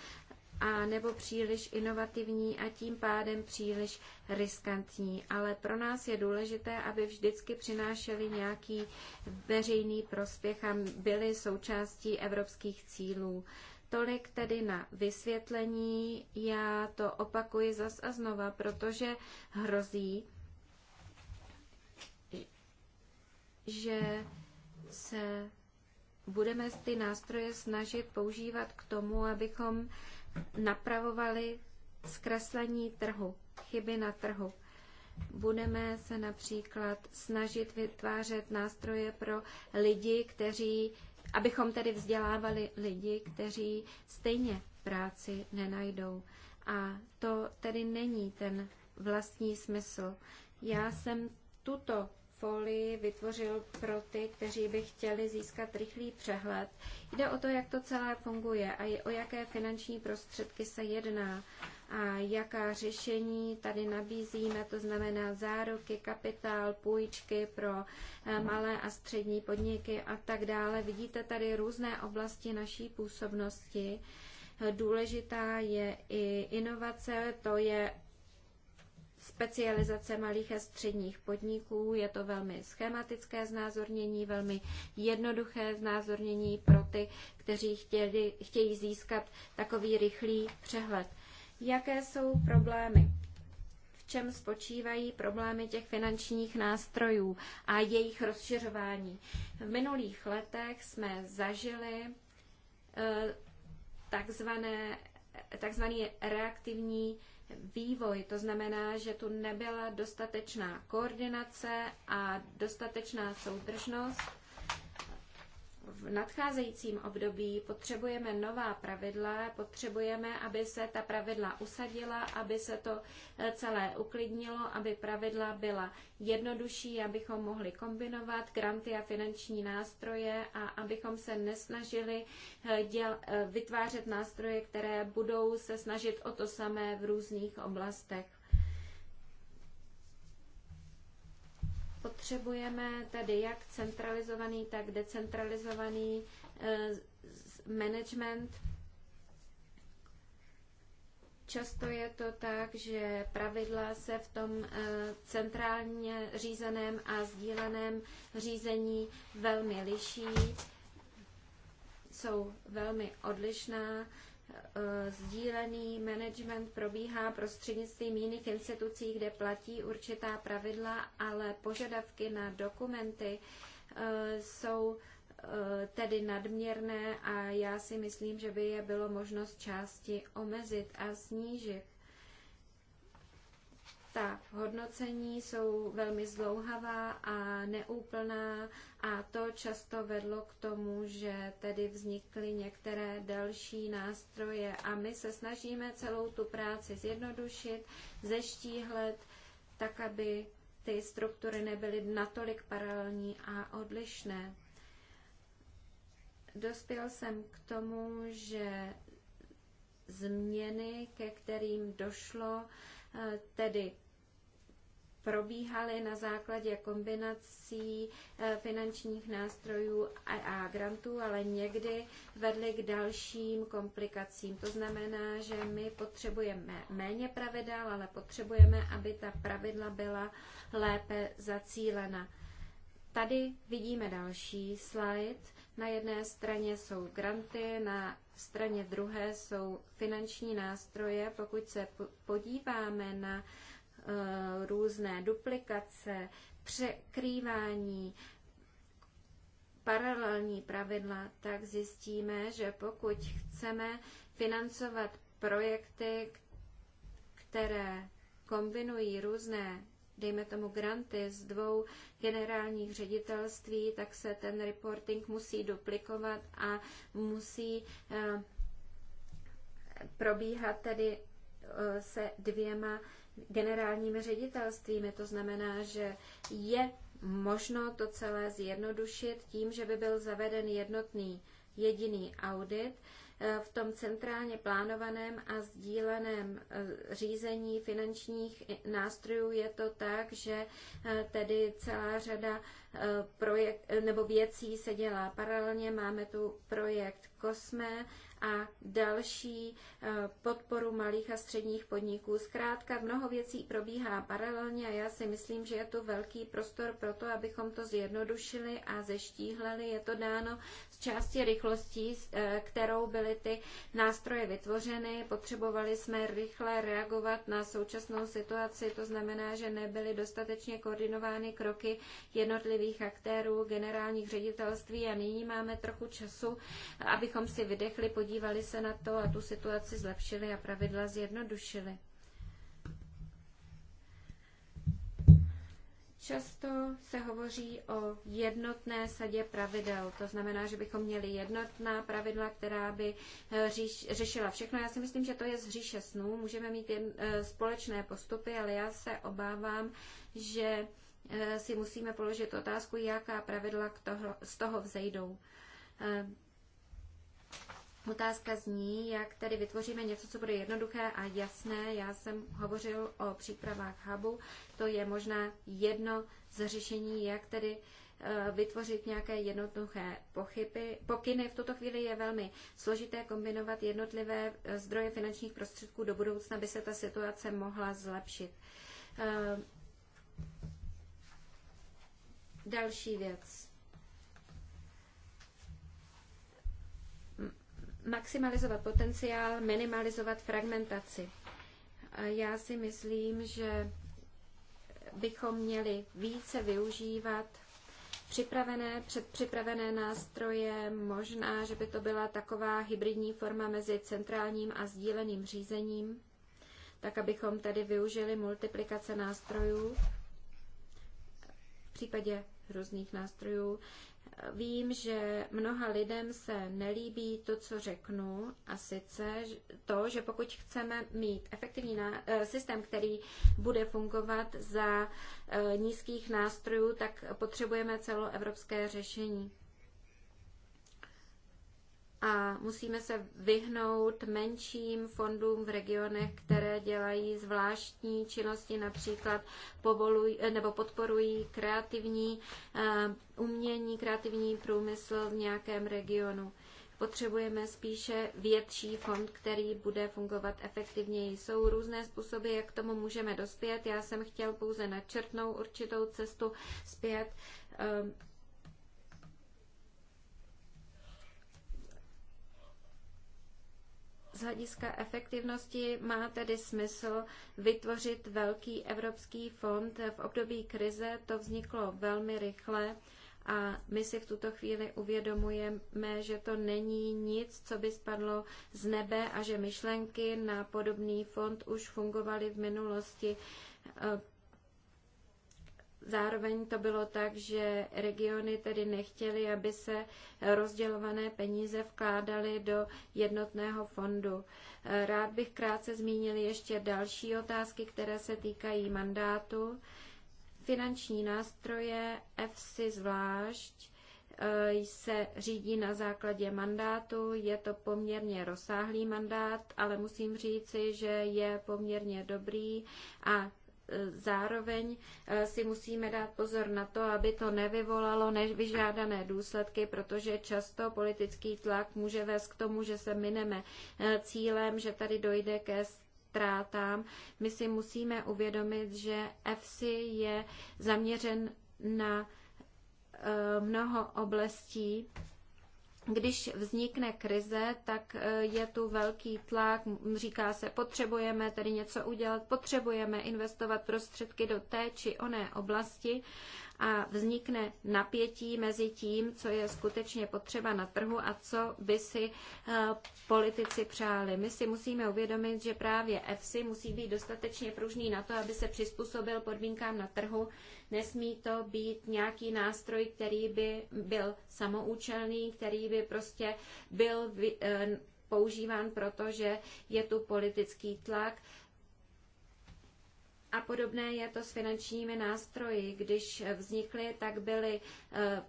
a nebo příliš inovativní a tím pádem příliš riskantní. Ale pro nás je důležité, aby vždycky přinášeli nějaký veřejný prospěch a byli součástí evropských cílů. Tolik tedy na vysvětlení. Já to opakuji zas a znova, protože hrozí, že se budeme ty nástroje snažit používat k tomu, abychom napravovali zkreslení trhu, chyby na trhu. Budeme se například snažit vytvářet nástroje pro lidi, kteří, abychom tedy vzdělávali lidi, kteří stejně práci nenajdou. A to tedy není ten vlastní smysl. Já jsem tuto folii vytvořil pro ty, kteří by chtěli získat rychlý přehled. Jde o to, jak to celé funguje a o jaké finanční prostředky se jedná a jaká řešení tady nabízíme, to znamená záruky, kapitál, půjčky pro eh, malé a střední podniky a tak dále. Vidíte tady různé oblasti naší působnosti. Důležitá je i inovace, to je specializace malých a středních podniků. Je to velmi schematické znázornění, velmi jednoduché znázornění pro ty, kteří chtěli, chtějí získat takový rychlý přehled. Jaké jsou problémy? V čem spočívají problémy těch finančních nástrojů a jejich rozšiřování? V minulých letech jsme zažili eh, takzvané, takzvaný reaktivní vývoj. To znamená, že tu nebyla dostatečná koordinace a dostatečná soudržnost v nadcházejícím období potřebujeme nová pravidla, potřebujeme, aby se ta pravidla usadila, aby se to eh, celé uklidnilo, aby pravidla byla jednodušší, abychom mohli kombinovat granty a finanční nástroje a abychom se nesnažili eh, děl, eh, vytvářet nástroje, které budou se snažit o to samé v různých oblastech. Potřebujeme tedy jak centralizovaný, tak decentralizovaný eh, management Často je to tak, že pravidla se v tom eh, centrálně řízeném a sdíleném řízení velmi liší, jsou velmi odlišná. Eh, sdílený management probíhá prostřednictvím jiných institucí, kde platí určitá pravidla, ale požadavky na dokumenty eh, jsou eh, tedy nadměrné a já si myslím, že by je bylo možnost části omezit a snížit ta hodnocení jsou velmi zdlouhavá a neúplná a to často vedlo k tomu, že tedy vznikly některé další nástroje a my se snažíme celou tu práci zjednodušit, zeštíhlet, tak, aby ty struktury nebyly natolik paralelní a odlišné. Dospěl jsem k tomu, že změny, ke kterým došlo, eh, tedy probíhaly na základě kombinací eh, finančních nástrojů a grantů, ale někdy vedly k dalším komplikacím. To znamená, že my potřebujeme méně pravidel, ale potřebujeme, aby ta pravidla byla lépe zacílena. Tady vidíme další slide. Na jedné straně jsou granty, na straně druhé jsou finanční nástroje. Pokud se podíváme na Eh, různé duplikace, překrývání, paralelní pravidla, tak zjistíme, že pokud chceme financovat projekty, které kombinují různé, dejme tomu, granty z dvou generálních ředitelství, tak se ten reporting musí duplikovat a musí eh, probíhat tedy eh, se dvěma generálními ředitelstvími. To znamená, že je možno to celé zjednodušit tím, že by byl zaveden jednotný jediný audit eh, v tom centrálně plánovaném a sdíleném eh, řízení finančních nástrojů je to tak, že eh, tedy celá řada projekt, nebo věcí se dělá paralelně. Máme tu projekt COSME a další eh, podporu malých a středních podniků. Zkrátka mnoho věcí probíhá paralelně a já si myslím, že je tu velký prostor pro to, abychom to zjednodušili a zeštíhleli. Je to dáno z části rychlostí, eh, kterou byly ty nástroje vytvořeny. Potřebovali jsme rychle reagovat na současnou situaci, to znamená, že nebyly dostatečně koordinovány kroky jednotlivých aktérů, generálních ředitelství a nyní máme trochu času, abychom si vydechli podívat podívali se na to a tu situaci zlepšili a pravidla zjednodušili. Často se hovoří o jednotné sadě pravidel. To znamená, že bychom měli jednotná pravidla, která by eh, říš, řešila všechno. Já si myslím, že to je z říše snů. Můžeme mít jen, eh, společné postupy, ale já se obávám, že eh, si musíme položit otázku, jaká pravidla toho, z toho vzejdou. Otázka zní, jak tedy vytvoříme něco, co bude jednoduché a jasné. Já jsem hovořil o přípravách hubu. To je možná jedno z řešení, jak tedy eh, vytvořit nějaké jednoduché pochyby. Pokyny v tuto chvíli je velmi složité kombinovat jednotlivé eh, zdroje finančních prostředků do budoucna, aby se ta situace mohla zlepšit. Eh, další věc maximalizovat potenciál, minimalizovat fragmentaci. Já si myslím, že bychom měli více využívat připravené, předpřipravené nástroje, možná, že by to byla taková hybridní forma mezi centrálním a sdíleným řízením, tak abychom tady využili multiplikace nástrojů v případě různých nástrojů. Vím, že mnoha lidem se nelíbí to, co řeknu, a sice to, že pokud chceme mít efektivní eh, systém, který bude fungovat za eh, nízkých nástrojů, tak potřebujeme celoevropské řešení a musíme se vyhnout menším fondům v regionech, které dělají zvláštní činnosti, například povolují, eh, nebo podporují kreativní eh, umění, kreativní průmysl v nějakém regionu. Potřebujeme spíše větší fond, který bude fungovat efektivněji. Jsou různé způsoby, jak k tomu můžeme dospět. Já jsem chtěl pouze načrtnout určitou cestu zpět ehm, z hlediska efektivnosti má tedy smysl vytvořit velký evropský fond. V období krize to vzniklo velmi rychle a my si v tuto chvíli uvědomujeme, že to není nic, co by spadlo z nebe a že myšlenky na podobný fond už fungovaly v minulosti. Zároveň to bylo tak, že regiony tedy nechtěly, aby se rozdělované peníze vkládaly do jednotného fondu. Rád bych krátce zmínil ještě další otázky, které se týkají mandátu. Finanční nástroje, EFSI zvlášť, eh, se řídí na základě mandátu. Je to poměrně rozsáhlý mandát, ale musím říci, že je poměrně dobrý a zároveň eh, si musíme dát pozor na to, aby to nevyvolalo než vyžádané důsledky, protože často politický tlak může vést k tomu, že se mineme eh, cílem, že tady dojde ke ztrátám. My si musíme uvědomit, že EFSI je zaměřen na eh, mnoho oblastí když vznikne krize, tak e, je tu velký tlak, říká se, potřebujeme tedy něco udělat, potřebujeme investovat prostředky do té či oné oblasti a vznikne napětí mezi tím, co je skutečně potřeba na trhu a co by si eh, politici přáli. My si musíme uvědomit, že právě EFSI musí být dostatečně pružný na to, aby se přizpůsobil podmínkám na trhu. Nesmí to být nějaký nástroj, který by byl samoučelný, který by prostě byl eh, používán proto, že je tu politický tlak. A podobné je to s finančními nástroji. Když vznikly, tak byly eh,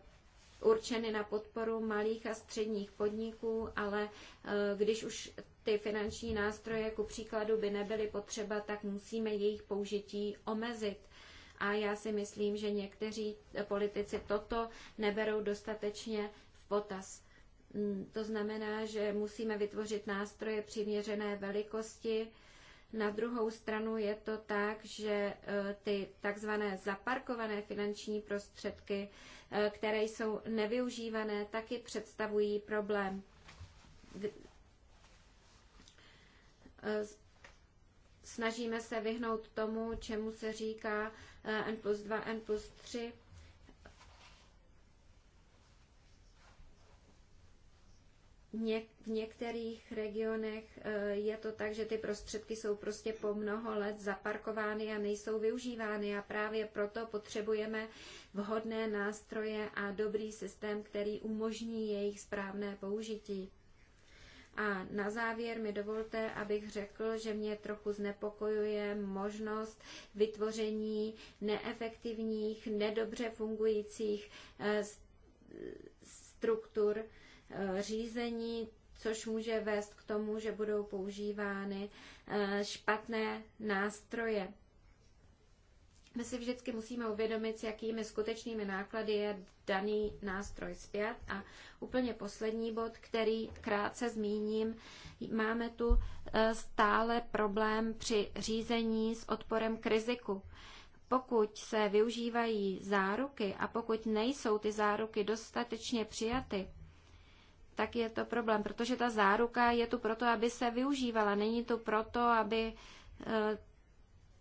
určeny na podporu malých a středních podniků, ale eh, když už ty finanční nástroje ku příkladu by nebyly potřeba, tak musíme jejich použití omezit. A já si myslím, že někteří politici toto neberou dostatečně v potaz. Mm, to znamená, že musíme vytvořit nástroje přiměřené velikosti, na druhou stranu je to tak, že e, ty takzvané zaparkované finanční prostředky, e, které jsou nevyužívané, taky představují problém. E, snažíme se vyhnout tomu, čemu se říká N plus 2, N plus 3 v některých regionech e, je to tak, že ty prostředky jsou prostě po mnoho let zaparkovány a nejsou využívány a právě proto potřebujeme vhodné nástroje a dobrý systém, který umožní jejich správné použití. A na závěr mi dovolte, abych řekl, že mě trochu znepokojuje možnost vytvoření neefektivních, nedobře fungujících e, struktur, Eh, řízení, což může vést k tomu, že budou používány eh, špatné nástroje. My si vždycky musíme uvědomit, s jakými skutečnými náklady je daný nástroj zpět. A úplně poslední bod, který krátce zmíním, máme tu eh, stále problém při řízení s odporem k riziku. Pokud se využívají záruky a pokud nejsou ty záruky dostatečně přijaty, tak je to problém, protože ta záruka je tu proto, aby se využívala, není tu proto, aby e,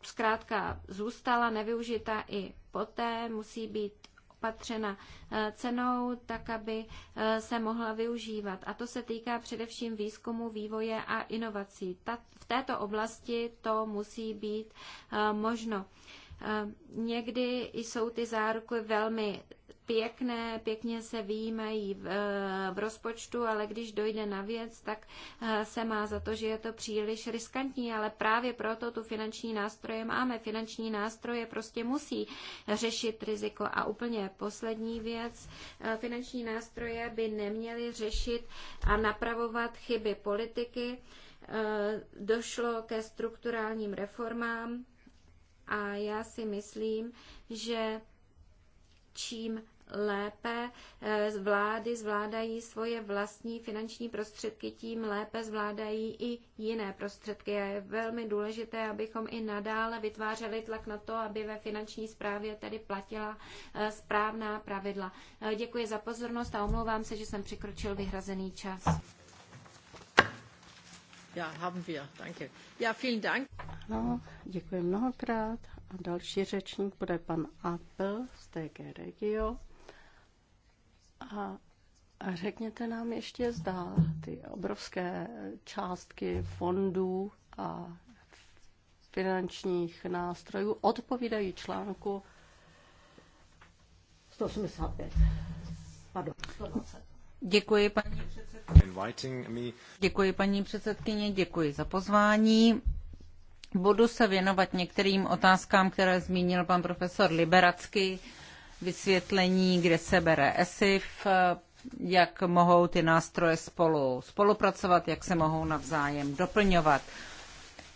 zkrátka zůstala nevyužita i poté, musí být opatřena e, cenou, tak aby e, se mohla využívat. A to se týká především výzkumu, vývoje a inovací. v této oblasti to musí být možno. Někdy jsou ty záruky velmi pěkné, pěkně se výjímají v, eh, v rozpočtu, ale když dojde na věc, tak eh, se má za to, že je to příliš riskantní, ale právě proto tu finanční nástroje máme. Finanční nástroje prostě musí řešit riziko. A úplně poslední věc, eh, finanční nástroje by neměly řešit a napravovat chyby politiky. Došlo ke strukturálním reformám a já si myslím, že čím lépe eh, vlády zvládají svoje vlastní finanční prostředky, tím lépe zvládají i jiné prostředky. A je velmi důležité, abychom i nadále vytvářeli tlak na to, aby ve finanční správě tedy platila eh, správná pravidla. Eh, děkuji za pozornost a omlouvám se, že jsem překročil vyhrazený čas. Ja, haben wir. Danke. Ja, vielen Dank. No, děkuji mnohokrát. A další řečník bude pan Apel z TG Regio. A a řekněte nám ještě, zda ty obrovské částky fondů a finančních nástrojů odpovídají článku 185. Pardon, 120. Děkuji paní, předsedkyně. děkuji paní předsedkyně, děkuji za pozvání. Budu se věnovat některým otázkám, které zmínil pan profesor Liberacký vysvětlení, kde se bere ESIF, jak mohou ty nástroje spolu spolupracovat, jak se mohou navzájem doplňovat.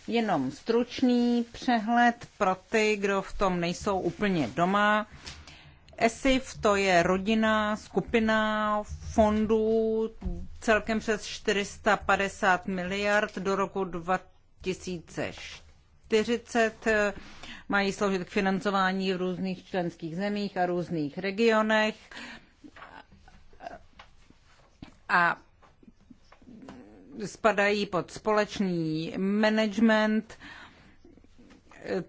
Jenom stručný přehled pro ty, kdo v tom nejsou úplně doma. ESIF to je rodina, skupina fondů, celkem přes 450 miliard do roku 2004. 40 eh, mají sloužit k financování v různých členských zemích a různých regionech. A spadají pod společný management.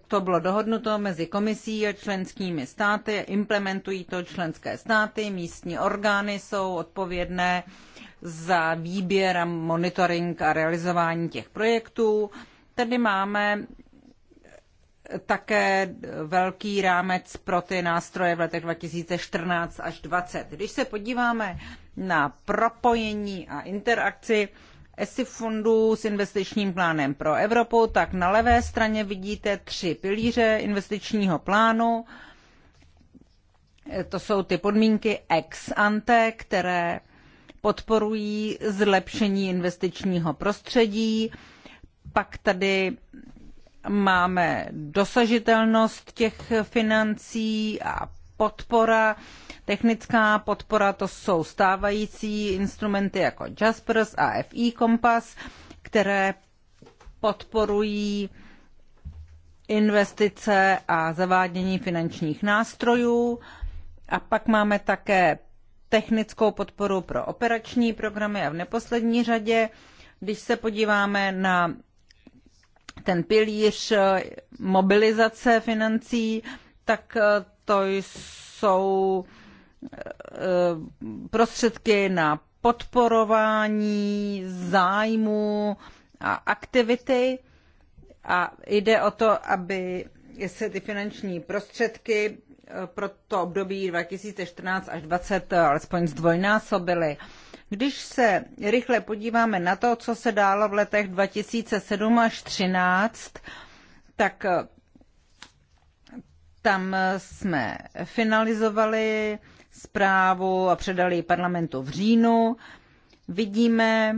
To bylo dohodnuto mezi komisí a členskými státy, implementují to členské státy, místní orgány jsou odpovědné za výběr a monitoring a realizování těch projektů. Tady máme také velký rámec pro ty nástroje v letech 2014 až 2020. Když se podíváme na propojení a interakci ESI fondů s investičním plánem pro Evropu, tak na levé straně vidíte tři pilíře investičního plánu. To jsou ty podmínky ex ante, které podporují zlepšení investičního prostředí. Pak tady máme dosažitelnost těch financí a podpora, technická podpora, to jsou stávající instrumenty jako Jaspers a FI Kompas, které podporují investice a zavádění finančních nástrojů. A pak máme také technickou podporu pro operační programy a v neposlední řadě, když se podíváme na ten pilíř eh, mobilizace financí, tak eh, to jsou eh, prostředky na podporování zájmu a aktivity a jde o to, aby se ty finanční prostředky pro to období 2014 až 2020 alespoň zdvojnásobily. Když se rychle podíváme na to, co se dálo v letech 2007 až 2013, tak eh, tam eh, jsme finalizovali zprávu a předali ji parlamentu v říjnu. Vidíme,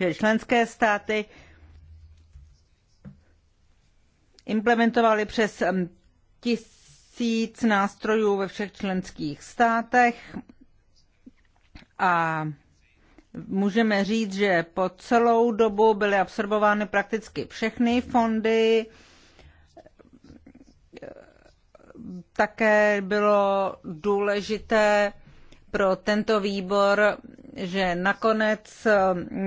že členské státy implementovali přes mm, tisíc nástrojů ve všech členských státech a Můžeme říct, že po celou dobu byly absorbovány prakticky všechny fondy. Také bylo důležité pro tento výbor, že nakonec eh,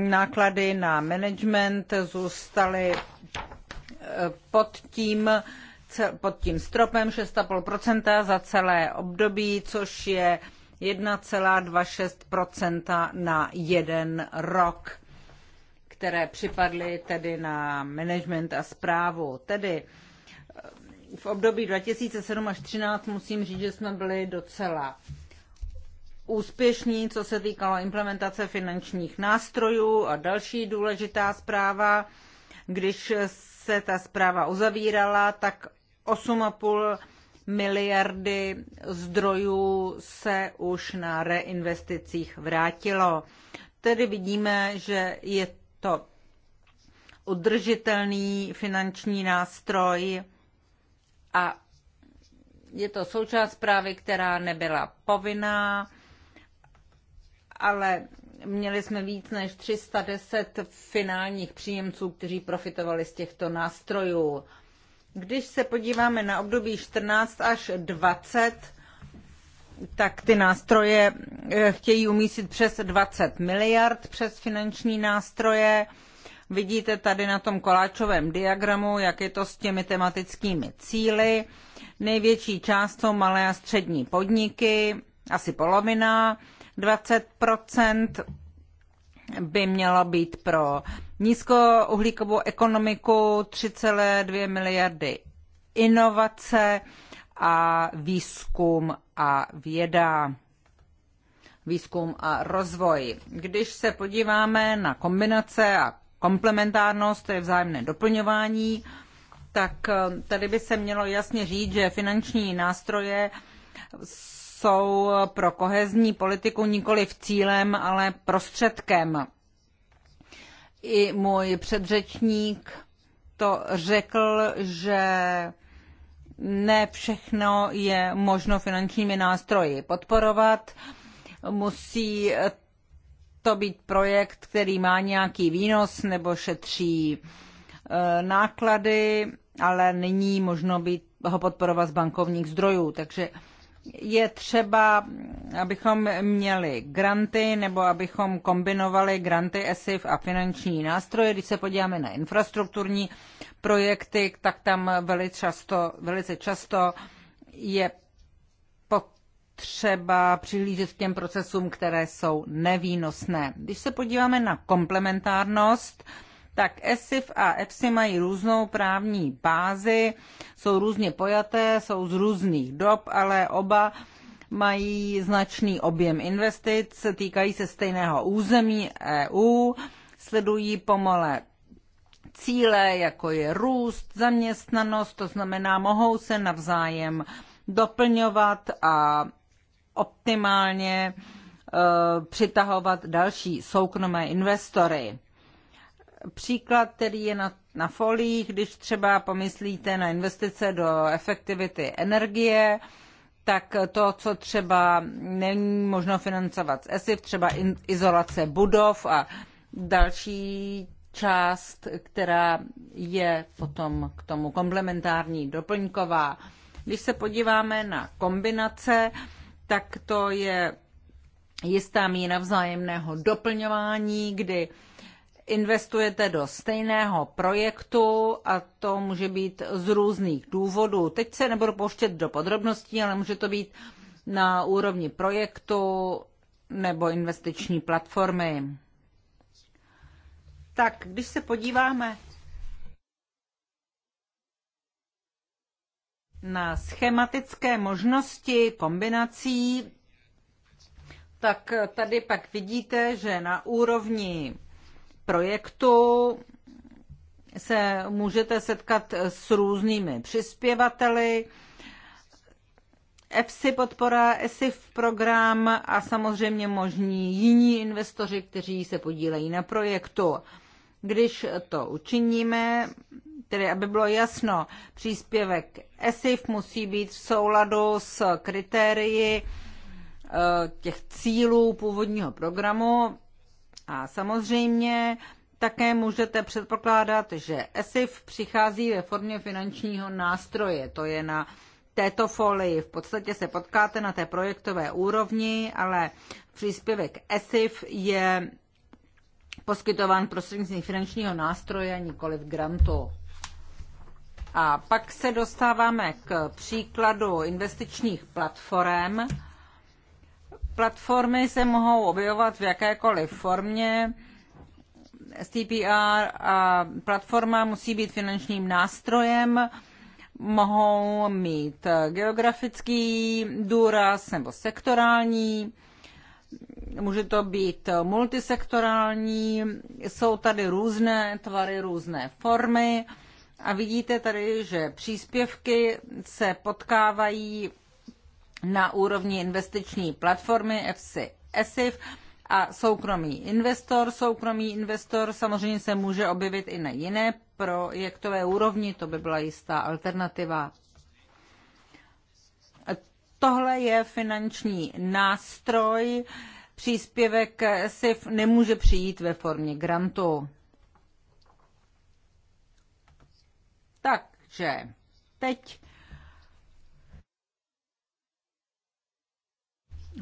náklady na management zůstaly eh, pod tím, pod tím stropem 6,5 za celé období, což je 1,26 na jeden rok, které připadly tedy na management a zprávu. Tedy eh, v období 2007 až 2013 musím říct, že jsme byli docela úspěšní, co se týkalo implementace finančních nástrojů a další důležitá zpráva. Když se ta zpráva uzavírala, tak miliardy zdrojů se už na reinvesticích vrátilo. Tedy vidíme, že je to udržitelný finanční nástroj a je to součást zprávy, která nebyla povinná, ale měli jsme víc než 310 finálních příjemců, kteří profitovali z těchto nástrojů. Když se podíváme na období 14 až 20, tak ty nástroje eh, chtějí umístit přes 20 miliard přes finanční nástroje. Vidíte tady na tom koláčovém diagramu, jak je to s těmi tematickými cíly. Největší část jsou malé a střední podniky, asi polovina, 20 by mělo být pro nízkouhlíkovou ekonomiku 3,2 miliardy inovace a výzkum a věda výzkum a rozvoj. Když se podíváme na kombinace a komplementárnost, to je vzájemné doplňování, tak eh, tady by se mělo jasně říct, že finanční nástroje jsou pro kohezní politiku nikoli v cílem, ale prostředkem. I můj předřečník to řekl, že ne všechno je možno finančními nástroji podporovat. Musí to být projekt, který má nějaký výnos nebo šetří eh, náklady, ale není možno být, ho podporovat z bankovních zdrojů. Takže je třeba, abychom měli granty nebo abychom kombinovali granty ESIF a finanční nástroje. Když se podíváme na infrastrukturní projekty, tak tam velice často, velice často je potřeba přihlížet k těm procesům, které jsou nevýnosné. Když se podíváme na komplementárnost, tak ESIF a EPSI mají různou právní bázi, jsou různě pojaté, jsou z různých dob, ale oba mají značný objem investic, týkají se stejného území EU, sledují pomale cíle, jako je růst, zaměstnanost, to znamená, mohou se navzájem doplňovat a optimálně e, přitahovat další soukromé investory. Příklad, který je na, na folii, když třeba pomyslíte na investice do efektivity energie, tak to, co třeba není možno financovat z ESIF, třeba in, izolace budov a další část, která je potom k tomu komplementární, doplňková. Když se podíváme na kombinace, tak to je jistá míra vzájemného doplňování, kdy uh, investujete do stejného projektu a to může být z různých důvodů. Teď se nebudu pouštět do podrobností, ale může to být na úrovni projektu nebo investiční platformy. Tak, když se podíváme na schematické možnosti kombinací, tak tady pak vidíte, že na úrovni projektu se můžete setkat s různými přispěvateli. EFSI podpora, ESIF program a samozřejmě možní jiní investoři, kteří se podílejí na projektu. Když to učiníme, tedy aby bylo jasno, příspěvek ESIF musí být v souladu s kritérii eh, těch cílů původního programu, a samozřejmě také můžete předpokládat, že ESIF přichází ve formě finančního nástroje. To je na této folii. V podstatě se potkáte na té projektové úrovni, ale příspěvek ESIF je poskytován prostřednictvím finančního nástroje, nikoli v grantu. A pak se dostáváme k příkladu investičních platform Platformy se mohou objevovat v jakékoliv formě. CPR a platforma musí být finančním nástrojem, mohou mít geografický důraz nebo sektorální, může to být multisektorální, jsou tady různé tvary, různé formy a vidíte tady, že příspěvky se potkávají na úrovni investiční platformy EFSI ESIF a soukromý investor. Soukromý investor samozřejmě se může objevit i na jiné projektové úrovni, to by byla jistá alternativa. Tohle je finanční nástroj. Příspěvek SIF nemůže přijít ve formě grantu. Takže teď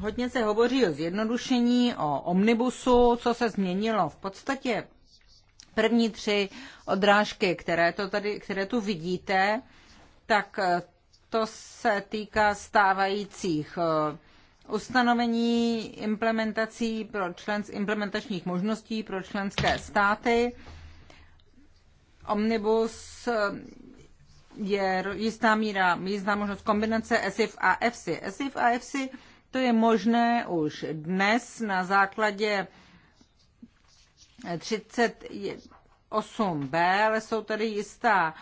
Hodně se hovoří o zjednodušení, o omnibusu, co se změnilo. V podstatě první tři odrážky, které, to tady, které tu vidíte, tak eh, to se týká stávajících eh, ustanovení implementací pro člen, implementačních možností pro členské státy. Omnibus eh, je jistá míra, jistá možnost kombinace ESIF a EFSI. ESIF a EFSI to je možné už dnes na základě 38b, ale jsou tady jistá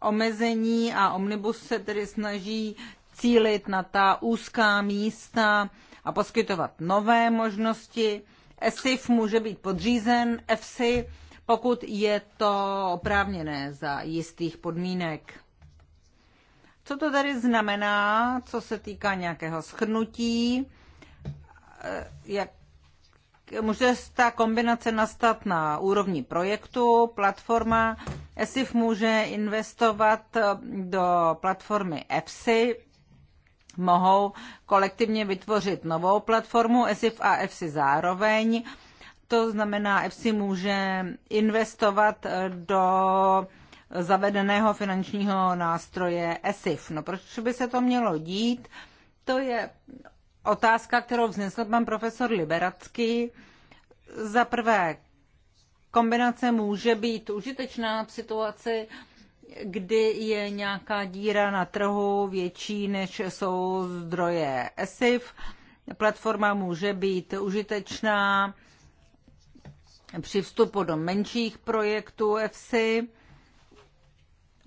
omezení a omnibus se tedy snaží cílit na ta úzká místa a poskytovat nové možnosti. ESIF může být podřízen EFSI, pokud je to oprávněné za jistých podmínek. Co to tady znamená, co se týká nějakého schnutí? Eh, jak může ta kombinace nastat na úrovni projektu, platforma. ESIF může investovat eh, do platformy EFSI, mohou kolektivně vytvořit novou platformu ESIF a EFSI zároveň. To znamená, EFSI může investovat eh, do zavedeného finančního nástroje ESIF. No proč by se to mělo dít? To je otázka, kterou vznesl pan profesor Liberacký. Za prvé, kombinace může být užitečná v situaci, kdy je nějaká díra na trhu větší, než jsou zdroje ESIF. Platforma může být užitečná při vstupu do menších projektů EFSI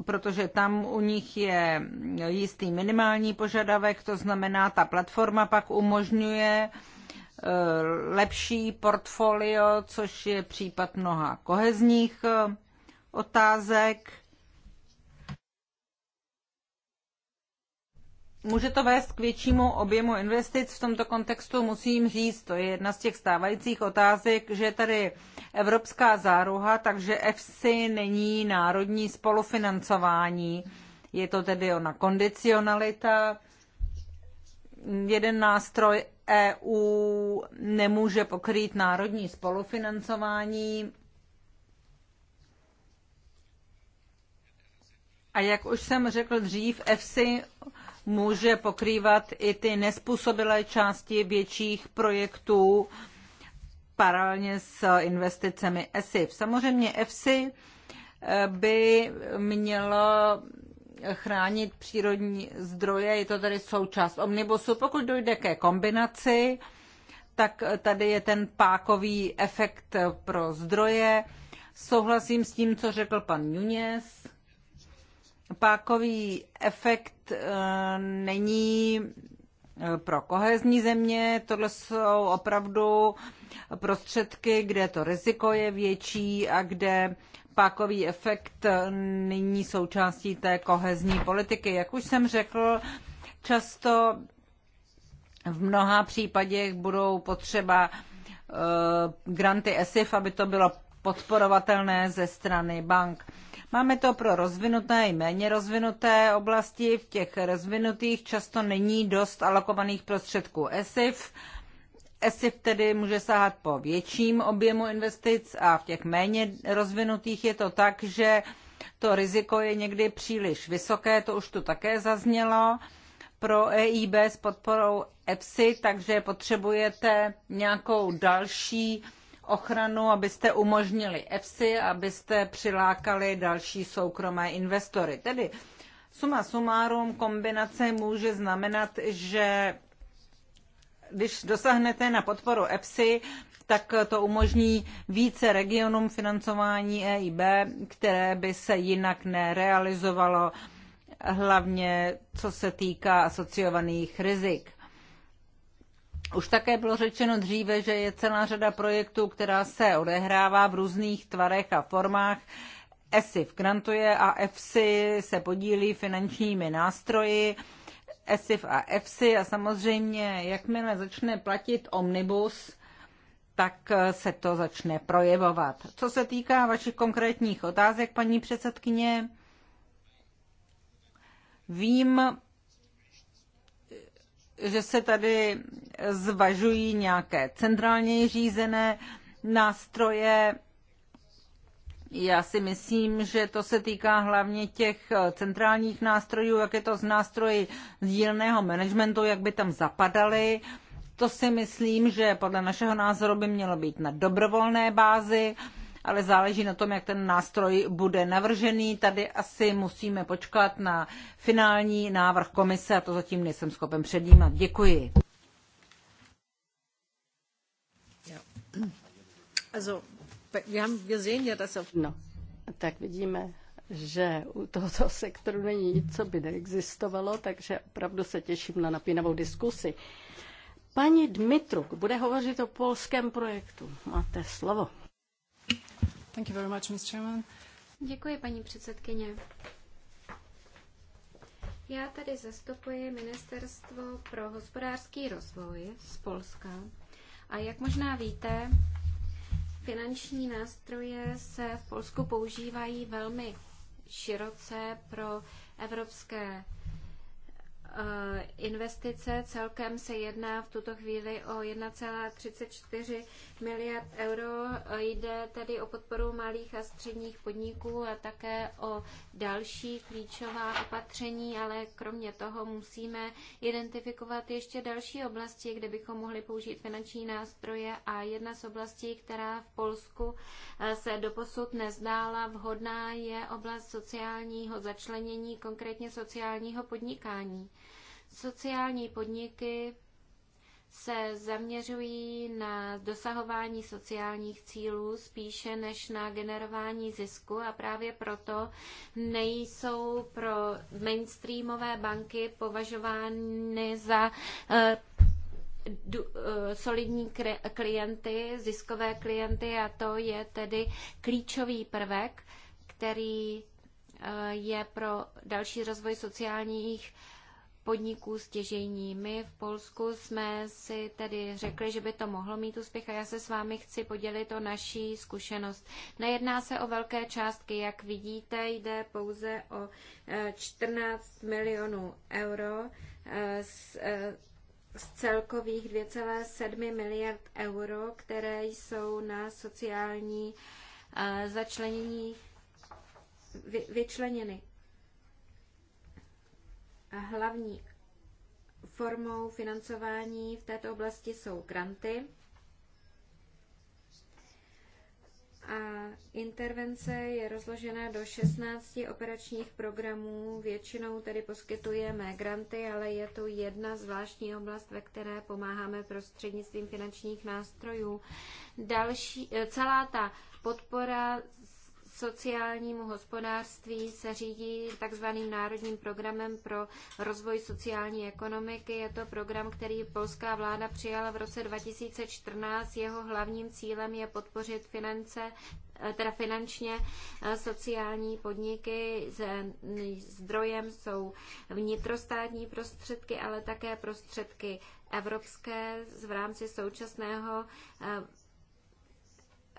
protože tam u nich je jistý minimální požadavek, to znamená, ta platforma pak umožňuje eh, lepší portfolio, což je případ mnoha kohezních eh, otázek. Může to vést k většímu objemu investic. V tomto kontextu musím říct, to je jedna z těch stávajících otázek, že tady evropská záruha, takže EFSI není národní spolufinancování. Je to tedy ona kondicionalita. Jeden nástroj EU nemůže pokrýt národní spolufinancování. A jak už jsem řekl dřív, EFSI může pokrývat i ty nespůsobilé části větších projektů paralelně s investicemi ESIF. Samozřejmě EFSI eh, by mělo chránit přírodní zdroje, je to tady součást omnibusu. Pokud dojde ke kombinaci, tak tady je ten pákový efekt pro zdroje. Souhlasím s tím, co řekl pan Nunes pákový efekt eh, není eh, pro kohezní země. Tohle jsou opravdu prostředky, kde to riziko je větší a kde pákový efekt eh, není součástí té kohezní politiky. Jak už jsem řekl, často v mnoha případech budou potřeba granty ESIF, aby to bylo podporovatelné ze strany bank. Máme to pro rozvinuté i méně rozvinuté oblasti. V těch rozvinutých často není dost alokovaných prostředků ESIF. ESIF tedy může sahat po větším objemu investic a v těch méně rozvinutých je to tak, že to riziko je někdy příliš vysoké, to už tu také zaznělo pro EIB s podporou EPSI, takže potřebujete nějakou další ochranu, abyste umožnili EFSI, abyste přilákali další soukromé investory. Tedy suma sumárum kombinace může znamenat, že když dosáhnete na podporu EPSI, tak to umožní více regionům financování EIB, které by se jinak nerealizovalo, hlavně co se týká asociovaných rizik. Už také bylo řečeno dříve, že je celá řada projektů, která se odehrává v různých tvarech a formách. ESIF grantuje a EFSI se podílí finančními nástroji. ESIF a EFSI a samozřejmě, jakmile začne platit omnibus, tak eh, se to začne projevovat. Co se týká vašich konkrétních otázek, paní předsedkyně, vím, že se tady zvažují nějaké centrálně řízené nástroje. Já si myslím, že to se týká hlavně těch centrálních nástrojů, jak je to z nástroji dílného managementu, jak by tam zapadaly. To si myslím, že podle našeho názoru by mělo být na dobrovolné bázi ale záleží na tom, jak ten nástroj bude navržený. Tady asi musíme počkat na finální návrh komise a to zatím nejsem schopen předjímat. Děkuji. No, tak vidíme, že u tohoto sektoru není nic, co by neexistovalo, takže opravdu se těším na napínavou diskusi. Paní Dmitruk bude hovořit o polském projektu. Máte slovo. Thank you very much, Ms. Chairman. Děkuji, paní předsedkyně. Já tady zastupuji Ministerstvo pro hospodářský rozvoj z Polska. A jak možná víte, finanční nástroje se v Polsku používají velmi široce pro evropské Eh, investice. Celkem se jedná v tuto chvíli o 1,34 miliard euro. Jde tedy o podporu malých a středních podniků a také o další klíčová opatření, ale kromě toho musíme identifikovat ještě další oblasti, kde bychom mohli použít finanční nástroje a jedna z oblastí, která v Polsku eh, se doposud nezdála vhodná, je oblast sociálního začlenění, konkrétně sociálního podnikání. Sociální podniky se zaměřují na dosahování sociálních cílů spíše než na generování zisku a právě proto nejsou pro mainstreamové banky považovány za eh, eh, solidní klienty, ziskové klienty a to je tedy klíčový prvek, který eh, je pro další rozvoj sociálních podniků stěžejní. My v Polsku jsme si tedy řekli, že by to mohlo mít úspěch a já se s vámi chci podělit o naší zkušenost. Nejedná se o velké částky, jak vidíte, jde pouze o 14 eh, milionů euro eh, z, eh, z celkových 2,7 miliard euro, které jsou na sociální začlenění vyčleněny. Hlavní formou financování v této oblasti jsou granty a intervence je rozložena do 16 operačních programů. Většinou tedy poskytujeme granty, ale je to jedna zvláštní oblast, ve které pomáháme prostřednictvím finančních nástrojů. Další, eh, celá ta podpora sociálnímu hospodářství se řídí takzvaným národním programem pro rozvoj sociální ekonomiky. Je to program, který polská vláda přijala v roce 2014. Jeho hlavním cílem je podpořit finance teda finančně eh, sociální podniky. Zdrojem jsou vnitrostátní prostředky, ale také prostředky evropské v rámci současného eh,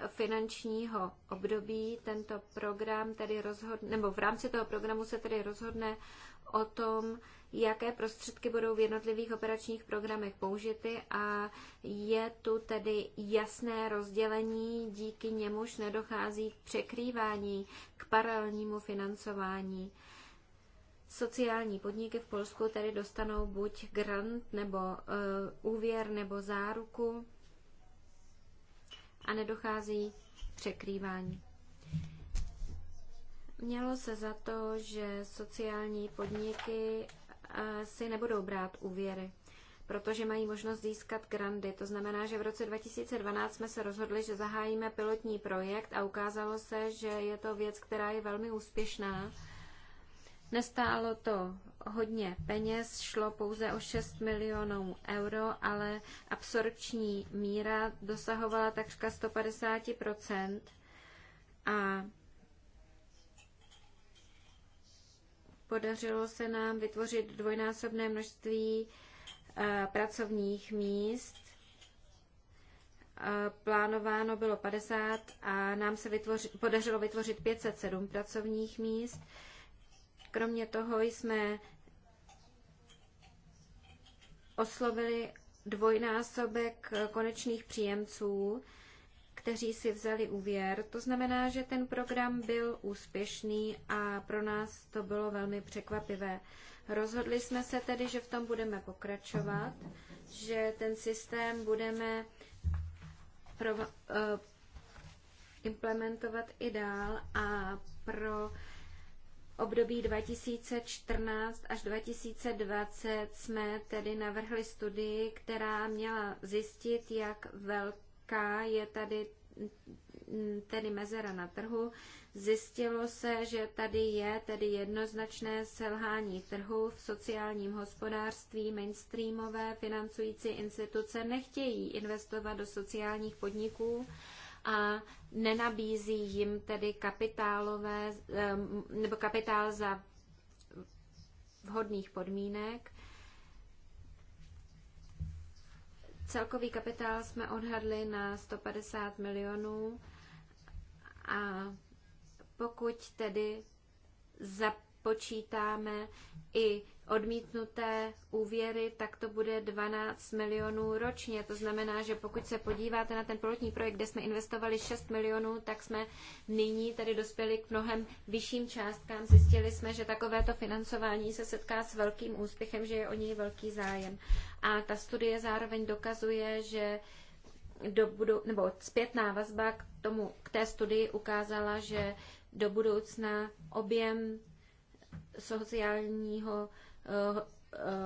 finančního období tento program tedy rozhodne, nebo v rámci toho programu se tedy rozhodne o tom, jaké prostředky budou v jednotlivých operačních programech použity a je tu tedy jasné rozdělení, díky němuž nedochází k překrývání, k paralelnímu financování. Sociální podniky v Polsku tedy dostanou buď grant nebo uh, úvěr nebo záruku a nedochází překrývání. Mělo se za to, že sociální podniky eh, si nebudou brát úvěry, protože mají možnost získat grandy. To znamená, že v roce 2012 jsme se rozhodli, že zahájíme pilotní projekt a ukázalo se, že je to věc, která je velmi úspěšná Nestálo to hodně peněz, šlo pouze o 6 milionů euro, ale absorpční míra dosahovala takřka 150 a podařilo se nám vytvořit dvojnásobné množství eh, pracovních míst. Eh, plánováno bylo 50 a nám se vytvoři, podařilo vytvořit 507 pracovních míst. Kromě toho jsme oslovili dvojnásobek konečných příjemců, kteří si vzali úvěr. To znamená, že ten program byl úspěšný a pro nás to bylo velmi překvapivé. Rozhodli jsme se tedy, že v tom budeme pokračovat, že ten systém budeme pro, uh, eh, implementovat i dál a pro období 2014 až 2020 jsme tedy navrhli studii, která měla zjistit, jak velká je tady tedy mezera na trhu. Zjistilo se, že tady je tedy jednoznačné selhání trhu v sociálním hospodářství. Mainstreamové financující instituce nechtějí investovat do sociálních podniků a nenabízí jim tedy kapitálové nebo kapitál za vhodných podmínek. Celkový kapitál jsme odhadli na 150 milionů a pokud tedy započítáme i odmítnuté úvěry, tak to bude 12 milionů ročně. To znamená, že pokud se podíváte na ten pilotní projekt, kde jsme investovali 6 milionů, tak jsme nyní tady dospěli k mnohem vyšším částkám. Zjistili jsme, že takovéto financování se setká s velkým úspěchem, že je o něj velký zájem. A ta studie zároveň dokazuje, že do budu, nebo zpětná vazba k, tomu, k té studii ukázala, že do budoucna objem sociálního Eh,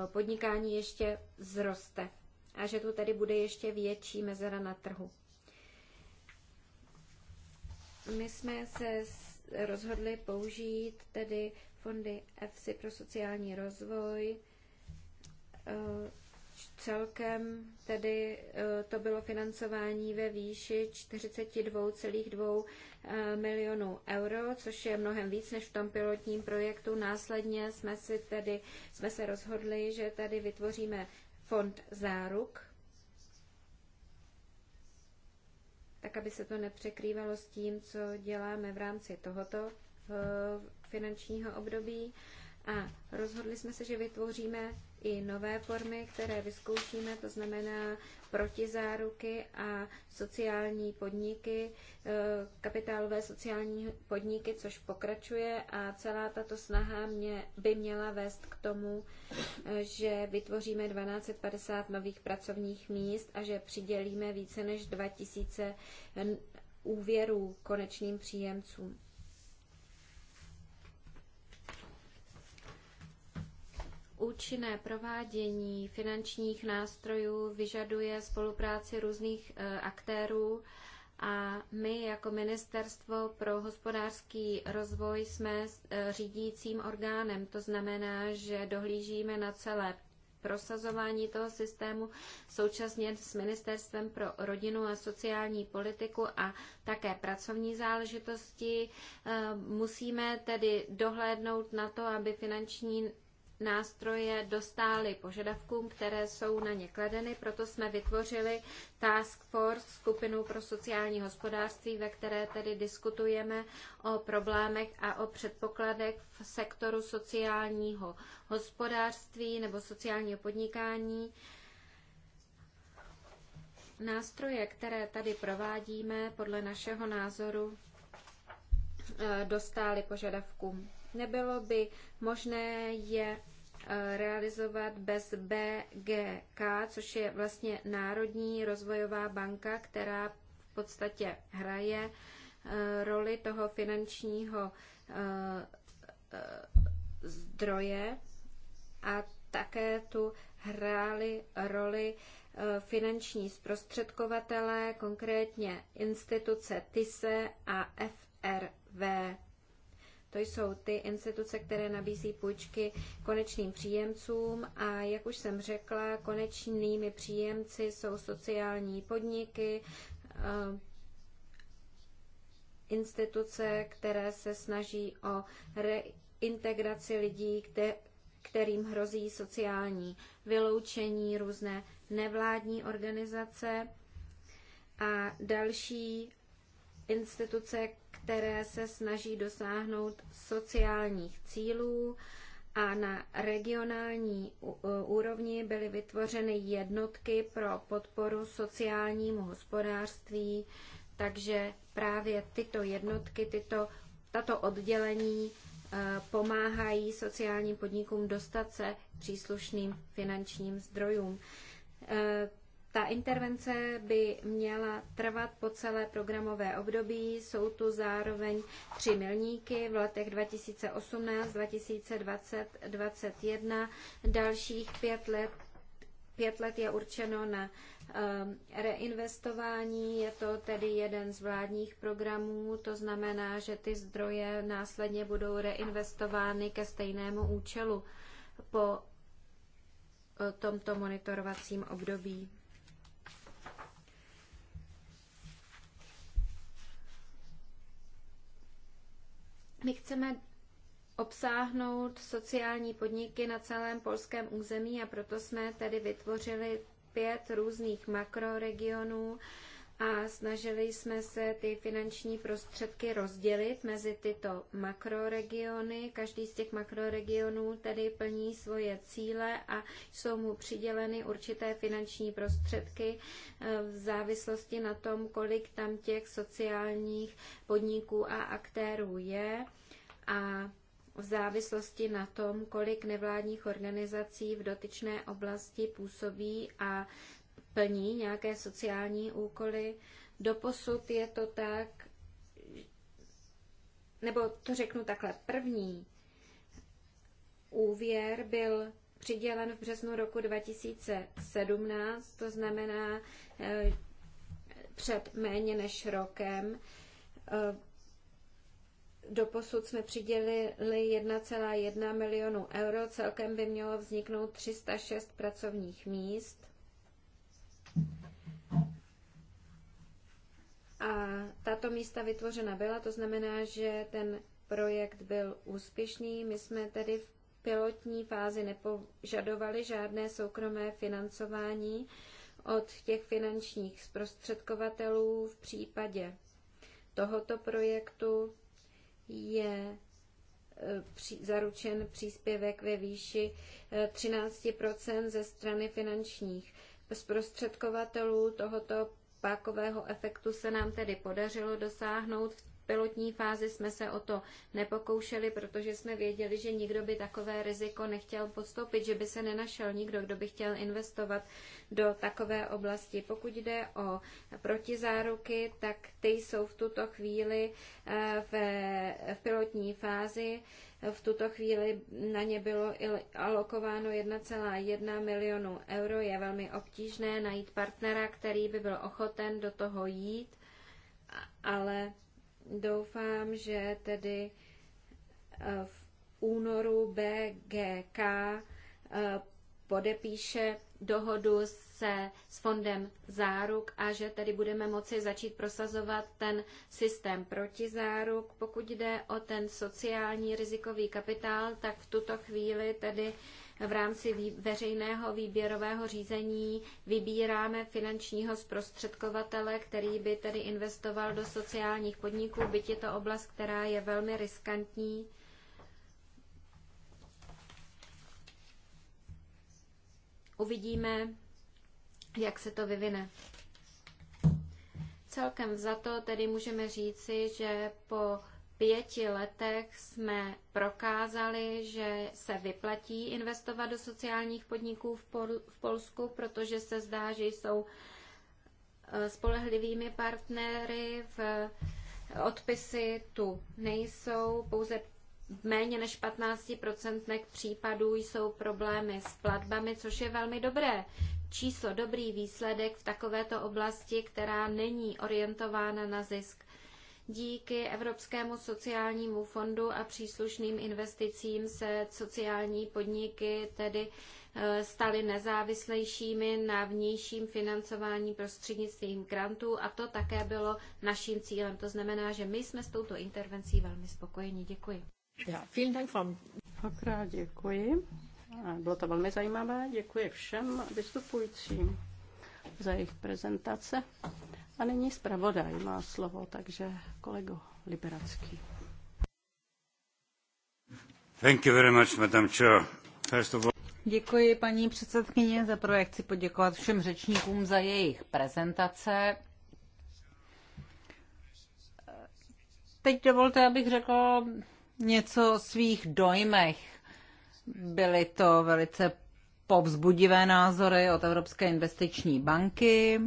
podnikání ještě zroste a že tu tedy bude ještě větší mezera na trhu. My jsme se rozhodli použít tedy fondy FC pro sociální rozvoj, eh, Celkem tedy eh, to bylo financování ve výši 42,2 eh, milionů euro, což je mnohem víc než v tom pilotním projektu. Následně jsme, si tedy, jsme se rozhodli, že tady vytvoříme fond záruk, tak aby se to nepřekrývalo s tím, co děláme v rámci tohoto eh, finančního období. A rozhodli jsme se, že vytvoříme i nové formy, které vyzkoušíme, to znamená protizáruky a sociální podniky, e, kapitálové sociální podniky, což pokračuje a celá tato snaha mě, by měla vést k tomu, e, že vytvoříme 1250 nových pracovních míst a že přidělíme více než 2000 úvěrů konečným příjemcům. Účinné provádění finančních nástrojů vyžaduje spolupráci různých e, aktérů a my jako Ministerstvo pro hospodářský rozvoj jsme e, řídícím orgánem. To znamená, že dohlížíme na celé prosazování toho systému současně s Ministerstvem pro rodinu a sociální politiku a také pracovní záležitosti. E, musíme tedy dohlédnout na to, aby finanční nástroje dostály požadavkům, které jsou na ně kladeny, proto jsme vytvořili Task Force, skupinu pro sociální hospodářství, ve které tedy diskutujeme o problémech a o předpokladech v sektoru sociálního hospodářství nebo sociálního podnikání. Nástroje, které tady provádíme, podle našeho názoru eh, dostály požadavkům. Nebylo by možné je eh, realizovat bez BGK, což je vlastně Národní rozvojová banka, která v podstatě hraje eh, roli toho finančního eh, zdroje a také tu hráli roli finanční zprostředkovatelé, konkrétně instituce TISE a FRV. To jsou ty instituce, které nabízí půjčky konečným příjemcům a jak už jsem řekla, konečnými příjemci jsou sociální podniky, eh, instituce, které se snaží o reintegraci lidí, kterým hrozí sociální vyloučení, různé nevládní organizace a další instituce, které se snaží dosáhnout sociálních cílů a na regionální e, úrovni byly vytvořeny jednotky pro podporu sociálnímu hospodářství, takže právě tyto jednotky, tyto, tato oddělení e, pomáhají sociálním podnikům dostat se příslušným finančním zdrojům. E, ta intervence by měla trvat po celé programové období. Jsou tu zároveň tři milníky v letech 2018, 2020, 2021. Dalších pět let, pět let je určeno na ehm, reinvestování. Je to tedy jeden z vládních programů, to znamená, že ty zdroje následně budou reinvestovány ke stejnému účelu po e, tomto monitorovacím období. My chceme obsáhnout sociální podniky na celém polském území a proto jsme tedy vytvořili pět různých makroregionů, a snažili jsme se ty finanční prostředky rozdělit mezi tyto makroregiony. Každý z těch makroregionů tedy plní svoje cíle a jsou mu přiděleny určité finanční prostředky eh, v závislosti na tom, kolik tam těch sociálních podniků a aktérů je. A v závislosti na tom, kolik nevládních organizací v dotyčné oblasti působí a plní nějaké sociální úkoly. Doposud je to tak, nebo to řeknu takhle, první úvěr byl přidělen v březnu roku 2017, to znamená eh, před méně než rokem. Eh, doposud jsme přidělili 1,1 milionu euro, celkem by mělo vzniknout 306 pracovních míst. A tato místa vytvořena byla, to znamená, že ten projekt byl úspěšný. My jsme tedy v pilotní fázi nepožadovali žádné soukromé financování od těch finančních zprostředkovatelů v případě tohoto projektu je e, zaručen příspěvek ve výši 13 e, ze strany finančních zprostředkovatelů tohoto pákového efektu se nám tedy podařilo dosáhnout. V pilotní fázi jsme se o to nepokoušeli, protože jsme věděli, že nikdo by takové riziko nechtěl podstoupit, že by se nenašel nikdo, kdo by chtěl investovat do takové oblasti. Pokud jde o protizáruky, tak ty jsou v tuto chvíli eh, v, v pilotní fázi. V tuto chvíli na ně bylo alokováno 1,1 milionu euro. Je velmi obtížné najít partnera, který by byl ochoten do toho jít, ale doufám, že tedy eh, v únoru BGK eh, podepíše dohodu se s fondem záruk a že tedy budeme moci začít prosazovat ten systém protizáruk. Pokud jde o ten sociální rizikový kapitál, tak v tuto chvíli tedy v rámci veřejného výběrového řízení vybíráme finančního zprostředkovatele, který by tedy investoval do sociálních podniků, byť je to oblast, která je velmi riskantní. uvidíme, jak se to vyvine. Celkem za to tedy můžeme říci, že po pěti letech jsme prokázali, že se vyplatí investovat do sociálních podniků v, Pol- v Polsku, protože se zdá, že jsou eh, spolehlivými partnery v eh, odpisy tu nejsou, pouze v méně než 15% případů jsou problémy s platbami, což je velmi dobré číslo, dobrý výsledek v takovéto oblasti, která není orientována na zisk. Díky Evropskému sociálnímu fondu a příslušným investicím se sociální podniky tedy eh, staly nezávislejšími na vnějším financování prostřednictvím grantů a to také bylo naším cílem. To znamená, že my jsme s touto intervencí velmi spokojeni. Děkuji. Ja, vielen Dank Frau. Dvakrát děkuji. Bylo to velmi zajímavé. Děkuji všem vystupujícím za jejich prezentace. A nyní zpravodaj má slovo, takže kolego Liberacký. Thank you very much, Madam Chair. First of all... Děkuji paní předsedkyně. Za prvé chci poděkovat všem řečníkům za jejich prezentace. Teď dovolte, abych řekl něco o svých dojmech. Byly to velice povzbudivé názory od Evropské investiční banky,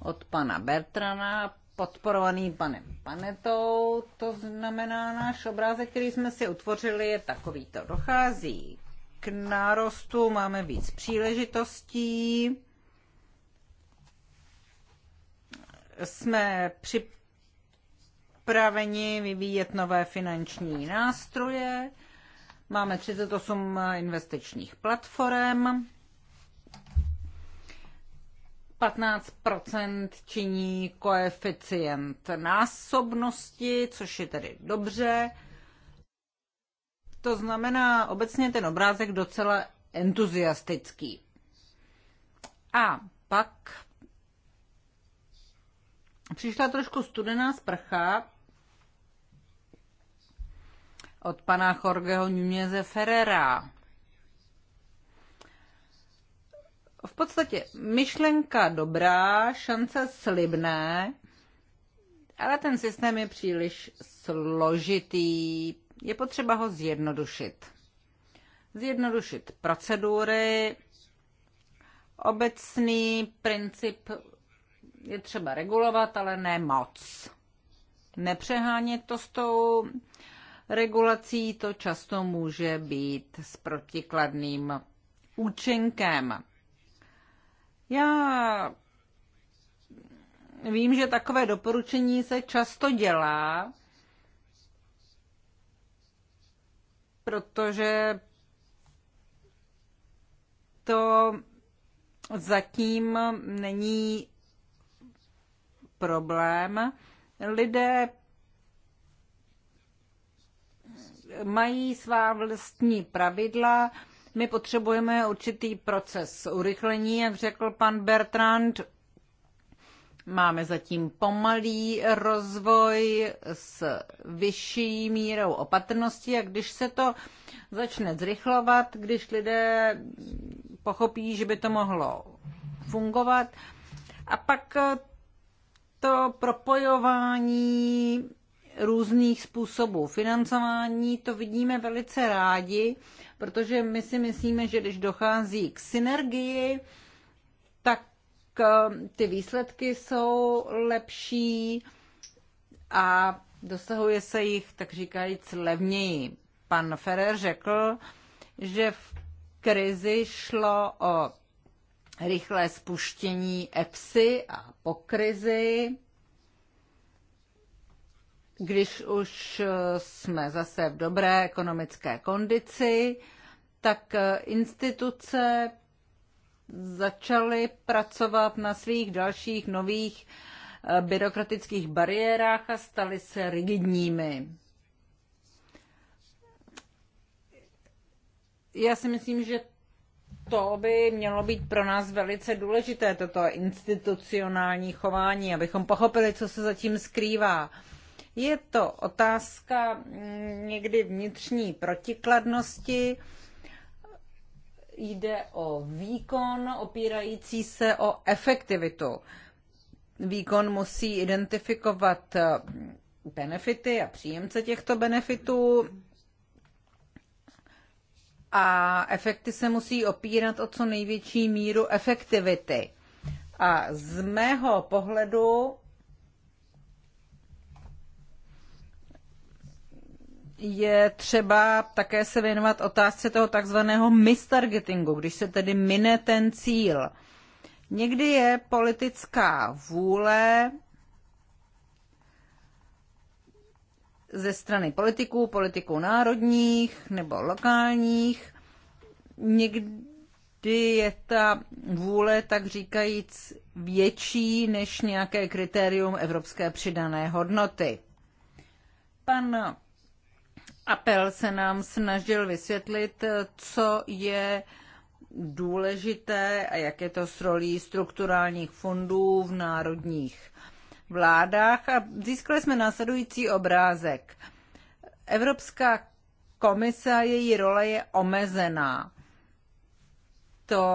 od pana Bertrana, podporovaný panem Panetou. To znamená, náš obrázek, který jsme si utvořili, je takovýto. Dochází k nárostu, máme víc příležitostí, jsme připraveni připraveni vyvíjet nové finanční nástroje. Máme 38 investičních platform. 15 činí koeficient násobnosti, což je tedy dobře. To znamená obecně ten obrázek docela entuziastický. A pak Přišla trošku studená sprcha od pana Jorgeho Nuneze Ferrera. V podstatě myšlenka dobrá, šance slibné, ale ten systém je příliš složitý. Je potřeba ho zjednodušit. Zjednodušit procedury, obecný princip je třeba regulovat, ale ne moc. Nepřehánět to s tou regulací, to často může být s protikladným účinkem. Já vím, že takové doporučení se často dělá, protože to zatím není problém. Lidé mají svá vlastní pravidla, my potřebujeme určitý proces urychlení, jak řekl pan Bertrand. Máme zatím pomalý rozvoj s vyšší mírou opatrnosti a když se to začne zrychlovat, když lidé pochopí, že by to mohlo fungovat, a pak to propojování různých způsobů financování, to vidíme velice rádi, protože my si myslíme, že když dochází k synergii, tak eh, ty výsledky jsou lepší a dosahuje se jich, tak říkajíc, levněji. Pan Ferrer řekl, že v krizi šlo o rychlé spuštění EPSy a po krizi, když už eh, jsme zase v dobré ekonomické kondici, tak eh, instituce začaly pracovat na svých dalších nových eh, byrokratických bariérách a staly se rigidními. Já si myslím, že to by mělo být pro nás velice důležité, toto institucionální chování, abychom pochopili, co se zatím skrývá. Je to otázka mm, někdy vnitřní protikladnosti, jde o výkon opírající se o efektivitu. Výkon musí identifikovat mm, benefity a příjemce těchto benefitů a efekty se musí opírat o co největší míru efektivity. A z mého pohledu je třeba také se věnovat otázce toho takzvaného mistargetingu, když se tedy mine ten cíl. Někdy je politická vůle ze strany politiků, politiků národních nebo lokálních. Někdy je ta vůle, tak říkajíc, větší než nějaké kritérium evropské přidané hodnoty. Pan Apel se nám snažil vysvětlit, co je důležité a jak je to s rolí strukturálních fondů v národních vládách a získali jsme následující obrázek. Evropská komise a její role je omezená. To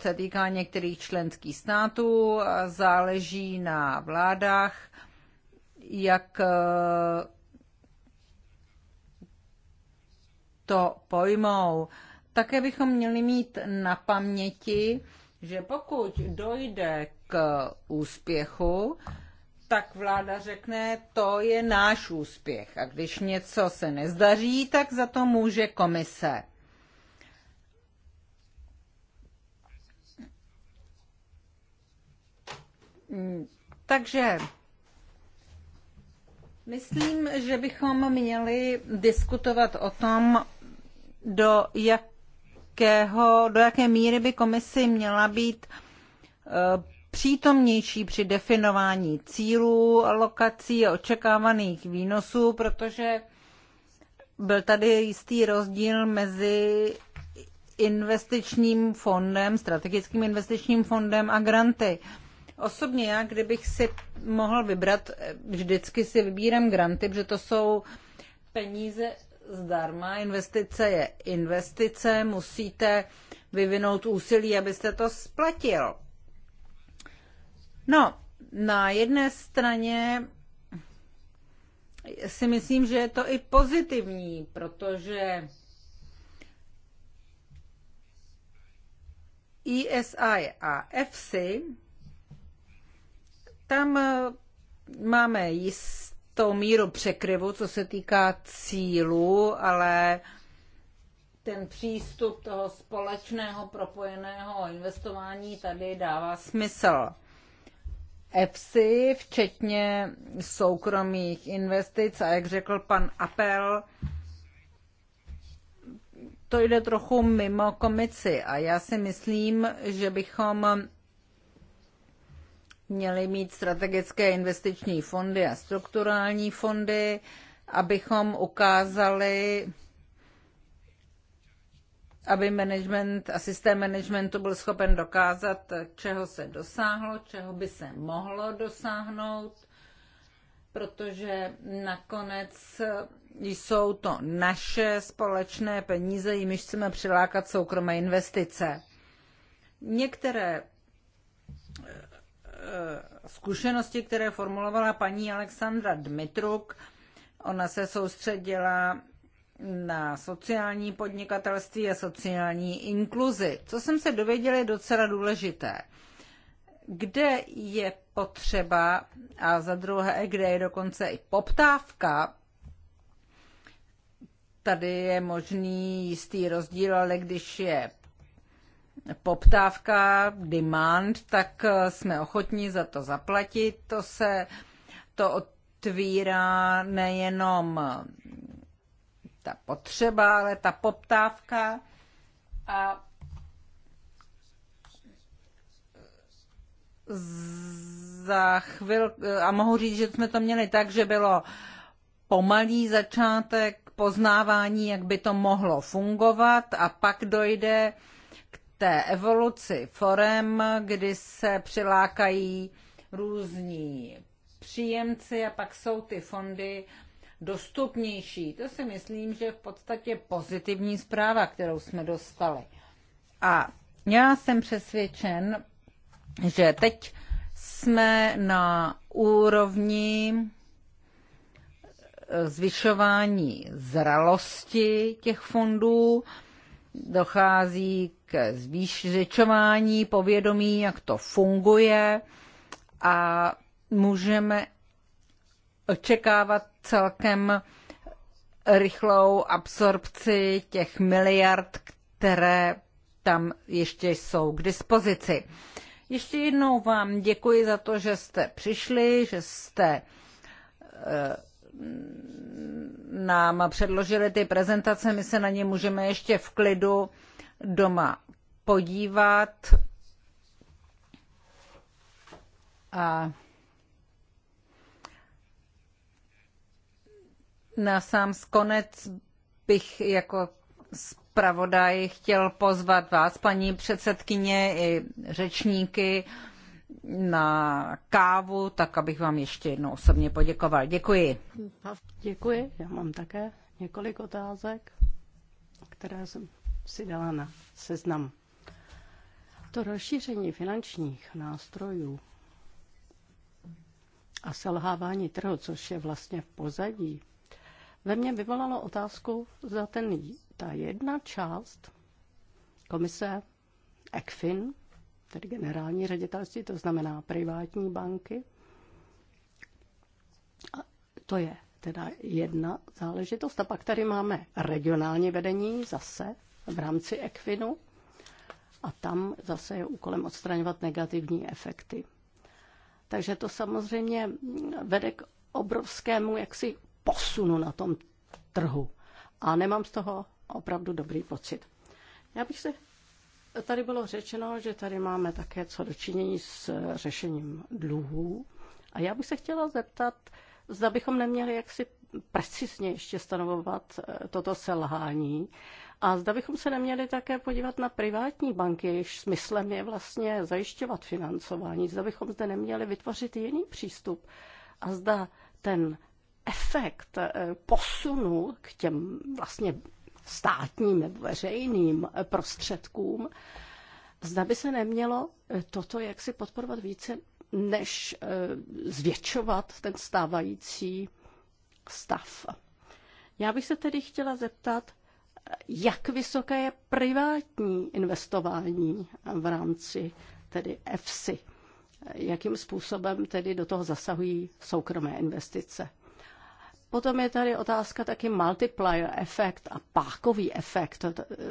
se týká některých členských států, záleží na vládách, jak eh, to pojmou. Také bychom měli mít na paměti, že pokud dojde k úspěchu, tak vláda řekne, to je náš úspěch. A když něco se nezdaří, tak za to může komise. Takže myslím, že bychom měli diskutovat o tom, do, jakého, do jaké míry by komisi měla být eh, přítomnější při definování cílů, lokací a očekávaných výnosů, protože byl tady jistý rozdíl mezi investičním fondem, strategickým investičním fondem a granty. Osobně já, kdybych si mohl vybrat, vždycky si vybírám granty, protože to jsou peníze zdarma, investice je investice, musíte vyvinout úsilí, abyste to splatil. No, na jedné straně si myslím, že je to i pozitivní, protože ESI a EFSI, tam eh, máme jistou míru překryvu, co se týká cílů, ale ten přístup toho společného propojeného investování tady dává smysl. EFSI, včetně soukromých investic a jak řekl pan Apel, to jde trochu mimo komici a já si myslím, že bychom měli mít strategické investiční fondy a strukturální fondy, abychom ukázali, aby management a systém managementu byl schopen dokázat, čeho se dosáhlo, čeho by se mohlo dosáhnout, protože nakonec jsou to naše společné peníze, jimiž chceme přilákat soukromé investice. Některé eh, eh, zkušenosti, které formulovala paní Alexandra Dmitruk, ona se soustředila na sociální podnikatelství a sociální inkluzi. Co jsem se dověděla je docela důležité. Kde je potřeba a za druhé, kde je dokonce i poptávka, tady je možný jistý rozdíl, ale když je poptávka, demand, tak eh, jsme ochotní za to zaplatit. To se to otvírá nejenom ta potřeba, ale ta poptávka a za chvil, a mohu říct, že jsme to měli tak, že bylo pomalý začátek poznávání, jak by to mohlo fungovat a pak dojde k té evoluci forem, kdy se přilákají různí příjemci a pak jsou ty fondy dostupnější. To si myslím, že je v podstatě pozitivní zpráva, kterou jsme dostali. A já jsem přesvědčen, že teď jsme na úrovni eh, zvyšování zralosti těch fondů, dochází k zvýšřečování povědomí, jak to funguje a můžeme očekávat celkem rychlou absorpci těch miliard, které tam ještě jsou k dispozici. Ještě jednou vám děkuji za to, že jste přišli, že jste eh, nám předložili ty prezentace, my se na ně můžeme ještě v klidu doma podívat. A Na sám konec bych jako zpravodaj chtěl pozvat vás, paní předsedkyně, i řečníky na kávu, tak abych vám ještě jednou osobně poděkoval. Děkuji. Děkuji. Já mám také několik otázek, které jsem si dala na seznam. To rozšíření finančních nástrojů a selhávání trhu, což je vlastně v pozadí ve mně vyvolalo otázku, za ten, ta jedna část komise ECFIN, tedy generální ředitelství, to znamená privátní banky, a to je teda jedna záležitost. A pak tady máme regionální vedení zase v rámci ECFINu a tam zase je úkolem odstraňovat negativní efekty. Takže to samozřejmě vede k obrovskému jaksi posunu na tom trhu. A nemám z toho opravdu dobrý pocit. Já bych se Tady bylo řečeno, že tady máme také co dočinění s řešením dluhů. A já bych se chtěla zeptat, zda bychom neměli jaksi precizně ještě stanovovat eh, toto selhání. A zda bychom se neměli také podívat na privátní banky, jejichž smyslem je vlastně zajišťovat financování. Zda bychom zde neměli vytvořit jiný přístup. A zda ten efekt eh, posunu k těm vlastně státním nebo veřejným eh, prostředkům, zda by se nemělo eh, toto jaksi podporovat více, než zvětšovat ten stávající stav. Já bych se tedy chtěla zeptat, jak vysoké je privátní investování v rámci tedy EFSI? Jakým způsobem tedy do toho zasahují soukromé investice? Potom je tady otázka taky multiplier efekt a pákový efekt.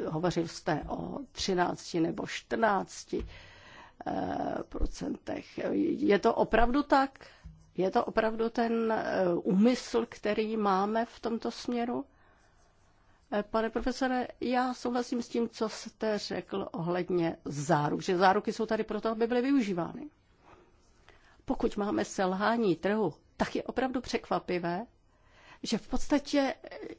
Hovořil jste o 13 nebo 14 eh, procentech. Je to opravdu tak? Je to opravdu ten eh, úmysl, který máme v tomto směru? Eh, pane profesore, já souhlasím s tím, co jste řekl ohledně záruk, že záruky jsou tady proto, aby byly využívány. Pokud máme selhání trhu, tak je opravdu překvapivé, že v podstatě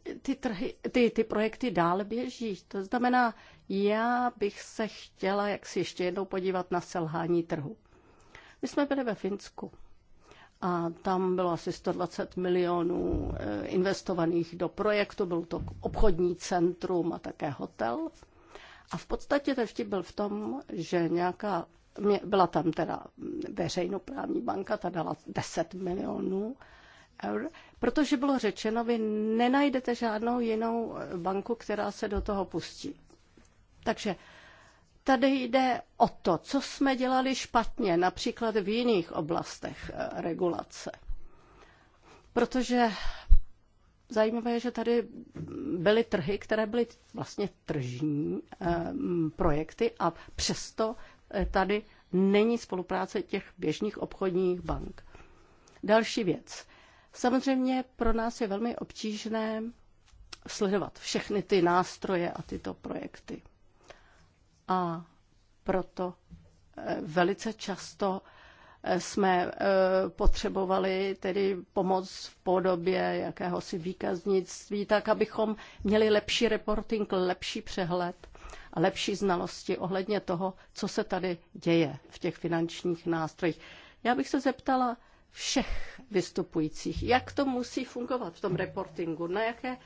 eh, ty, trhy, ty, ty projekty dále běží. To znamená, já bych se chtěla jak si ještě jednou podívat na selhání trhu. My jsme byli ve Finsku a tam bylo asi 120 milionů eh, investovaných do projektu, byl to obchodní centrum a také hotel. A v podstatě ten vtip byl v tom, že nějaká, byla tam teda mm, veřejnoprávní banka, ta dala 10 milionů eur protože bylo řečeno, vy nenajdete žádnou jinou banku, která se do toho pustí. Takže tady jde o to, co jsme dělali špatně, například v jiných oblastech eh, regulace. Protože zajímavé je, že tady byly trhy, které byly vlastně tržní eh, projekty a přesto eh, tady není spolupráce těch běžných obchodních bank. Další věc. Samozřejmě pro nás je velmi obtížné sledovat všechny ty nástroje a tyto projekty. A proto eh, velice často eh, jsme eh, potřebovali tedy pomoc v podobě jakéhosi výkaznictví, tak abychom měli lepší reporting, lepší přehled a lepší znalosti ohledně toho, co se tady děje v těch finančních nástrojích. Já bych se zeptala, všech vystupujících. Jak to musí fungovat v tom reportingu? Na jaké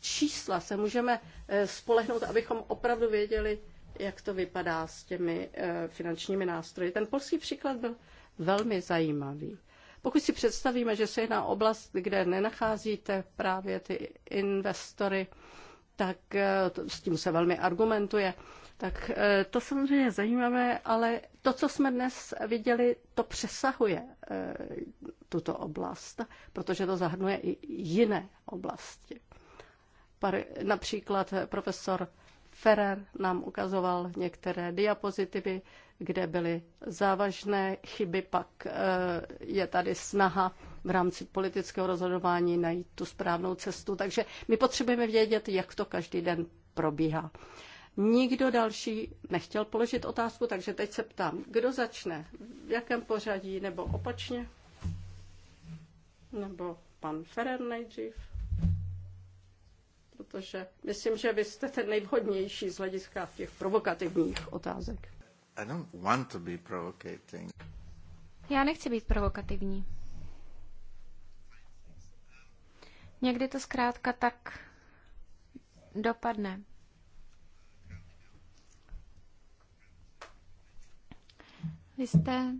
čísla se můžeme eh, spolehnout, abychom opravdu věděli, jak to vypadá s těmi eh, finančními nástroji? Ten polský příklad byl velmi zajímavý. Pokud si představíme, že se jedná oblast, kde nenacházíte právě ty investory, tak eh, s tím se velmi argumentuje. Tak eh, to samozřejmě je zajímavé, ale to, co jsme dnes viděli, to přesahuje eh, tuto oblast, protože to zahrnuje i jiné oblasti. Například profesor Ferrer nám ukazoval některé diapozitivy, kde byly závažné chyby, pak eh, je tady snaha v rámci politického rozhodování najít tu správnou cestu. Takže my potřebujeme vědět, jak to každý den probíhá. Nikdo další nechtěl položit otázku, takže teď se ptám, kdo začne, v jakém pořadí, nebo opačně? Nebo pan Ferrer nejdřív? Protože myslím, že vy jste ten nejvhodnější z hlediska těch provokativních otázek. I don't want to be provocating. Já nechci být provokativní. Někdy to zkrátka tak dopadne. Vy jste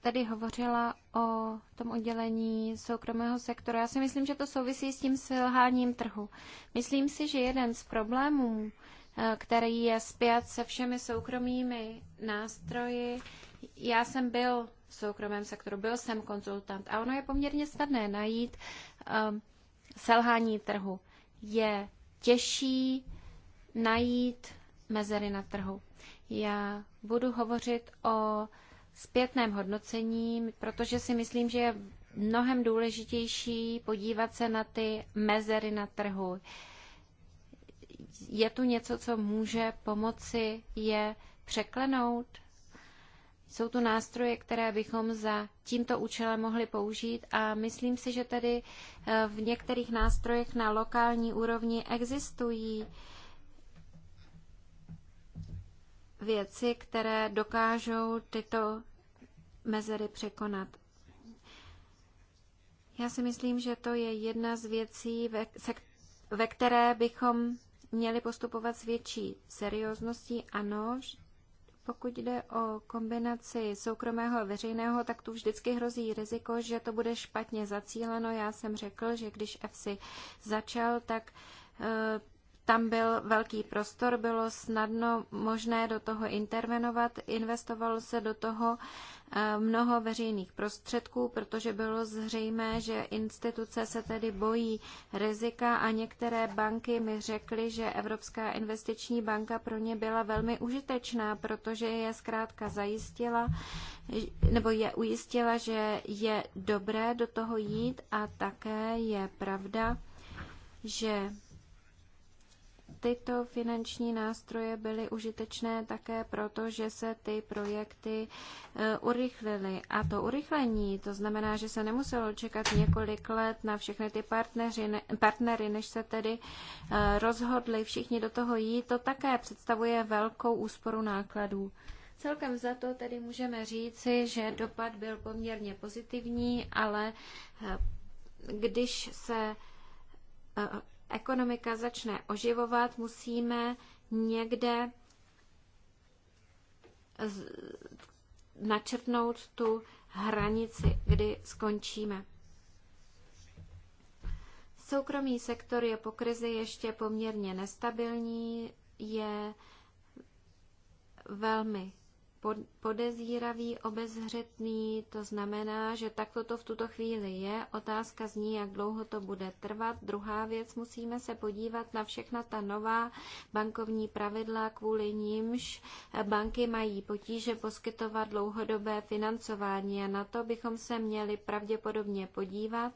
tady hovořila o tom oddělení soukromého sektoru. Já si myslím, že to souvisí s tím selháním trhu. Myslím si, že jeden z problémů, eh, který je zpět se všemi soukromými nástroji, já jsem byl v soukromém sektoru, byl jsem konzultant a ono je poměrně snadné najít um, selhání trhu. Je těžší najít mezery na trhu. Já budu hovořit o zpětném hodnocení, protože si myslím, že je mnohem důležitější podívat se na ty mezery na trhu. Je tu něco, co může pomoci je překlenout? Jsou tu nástroje, které bychom za tímto účelem mohli použít a myslím si, že tedy eh, v některých nástrojech na lokální úrovni existují věci, které dokážou tyto mezery překonat. Já si myslím, že to je jedna z věcí, ve, se, ve které bychom měli postupovat s větší seriózností. Ano, pokud jde o kombinaci soukromého a veřejného, tak tu vždycky hrozí riziko, že to bude špatně zacíleno. Já jsem řekl, že když EFSI začal, tak eh, tam byl velký prostor, bylo snadno možné do toho intervenovat, investovalo se do toho eh, mnoho veřejných prostředků, protože bylo zřejmé, že instituce se tedy bojí rizika a některé banky mi řekly, že Evropská investiční banka pro ně byla velmi užitečná, protože je zkrátka zajistila nebo je ujistila, že je dobré do toho jít a také je pravda, že tyto finanční nástroje byly užitečné také proto, že se ty projekty eh, urychlily. A to urychlení, to znamená, že se nemuselo čekat několik let na všechny ty partneři, ne, partnery, než se tedy eh, rozhodli všichni do toho jít, to také představuje velkou úsporu nákladů. Celkem za to tedy můžeme říci, že dopad byl poměrně pozitivní, ale eh, když se ekonomika začne oživovat, musíme někde načrtnout tu hranici, kdy skončíme. Soukromý sektor je po krizi ještě poměrně nestabilní, je velmi podezíravý, obezřetný, to znamená, že takto to v tuto chvíli je. Otázka zní, jak dlouho to bude trvat. Druhá věc, musíme se podívat na všechna ta nová bankovní pravidla, kvůli nímž banky mají potíže poskytovat dlouhodobé financování a na to bychom se měli pravděpodobně podívat.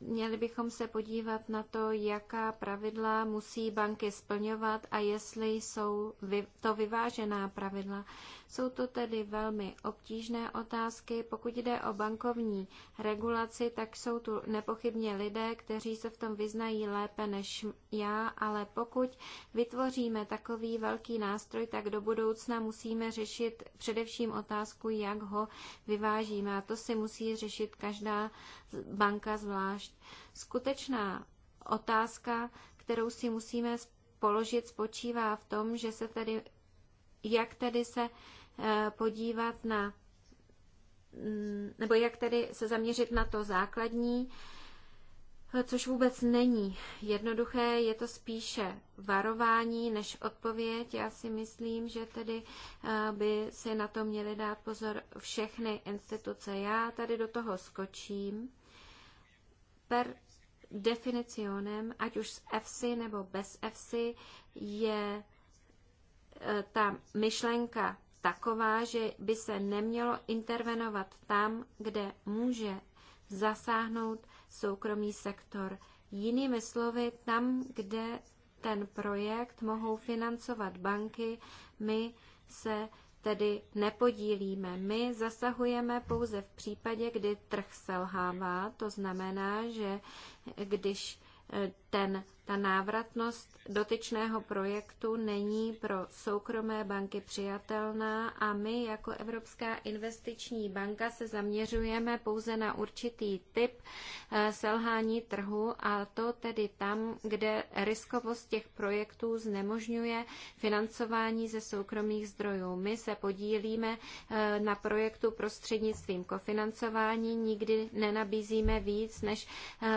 Měli bychom se podívat na to, jaká pravidla musí banky splňovat a jestli jsou to vyvážená pravidla. Jsou to tedy velmi obtížné otázky. Pokud jde o bankovní regulaci, tak jsou tu nepochybně lidé, kteří se v tom vyznají lépe než já, ale pokud vytvoříme takový velký nástroj, tak do budoucna musíme řešit především otázku, jak ho vyvážíme. A to si musí řešit každá banka zvlášť. Skutečná otázka, kterou si musíme položit, spočívá v tom, že se tedy, jak tedy se Eh, podívat na, mm, nebo jak tedy se zaměřit na to základní, eh, což vůbec není jednoduché, je to spíše varování než odpověď. Já si myslím, že tedy eh, by se na to měly dát pozor všechny instituce. Já tady do toho skočím. Per definicionem, ať už s EFSI nebo bez EFSI, je ta myšlenka taková, že by se nemělo intervenovat tam, kde může zasáhnout soukromý sektor. Jinými slovy, tam, kde ten projekt mohou financovat banky, my se tedy nepodílíme. My zasahujeme pouze v případě, kdy trh selhává. To znamená, že když eh, ten, ta návratnost dotyčného projektu není pro soukromé banky přijatelná a my jako Evropská investiční banka se zaměřujeme pouze na určitý typ eh, selhání trhu a to tedy tam, kde riskovost těch projektů znemožňuje financování ze soukromých zdrojů. My se podílíme eh, na projektu prostřednictvím kofinancování, nikdy nenabízíme víc než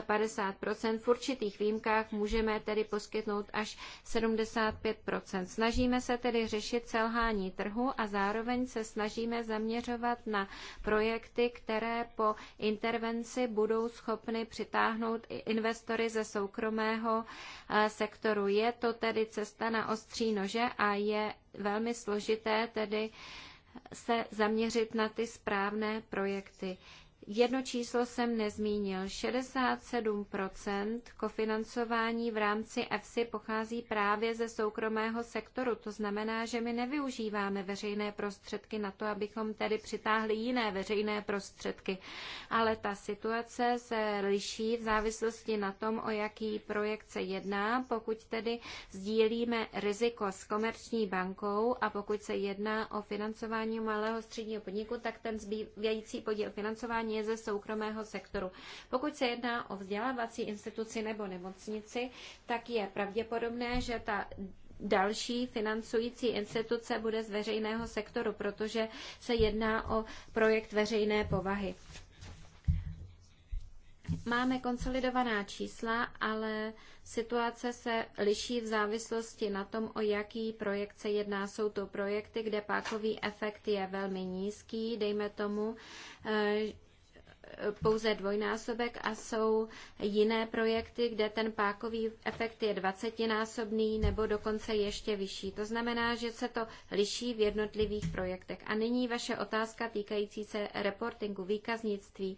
50 eh, v určitých výjimkách podmínkách můžeme tedy poskytnout až 75 Snažíme se tedy řešit selhání trhu a zároveň se snažíme zaměřovat na projekty, které po intervenci budou schopny přitáhnout investory ze soukromého eh, sektoru. Je to tedy cesta na ostří nože a je velmi složité tedy se zaměřit na ty správné projekty. Jedno číslo jsem nezmínil. 67% kofinancování v rámci EFSI pochází právě ze soukromého sektoru. To znamená, že my nevyužíváme veřejné prostředky na to, abychom tedy přitáhli jiné veřejné prostředky. Ale ta situace se liší v závislosti na tom, o jaký projekt se jedná, pokud tedy sdílíme riziko s komerční bankou a pokud se jedná o financování malého středního podniku, tak ten zbývající podíl financování peněze soukromého sektoru. Pokud se jedná o vzdělávací instituci nebo nemocnici, tak je pravděpodobné, že ta další financující instituce bude z veřejného sektoru, protože se jedná o projekt veřejné povahy. Máme konsolidovaná čísla, ale situace se liší v závislosti na tom, o jaký projekt se jedná. Jsou to projekty, kde pákový efekt je velmi nízký, dejme tomu, eh, pouze dvojnásobek a jsou jiné projekty, kde ten pákový efekt je dvacetinásobný nebo dokonce ještě vyšší. To znamená, že se to liší v jednotlivých projektech. A nyní vaše otázka týkající se reportingu, výkaznictví.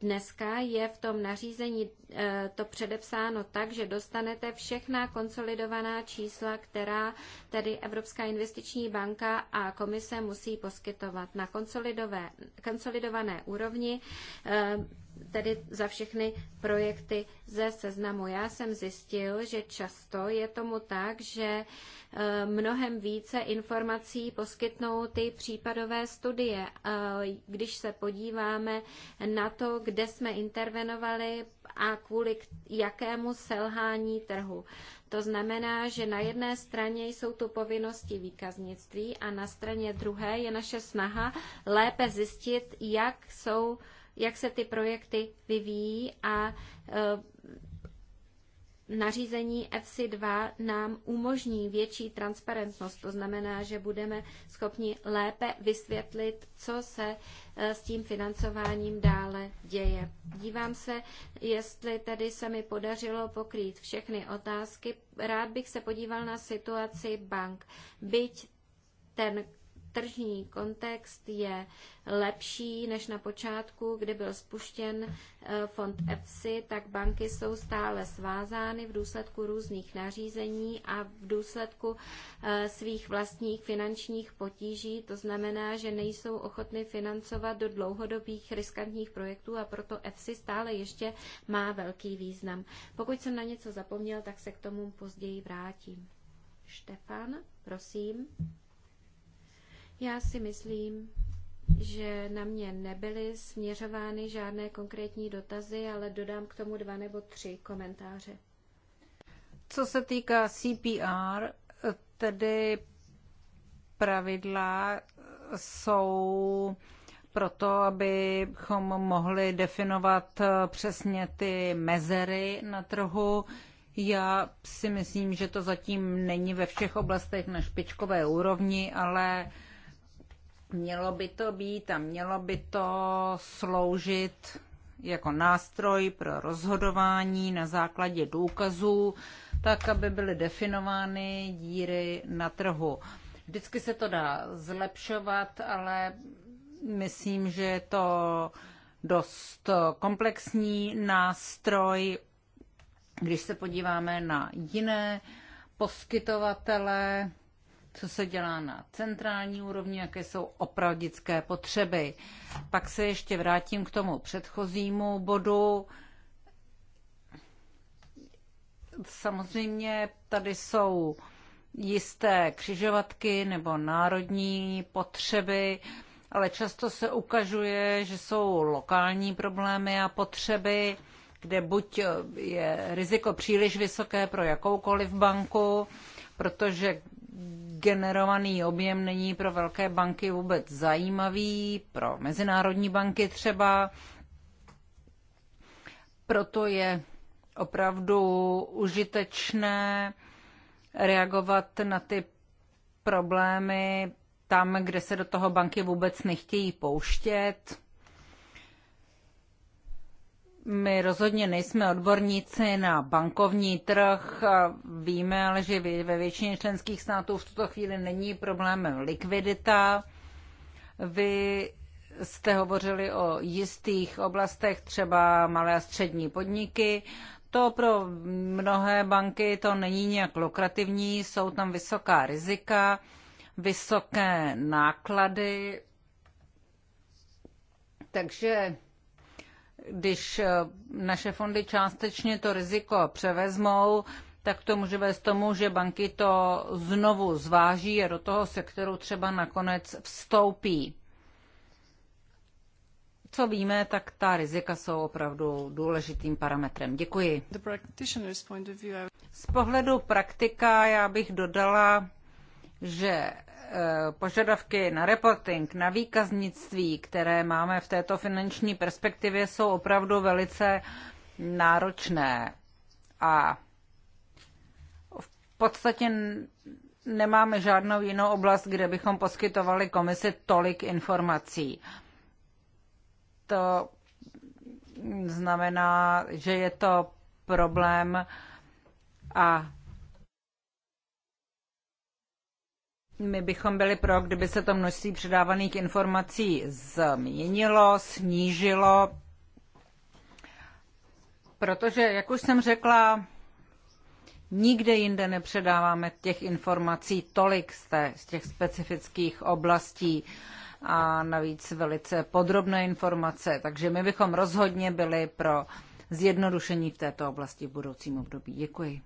Dneska je v tom nařízení eh, to předepsáno tak, že dostanete všechna konsolidovaná čísla, která tedy Evropská investiční banka a komise musí poskytovat na konsolidové, konsolidované úrovni. Eh, tedy za všechny projekty ze seznamu. Já jsem zjistil, že často je tomu tak, že eh, mnohem více informací poskytnou ty případové studie. Eh, když se podíváme na to, kde jsme intervenovali a kvůli jakému selhání trhu. To znamená, že na jedné straně jsou tu povinnosti výkaznictví a na straně druhé je naše snaha lépe zjistit, jak jsou jak se ty projekty vyvíjí a e, nařízení EFSI 2 nám umožní větší transparentnost. To znamená, že budeme schopni lépe vysvětlit, co se e, s tím financováním dále děje. Dívám se, jestli tedy se mi podařilo pokrýt všechny otázky. Rád bych se podíval na situaci bank. Byť ten tržní kontext je lepší než na počátku, kdy byl spuštěn eh, fond EPSI, tak banky jsou stále svázány v důsledku různých nařízení a v důsledku eh, svých vlastních finančních potíží. To znamená, že nejsou ochotny financovat do dlouhodobých riskantních projektů a proto EPSI stále ještě má velký význam. Pokud jsem na něco zapomněl, tak se k tomu později vrátím. Štefan, prosím. Já si myslím, že na mě nebyly směřovány žádné konkrétní dotazy, ale dodám k tomu dva nebo tři komentáře. Co se týká CPR, tedy pravidla jsou proto, abychom mohli definovat přesně ty mezery na trhu. Já si myslím, že to zatím není ve všech oblastech na špičkové úrovni, ale Mělo by to být a mělo by to sloužit jako nástroj pro rozhodování na základě důkazů, tak, aby byly definovány díry na trhu. Vždycky se to dá zlepšovat, ale myslím, že je to dost komplexní nástroj. Když se podíváme na jiné poskytovatele, co se dělá na centrální úrovni, jaké jsou opravdické potřeby. Pak se ještě vrátím k tomu předchozímu bodu. Samozřejmě tady jsou jisté křižovatky nebo národní potřeby, ale často se ukazuje, že jsou lokální problémy a potřeby, kde buď je riziko příliš vysoké pro jakoukoliv banku, protože generovaný objem není pro velké banky vůbec zajímavý, pro mezinárodní banky třeba. Proto je opravdu užitečné reagovat na ty problémy tam, kde se do toho banky vůbec nechtějí pouštět. My rozhodně nejsme odborníci na bankovní trh. Víme ale, že ve většině členských států v tuto chvíli není problémem likvidita. Vy jste hovořili o jistých oblastech, třeba malé a střední podniky. To pro mnohé banky to není nějak lukrativní, jsou tam vysoká rizika, vysoké náklady. Takže když eh, naše fondy částečně to riziko převezmou, tak to může vést tomu, že banky to znovu zváží a do toho sektoru třeba nakonec vstoupí. Co víme, tak ta rizika jsou opravdu důležitým parametrem. Děkuji. Z pohledu praktika já bych dodala, že Eh, požadavky na reporting, na výkaznictví, které máme v této finanční perspektivě, jsou opravdu velice náročné. A v podstatě nemáme žádnou jinou oblast, kde bychom poskytovali komisi tolik informací. To znamená, že je to problém a My bychom byli pro, kdyby se to množství předávaných informací změnilo, snížilo, protože, jak už jsem řekla, nikde jinde nepředáváme těch informací tolik z, té, z těch specifických oblastí a navíc velice podrobné informace. Takže my bychom rozhodně byli pro zjednodušení v této oblasti v budoucím období. Děkuji.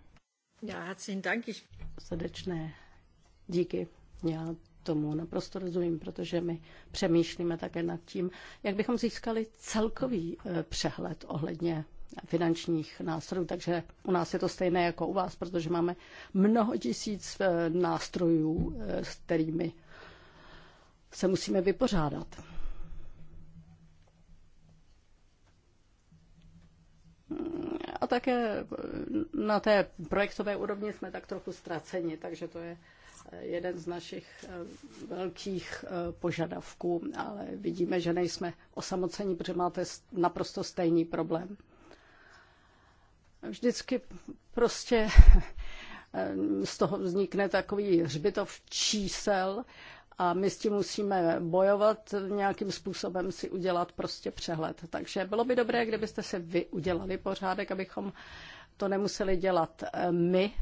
Já, herzlichen děkuji, Srdečné díky. Já tomu naprosto rozumím, protože my přemýšlíme také nad tím, jak bychom získali celkový e, přehled ohledně finančních nástrojů, takže u nás je to stejné jako u vás, protože máme mnoho tisíc e, nástrojů, e, s kterými se musíme vypořádat. A také na té projektové úrovni jsme tak trochu ztraceni, takže to je jeden z našich eh, velkých eh, požadavků, ale vidíme, že nejsme Osamocení protože máte naprosto stejný problém. Vždycky prostě eh, z toho vznikne takový hřbitov čísel a my s tím musíme bojovat, nějakým způsobem si udělat prostě přehled. Takže bylo by dobré, kdybyste si vy udělali pořádek, abychom to nemuseli dělat my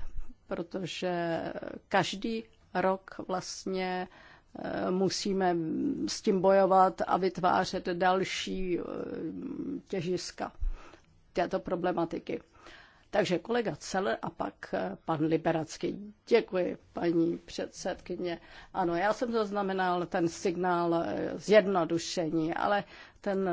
protože každý rok vlastně eh, musíme s tím bojovat a vytvářet další eh, těžiska této problematiky. Takže kolega Celer a pak eh, pan Liberacký. Děkuji, paní předsedkyně. Ano, já jsem zaznamenal ten signál zjednodušení, ale ten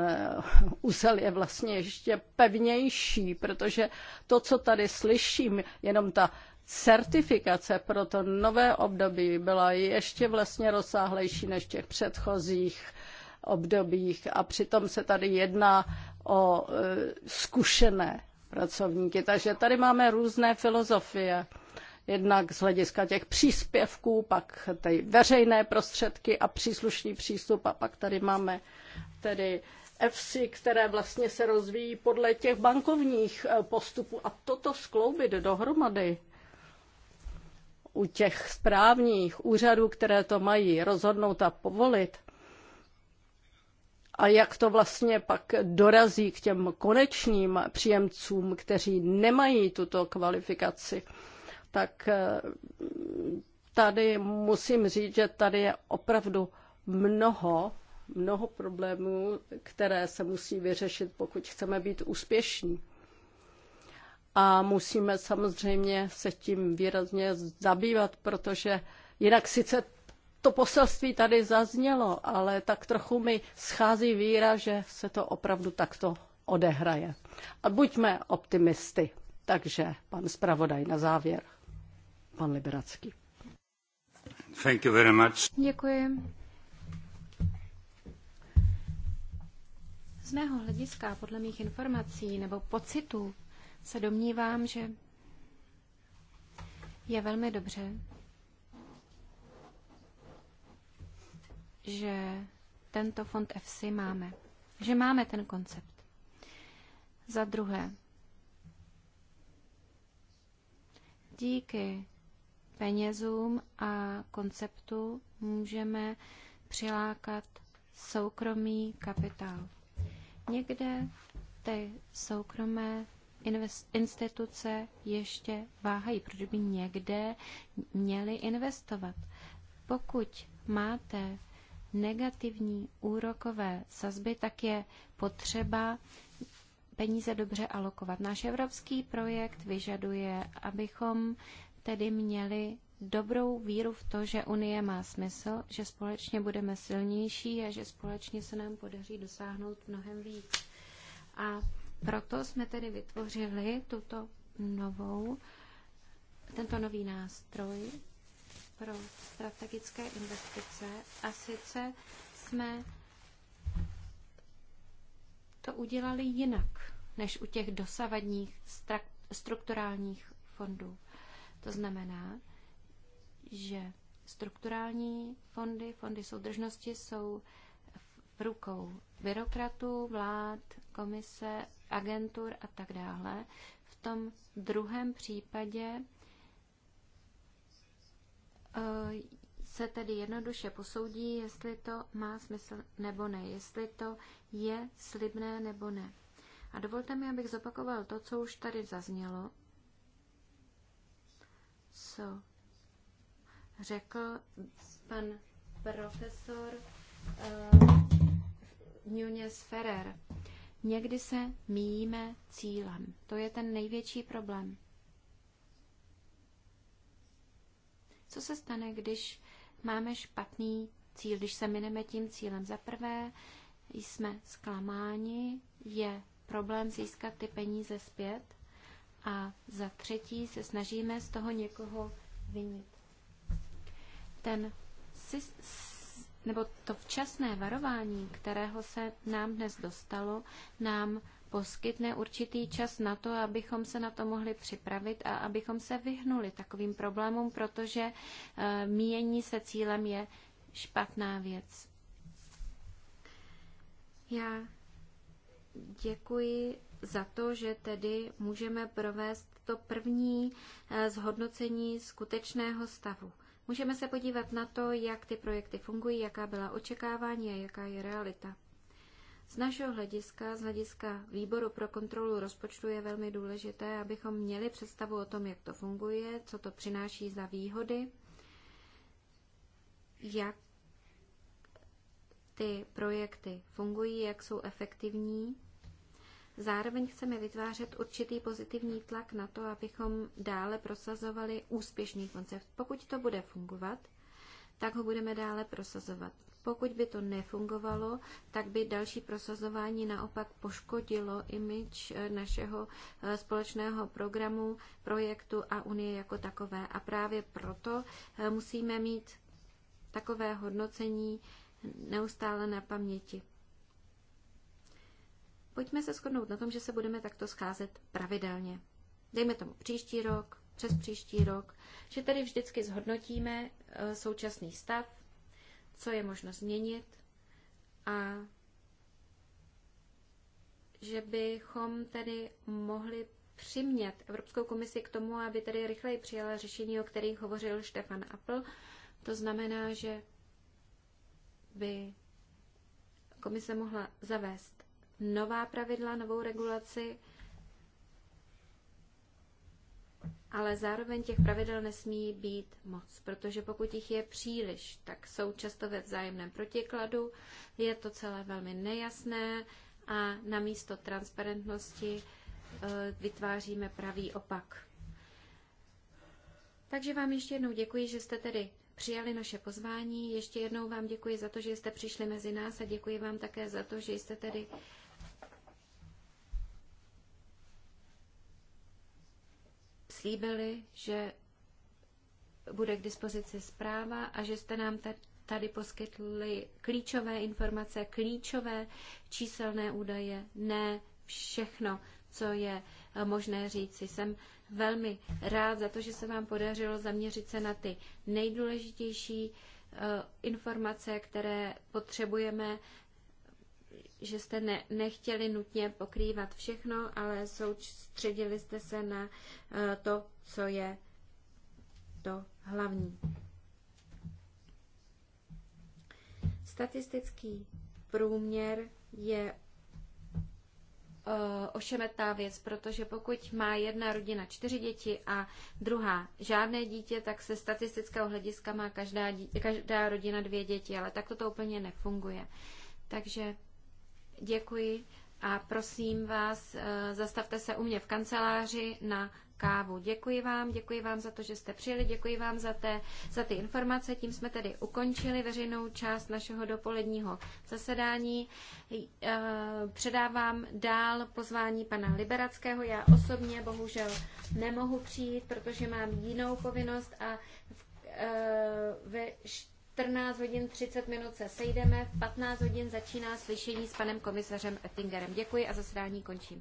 úsel je vlastně ještě pevnější, protože to, co tady slyším, jenom ta certifikace pro to nové období byla ještě vlastně rozsáhlejší než v těch předchozích obdobích a přitom se tady jedná o e, zkušené pracovníky. Takže tady máme různé filozofie. Jednak z hlediska těch příspěvků, pak ty veřejné prostředky a příslušný přístup a pak tady máme tedy EFSI, které vlastně se rozvíjí podle těch bankovních e, postupů a toto skloubit dohromady u těch správních úřadů, které to mají rozhodnout a povolit, a jak to vlastně pak dorazí k těm konečným příjemcům, kteří nemají tuto kvalifikaci, tak eh, tady musím říct, že tady je opravdu mnoho, mnoho problémů, které se musí vyřešit, pokud chceme být úspěšní a musíme samozřejmě se tím výrazně zabývat, protože jinak sice to poselství tady zaznělo, ale tak trochu mi schází víra, že se to opravdu takto odehraje. A buďme optimisty. Takže pan zpravodaj na závěr, pan Liberacký. Thank you very much. Děkuji. Z mého hlediska, podle mých informací nebo pocitů, se domnívám, že je velmi dobře, že tento fond FC máme, že máme ten koncept. Za druhé, díky penězům a konceptu můžeme přilákat soukromý kapitál. Někde ty soukromé instituce ještě váhají, proč by někde měli investovat. Pokud máte negativní úrokové sazby, tak je potřeba peníze dobře alokovat. Náš evropský projekt vyžaduje, abychom tedy měli dobrou víru v to, že Unie má smysl, že společně budeme silnější a že společně se nám podaří dosáhnout mnohem víc. A proto jsme tedy vytvořili tuto novou, tento nový nástroj pro strategické investice a sice jsme to udělali jinak než u těch dosavadních strukturálních fondů. To znamená, že strukturální fondy, fondy soudržnosti jsou v rukou byrokratů, vlád, komise agentur a tak dále. V tom druhém případě eh, se tedy jednoduše posoudí, jestli to má smysl nebo ne, jestli to je slibné nebo ne. A dovolte mi, abych zopakoval to, co už tady zaznělo, co řekl pan profesor uh, eh, Nunez Ferrer. Uh, Někdy se míjíme cílem. To je ten největší problém. Co se stane, když máme špatný cíl, když se mineme tím cílem? Za prvé jsme zklamáni, je problém získat ty peníze zpět a za třetí se snažíme z toho někoho vynit. Ten nebo to včasné varování, kterého se nám dnes dostalo, nám poskytne určitý čas na to, abychom se na to mohli připravit a abychom se vyhnuli takovým problémům, protože eh, míjení se cílem je špatná věc. Já děkuji za to, že tedy můžeme provést to první eh, zhodnocení skutečného stavu. Můžeme se podívat na to, jak ty projekty fungují, jaká byla očekávání a jaká je realita. Z našeho hlediska, z hlediska výboru pro kontrolu rozpočtu je velmi důležité, abychom měli představu o tom, jak to funguje, co to přináší za výhody, jak ty projekty fungují, jak jsou efektivní Zároveň chceme vytvářet určitý pozitivní tlak na to, abychom dále prosazovali úspěšný koncept. Pokud to bude fungovat, tak ho budeme dále prosazovat. Pokud by to nefungovalo, tak by další prosazování naopak poškodilo image eh, našeho eh, společného programu, projektu a Unie jako takové. A právě proto eh, musíme mít takové hodnocení neustále na paměti. Pojďme se shodnout na tom, že se budeme takto scházet pravidelně. Dejme tomu příští rok, přes příští rok, že tady vždycky zhodnotíme eh, současný stav, co je možno změnit a že bychom tedy mohli přimět Evropskou komisi k tomu, aby tedy rychleji přijala řešení, o kterých hovořil Štefan Apple. To znamená, že by komise mohla zavést nová pravidla, novou regulaci, ale zároveň těch pravidel nesmí být moc, protože pokud jich je příliš, tak jsou často ve vzájemném protikladu, je to celé velmi nejasné a namísto transparentnosti eh, vytváříme pravý opak. Takže vám ještě jednou děkuji, že jste tedy přijali naše pozvání. Ještě jednou vám děkuji za to, že jste přišli mezi nás a děkuji vám také za to, že jste tedy slíbili, že bude k dispozici zpráva a že jste nám tady poskytli klíčové informace, klíčové číselné údaje, ne všechno, co je eh, možné říci. Jsem velmi rád za to, že se vám podařilo zaměřit se na ty nejdůležitější eh, informace, které potřebujeme že jste ne, nechtěli nutně pokrývat všechno, ale soustředili jste se na eh, to, co je to hlavní. Statistický průměr je eh, ošemetá věc, protože pokud má jedna rodina čtyři děti a druhá žádné dítě, tak se statistického hlediska má každá, dí, každá rodina dvě děti, ale tak to úplně nefunguje. Takže Děkuji a prosím vás, eh, zastavte se u mě v kanceláři na kávu. Děkuji vám, děkuji vám za to, že jste přijeli, děkuji vám za, té, za ty informace. Tím jsme tedy ukončili veřejnou část našeho dopoledního zasedání. Eh, předávám dál pozvání pana Liberackého. Já osobně bohužel nemohu přijít, protože mám jinou povinnost a v, eh, ve 14 hodin 30 minut se sejdeme, v 15 hodin začíná slyšení s panem komisařem Ettingerem. Děkuji a zasedání končím.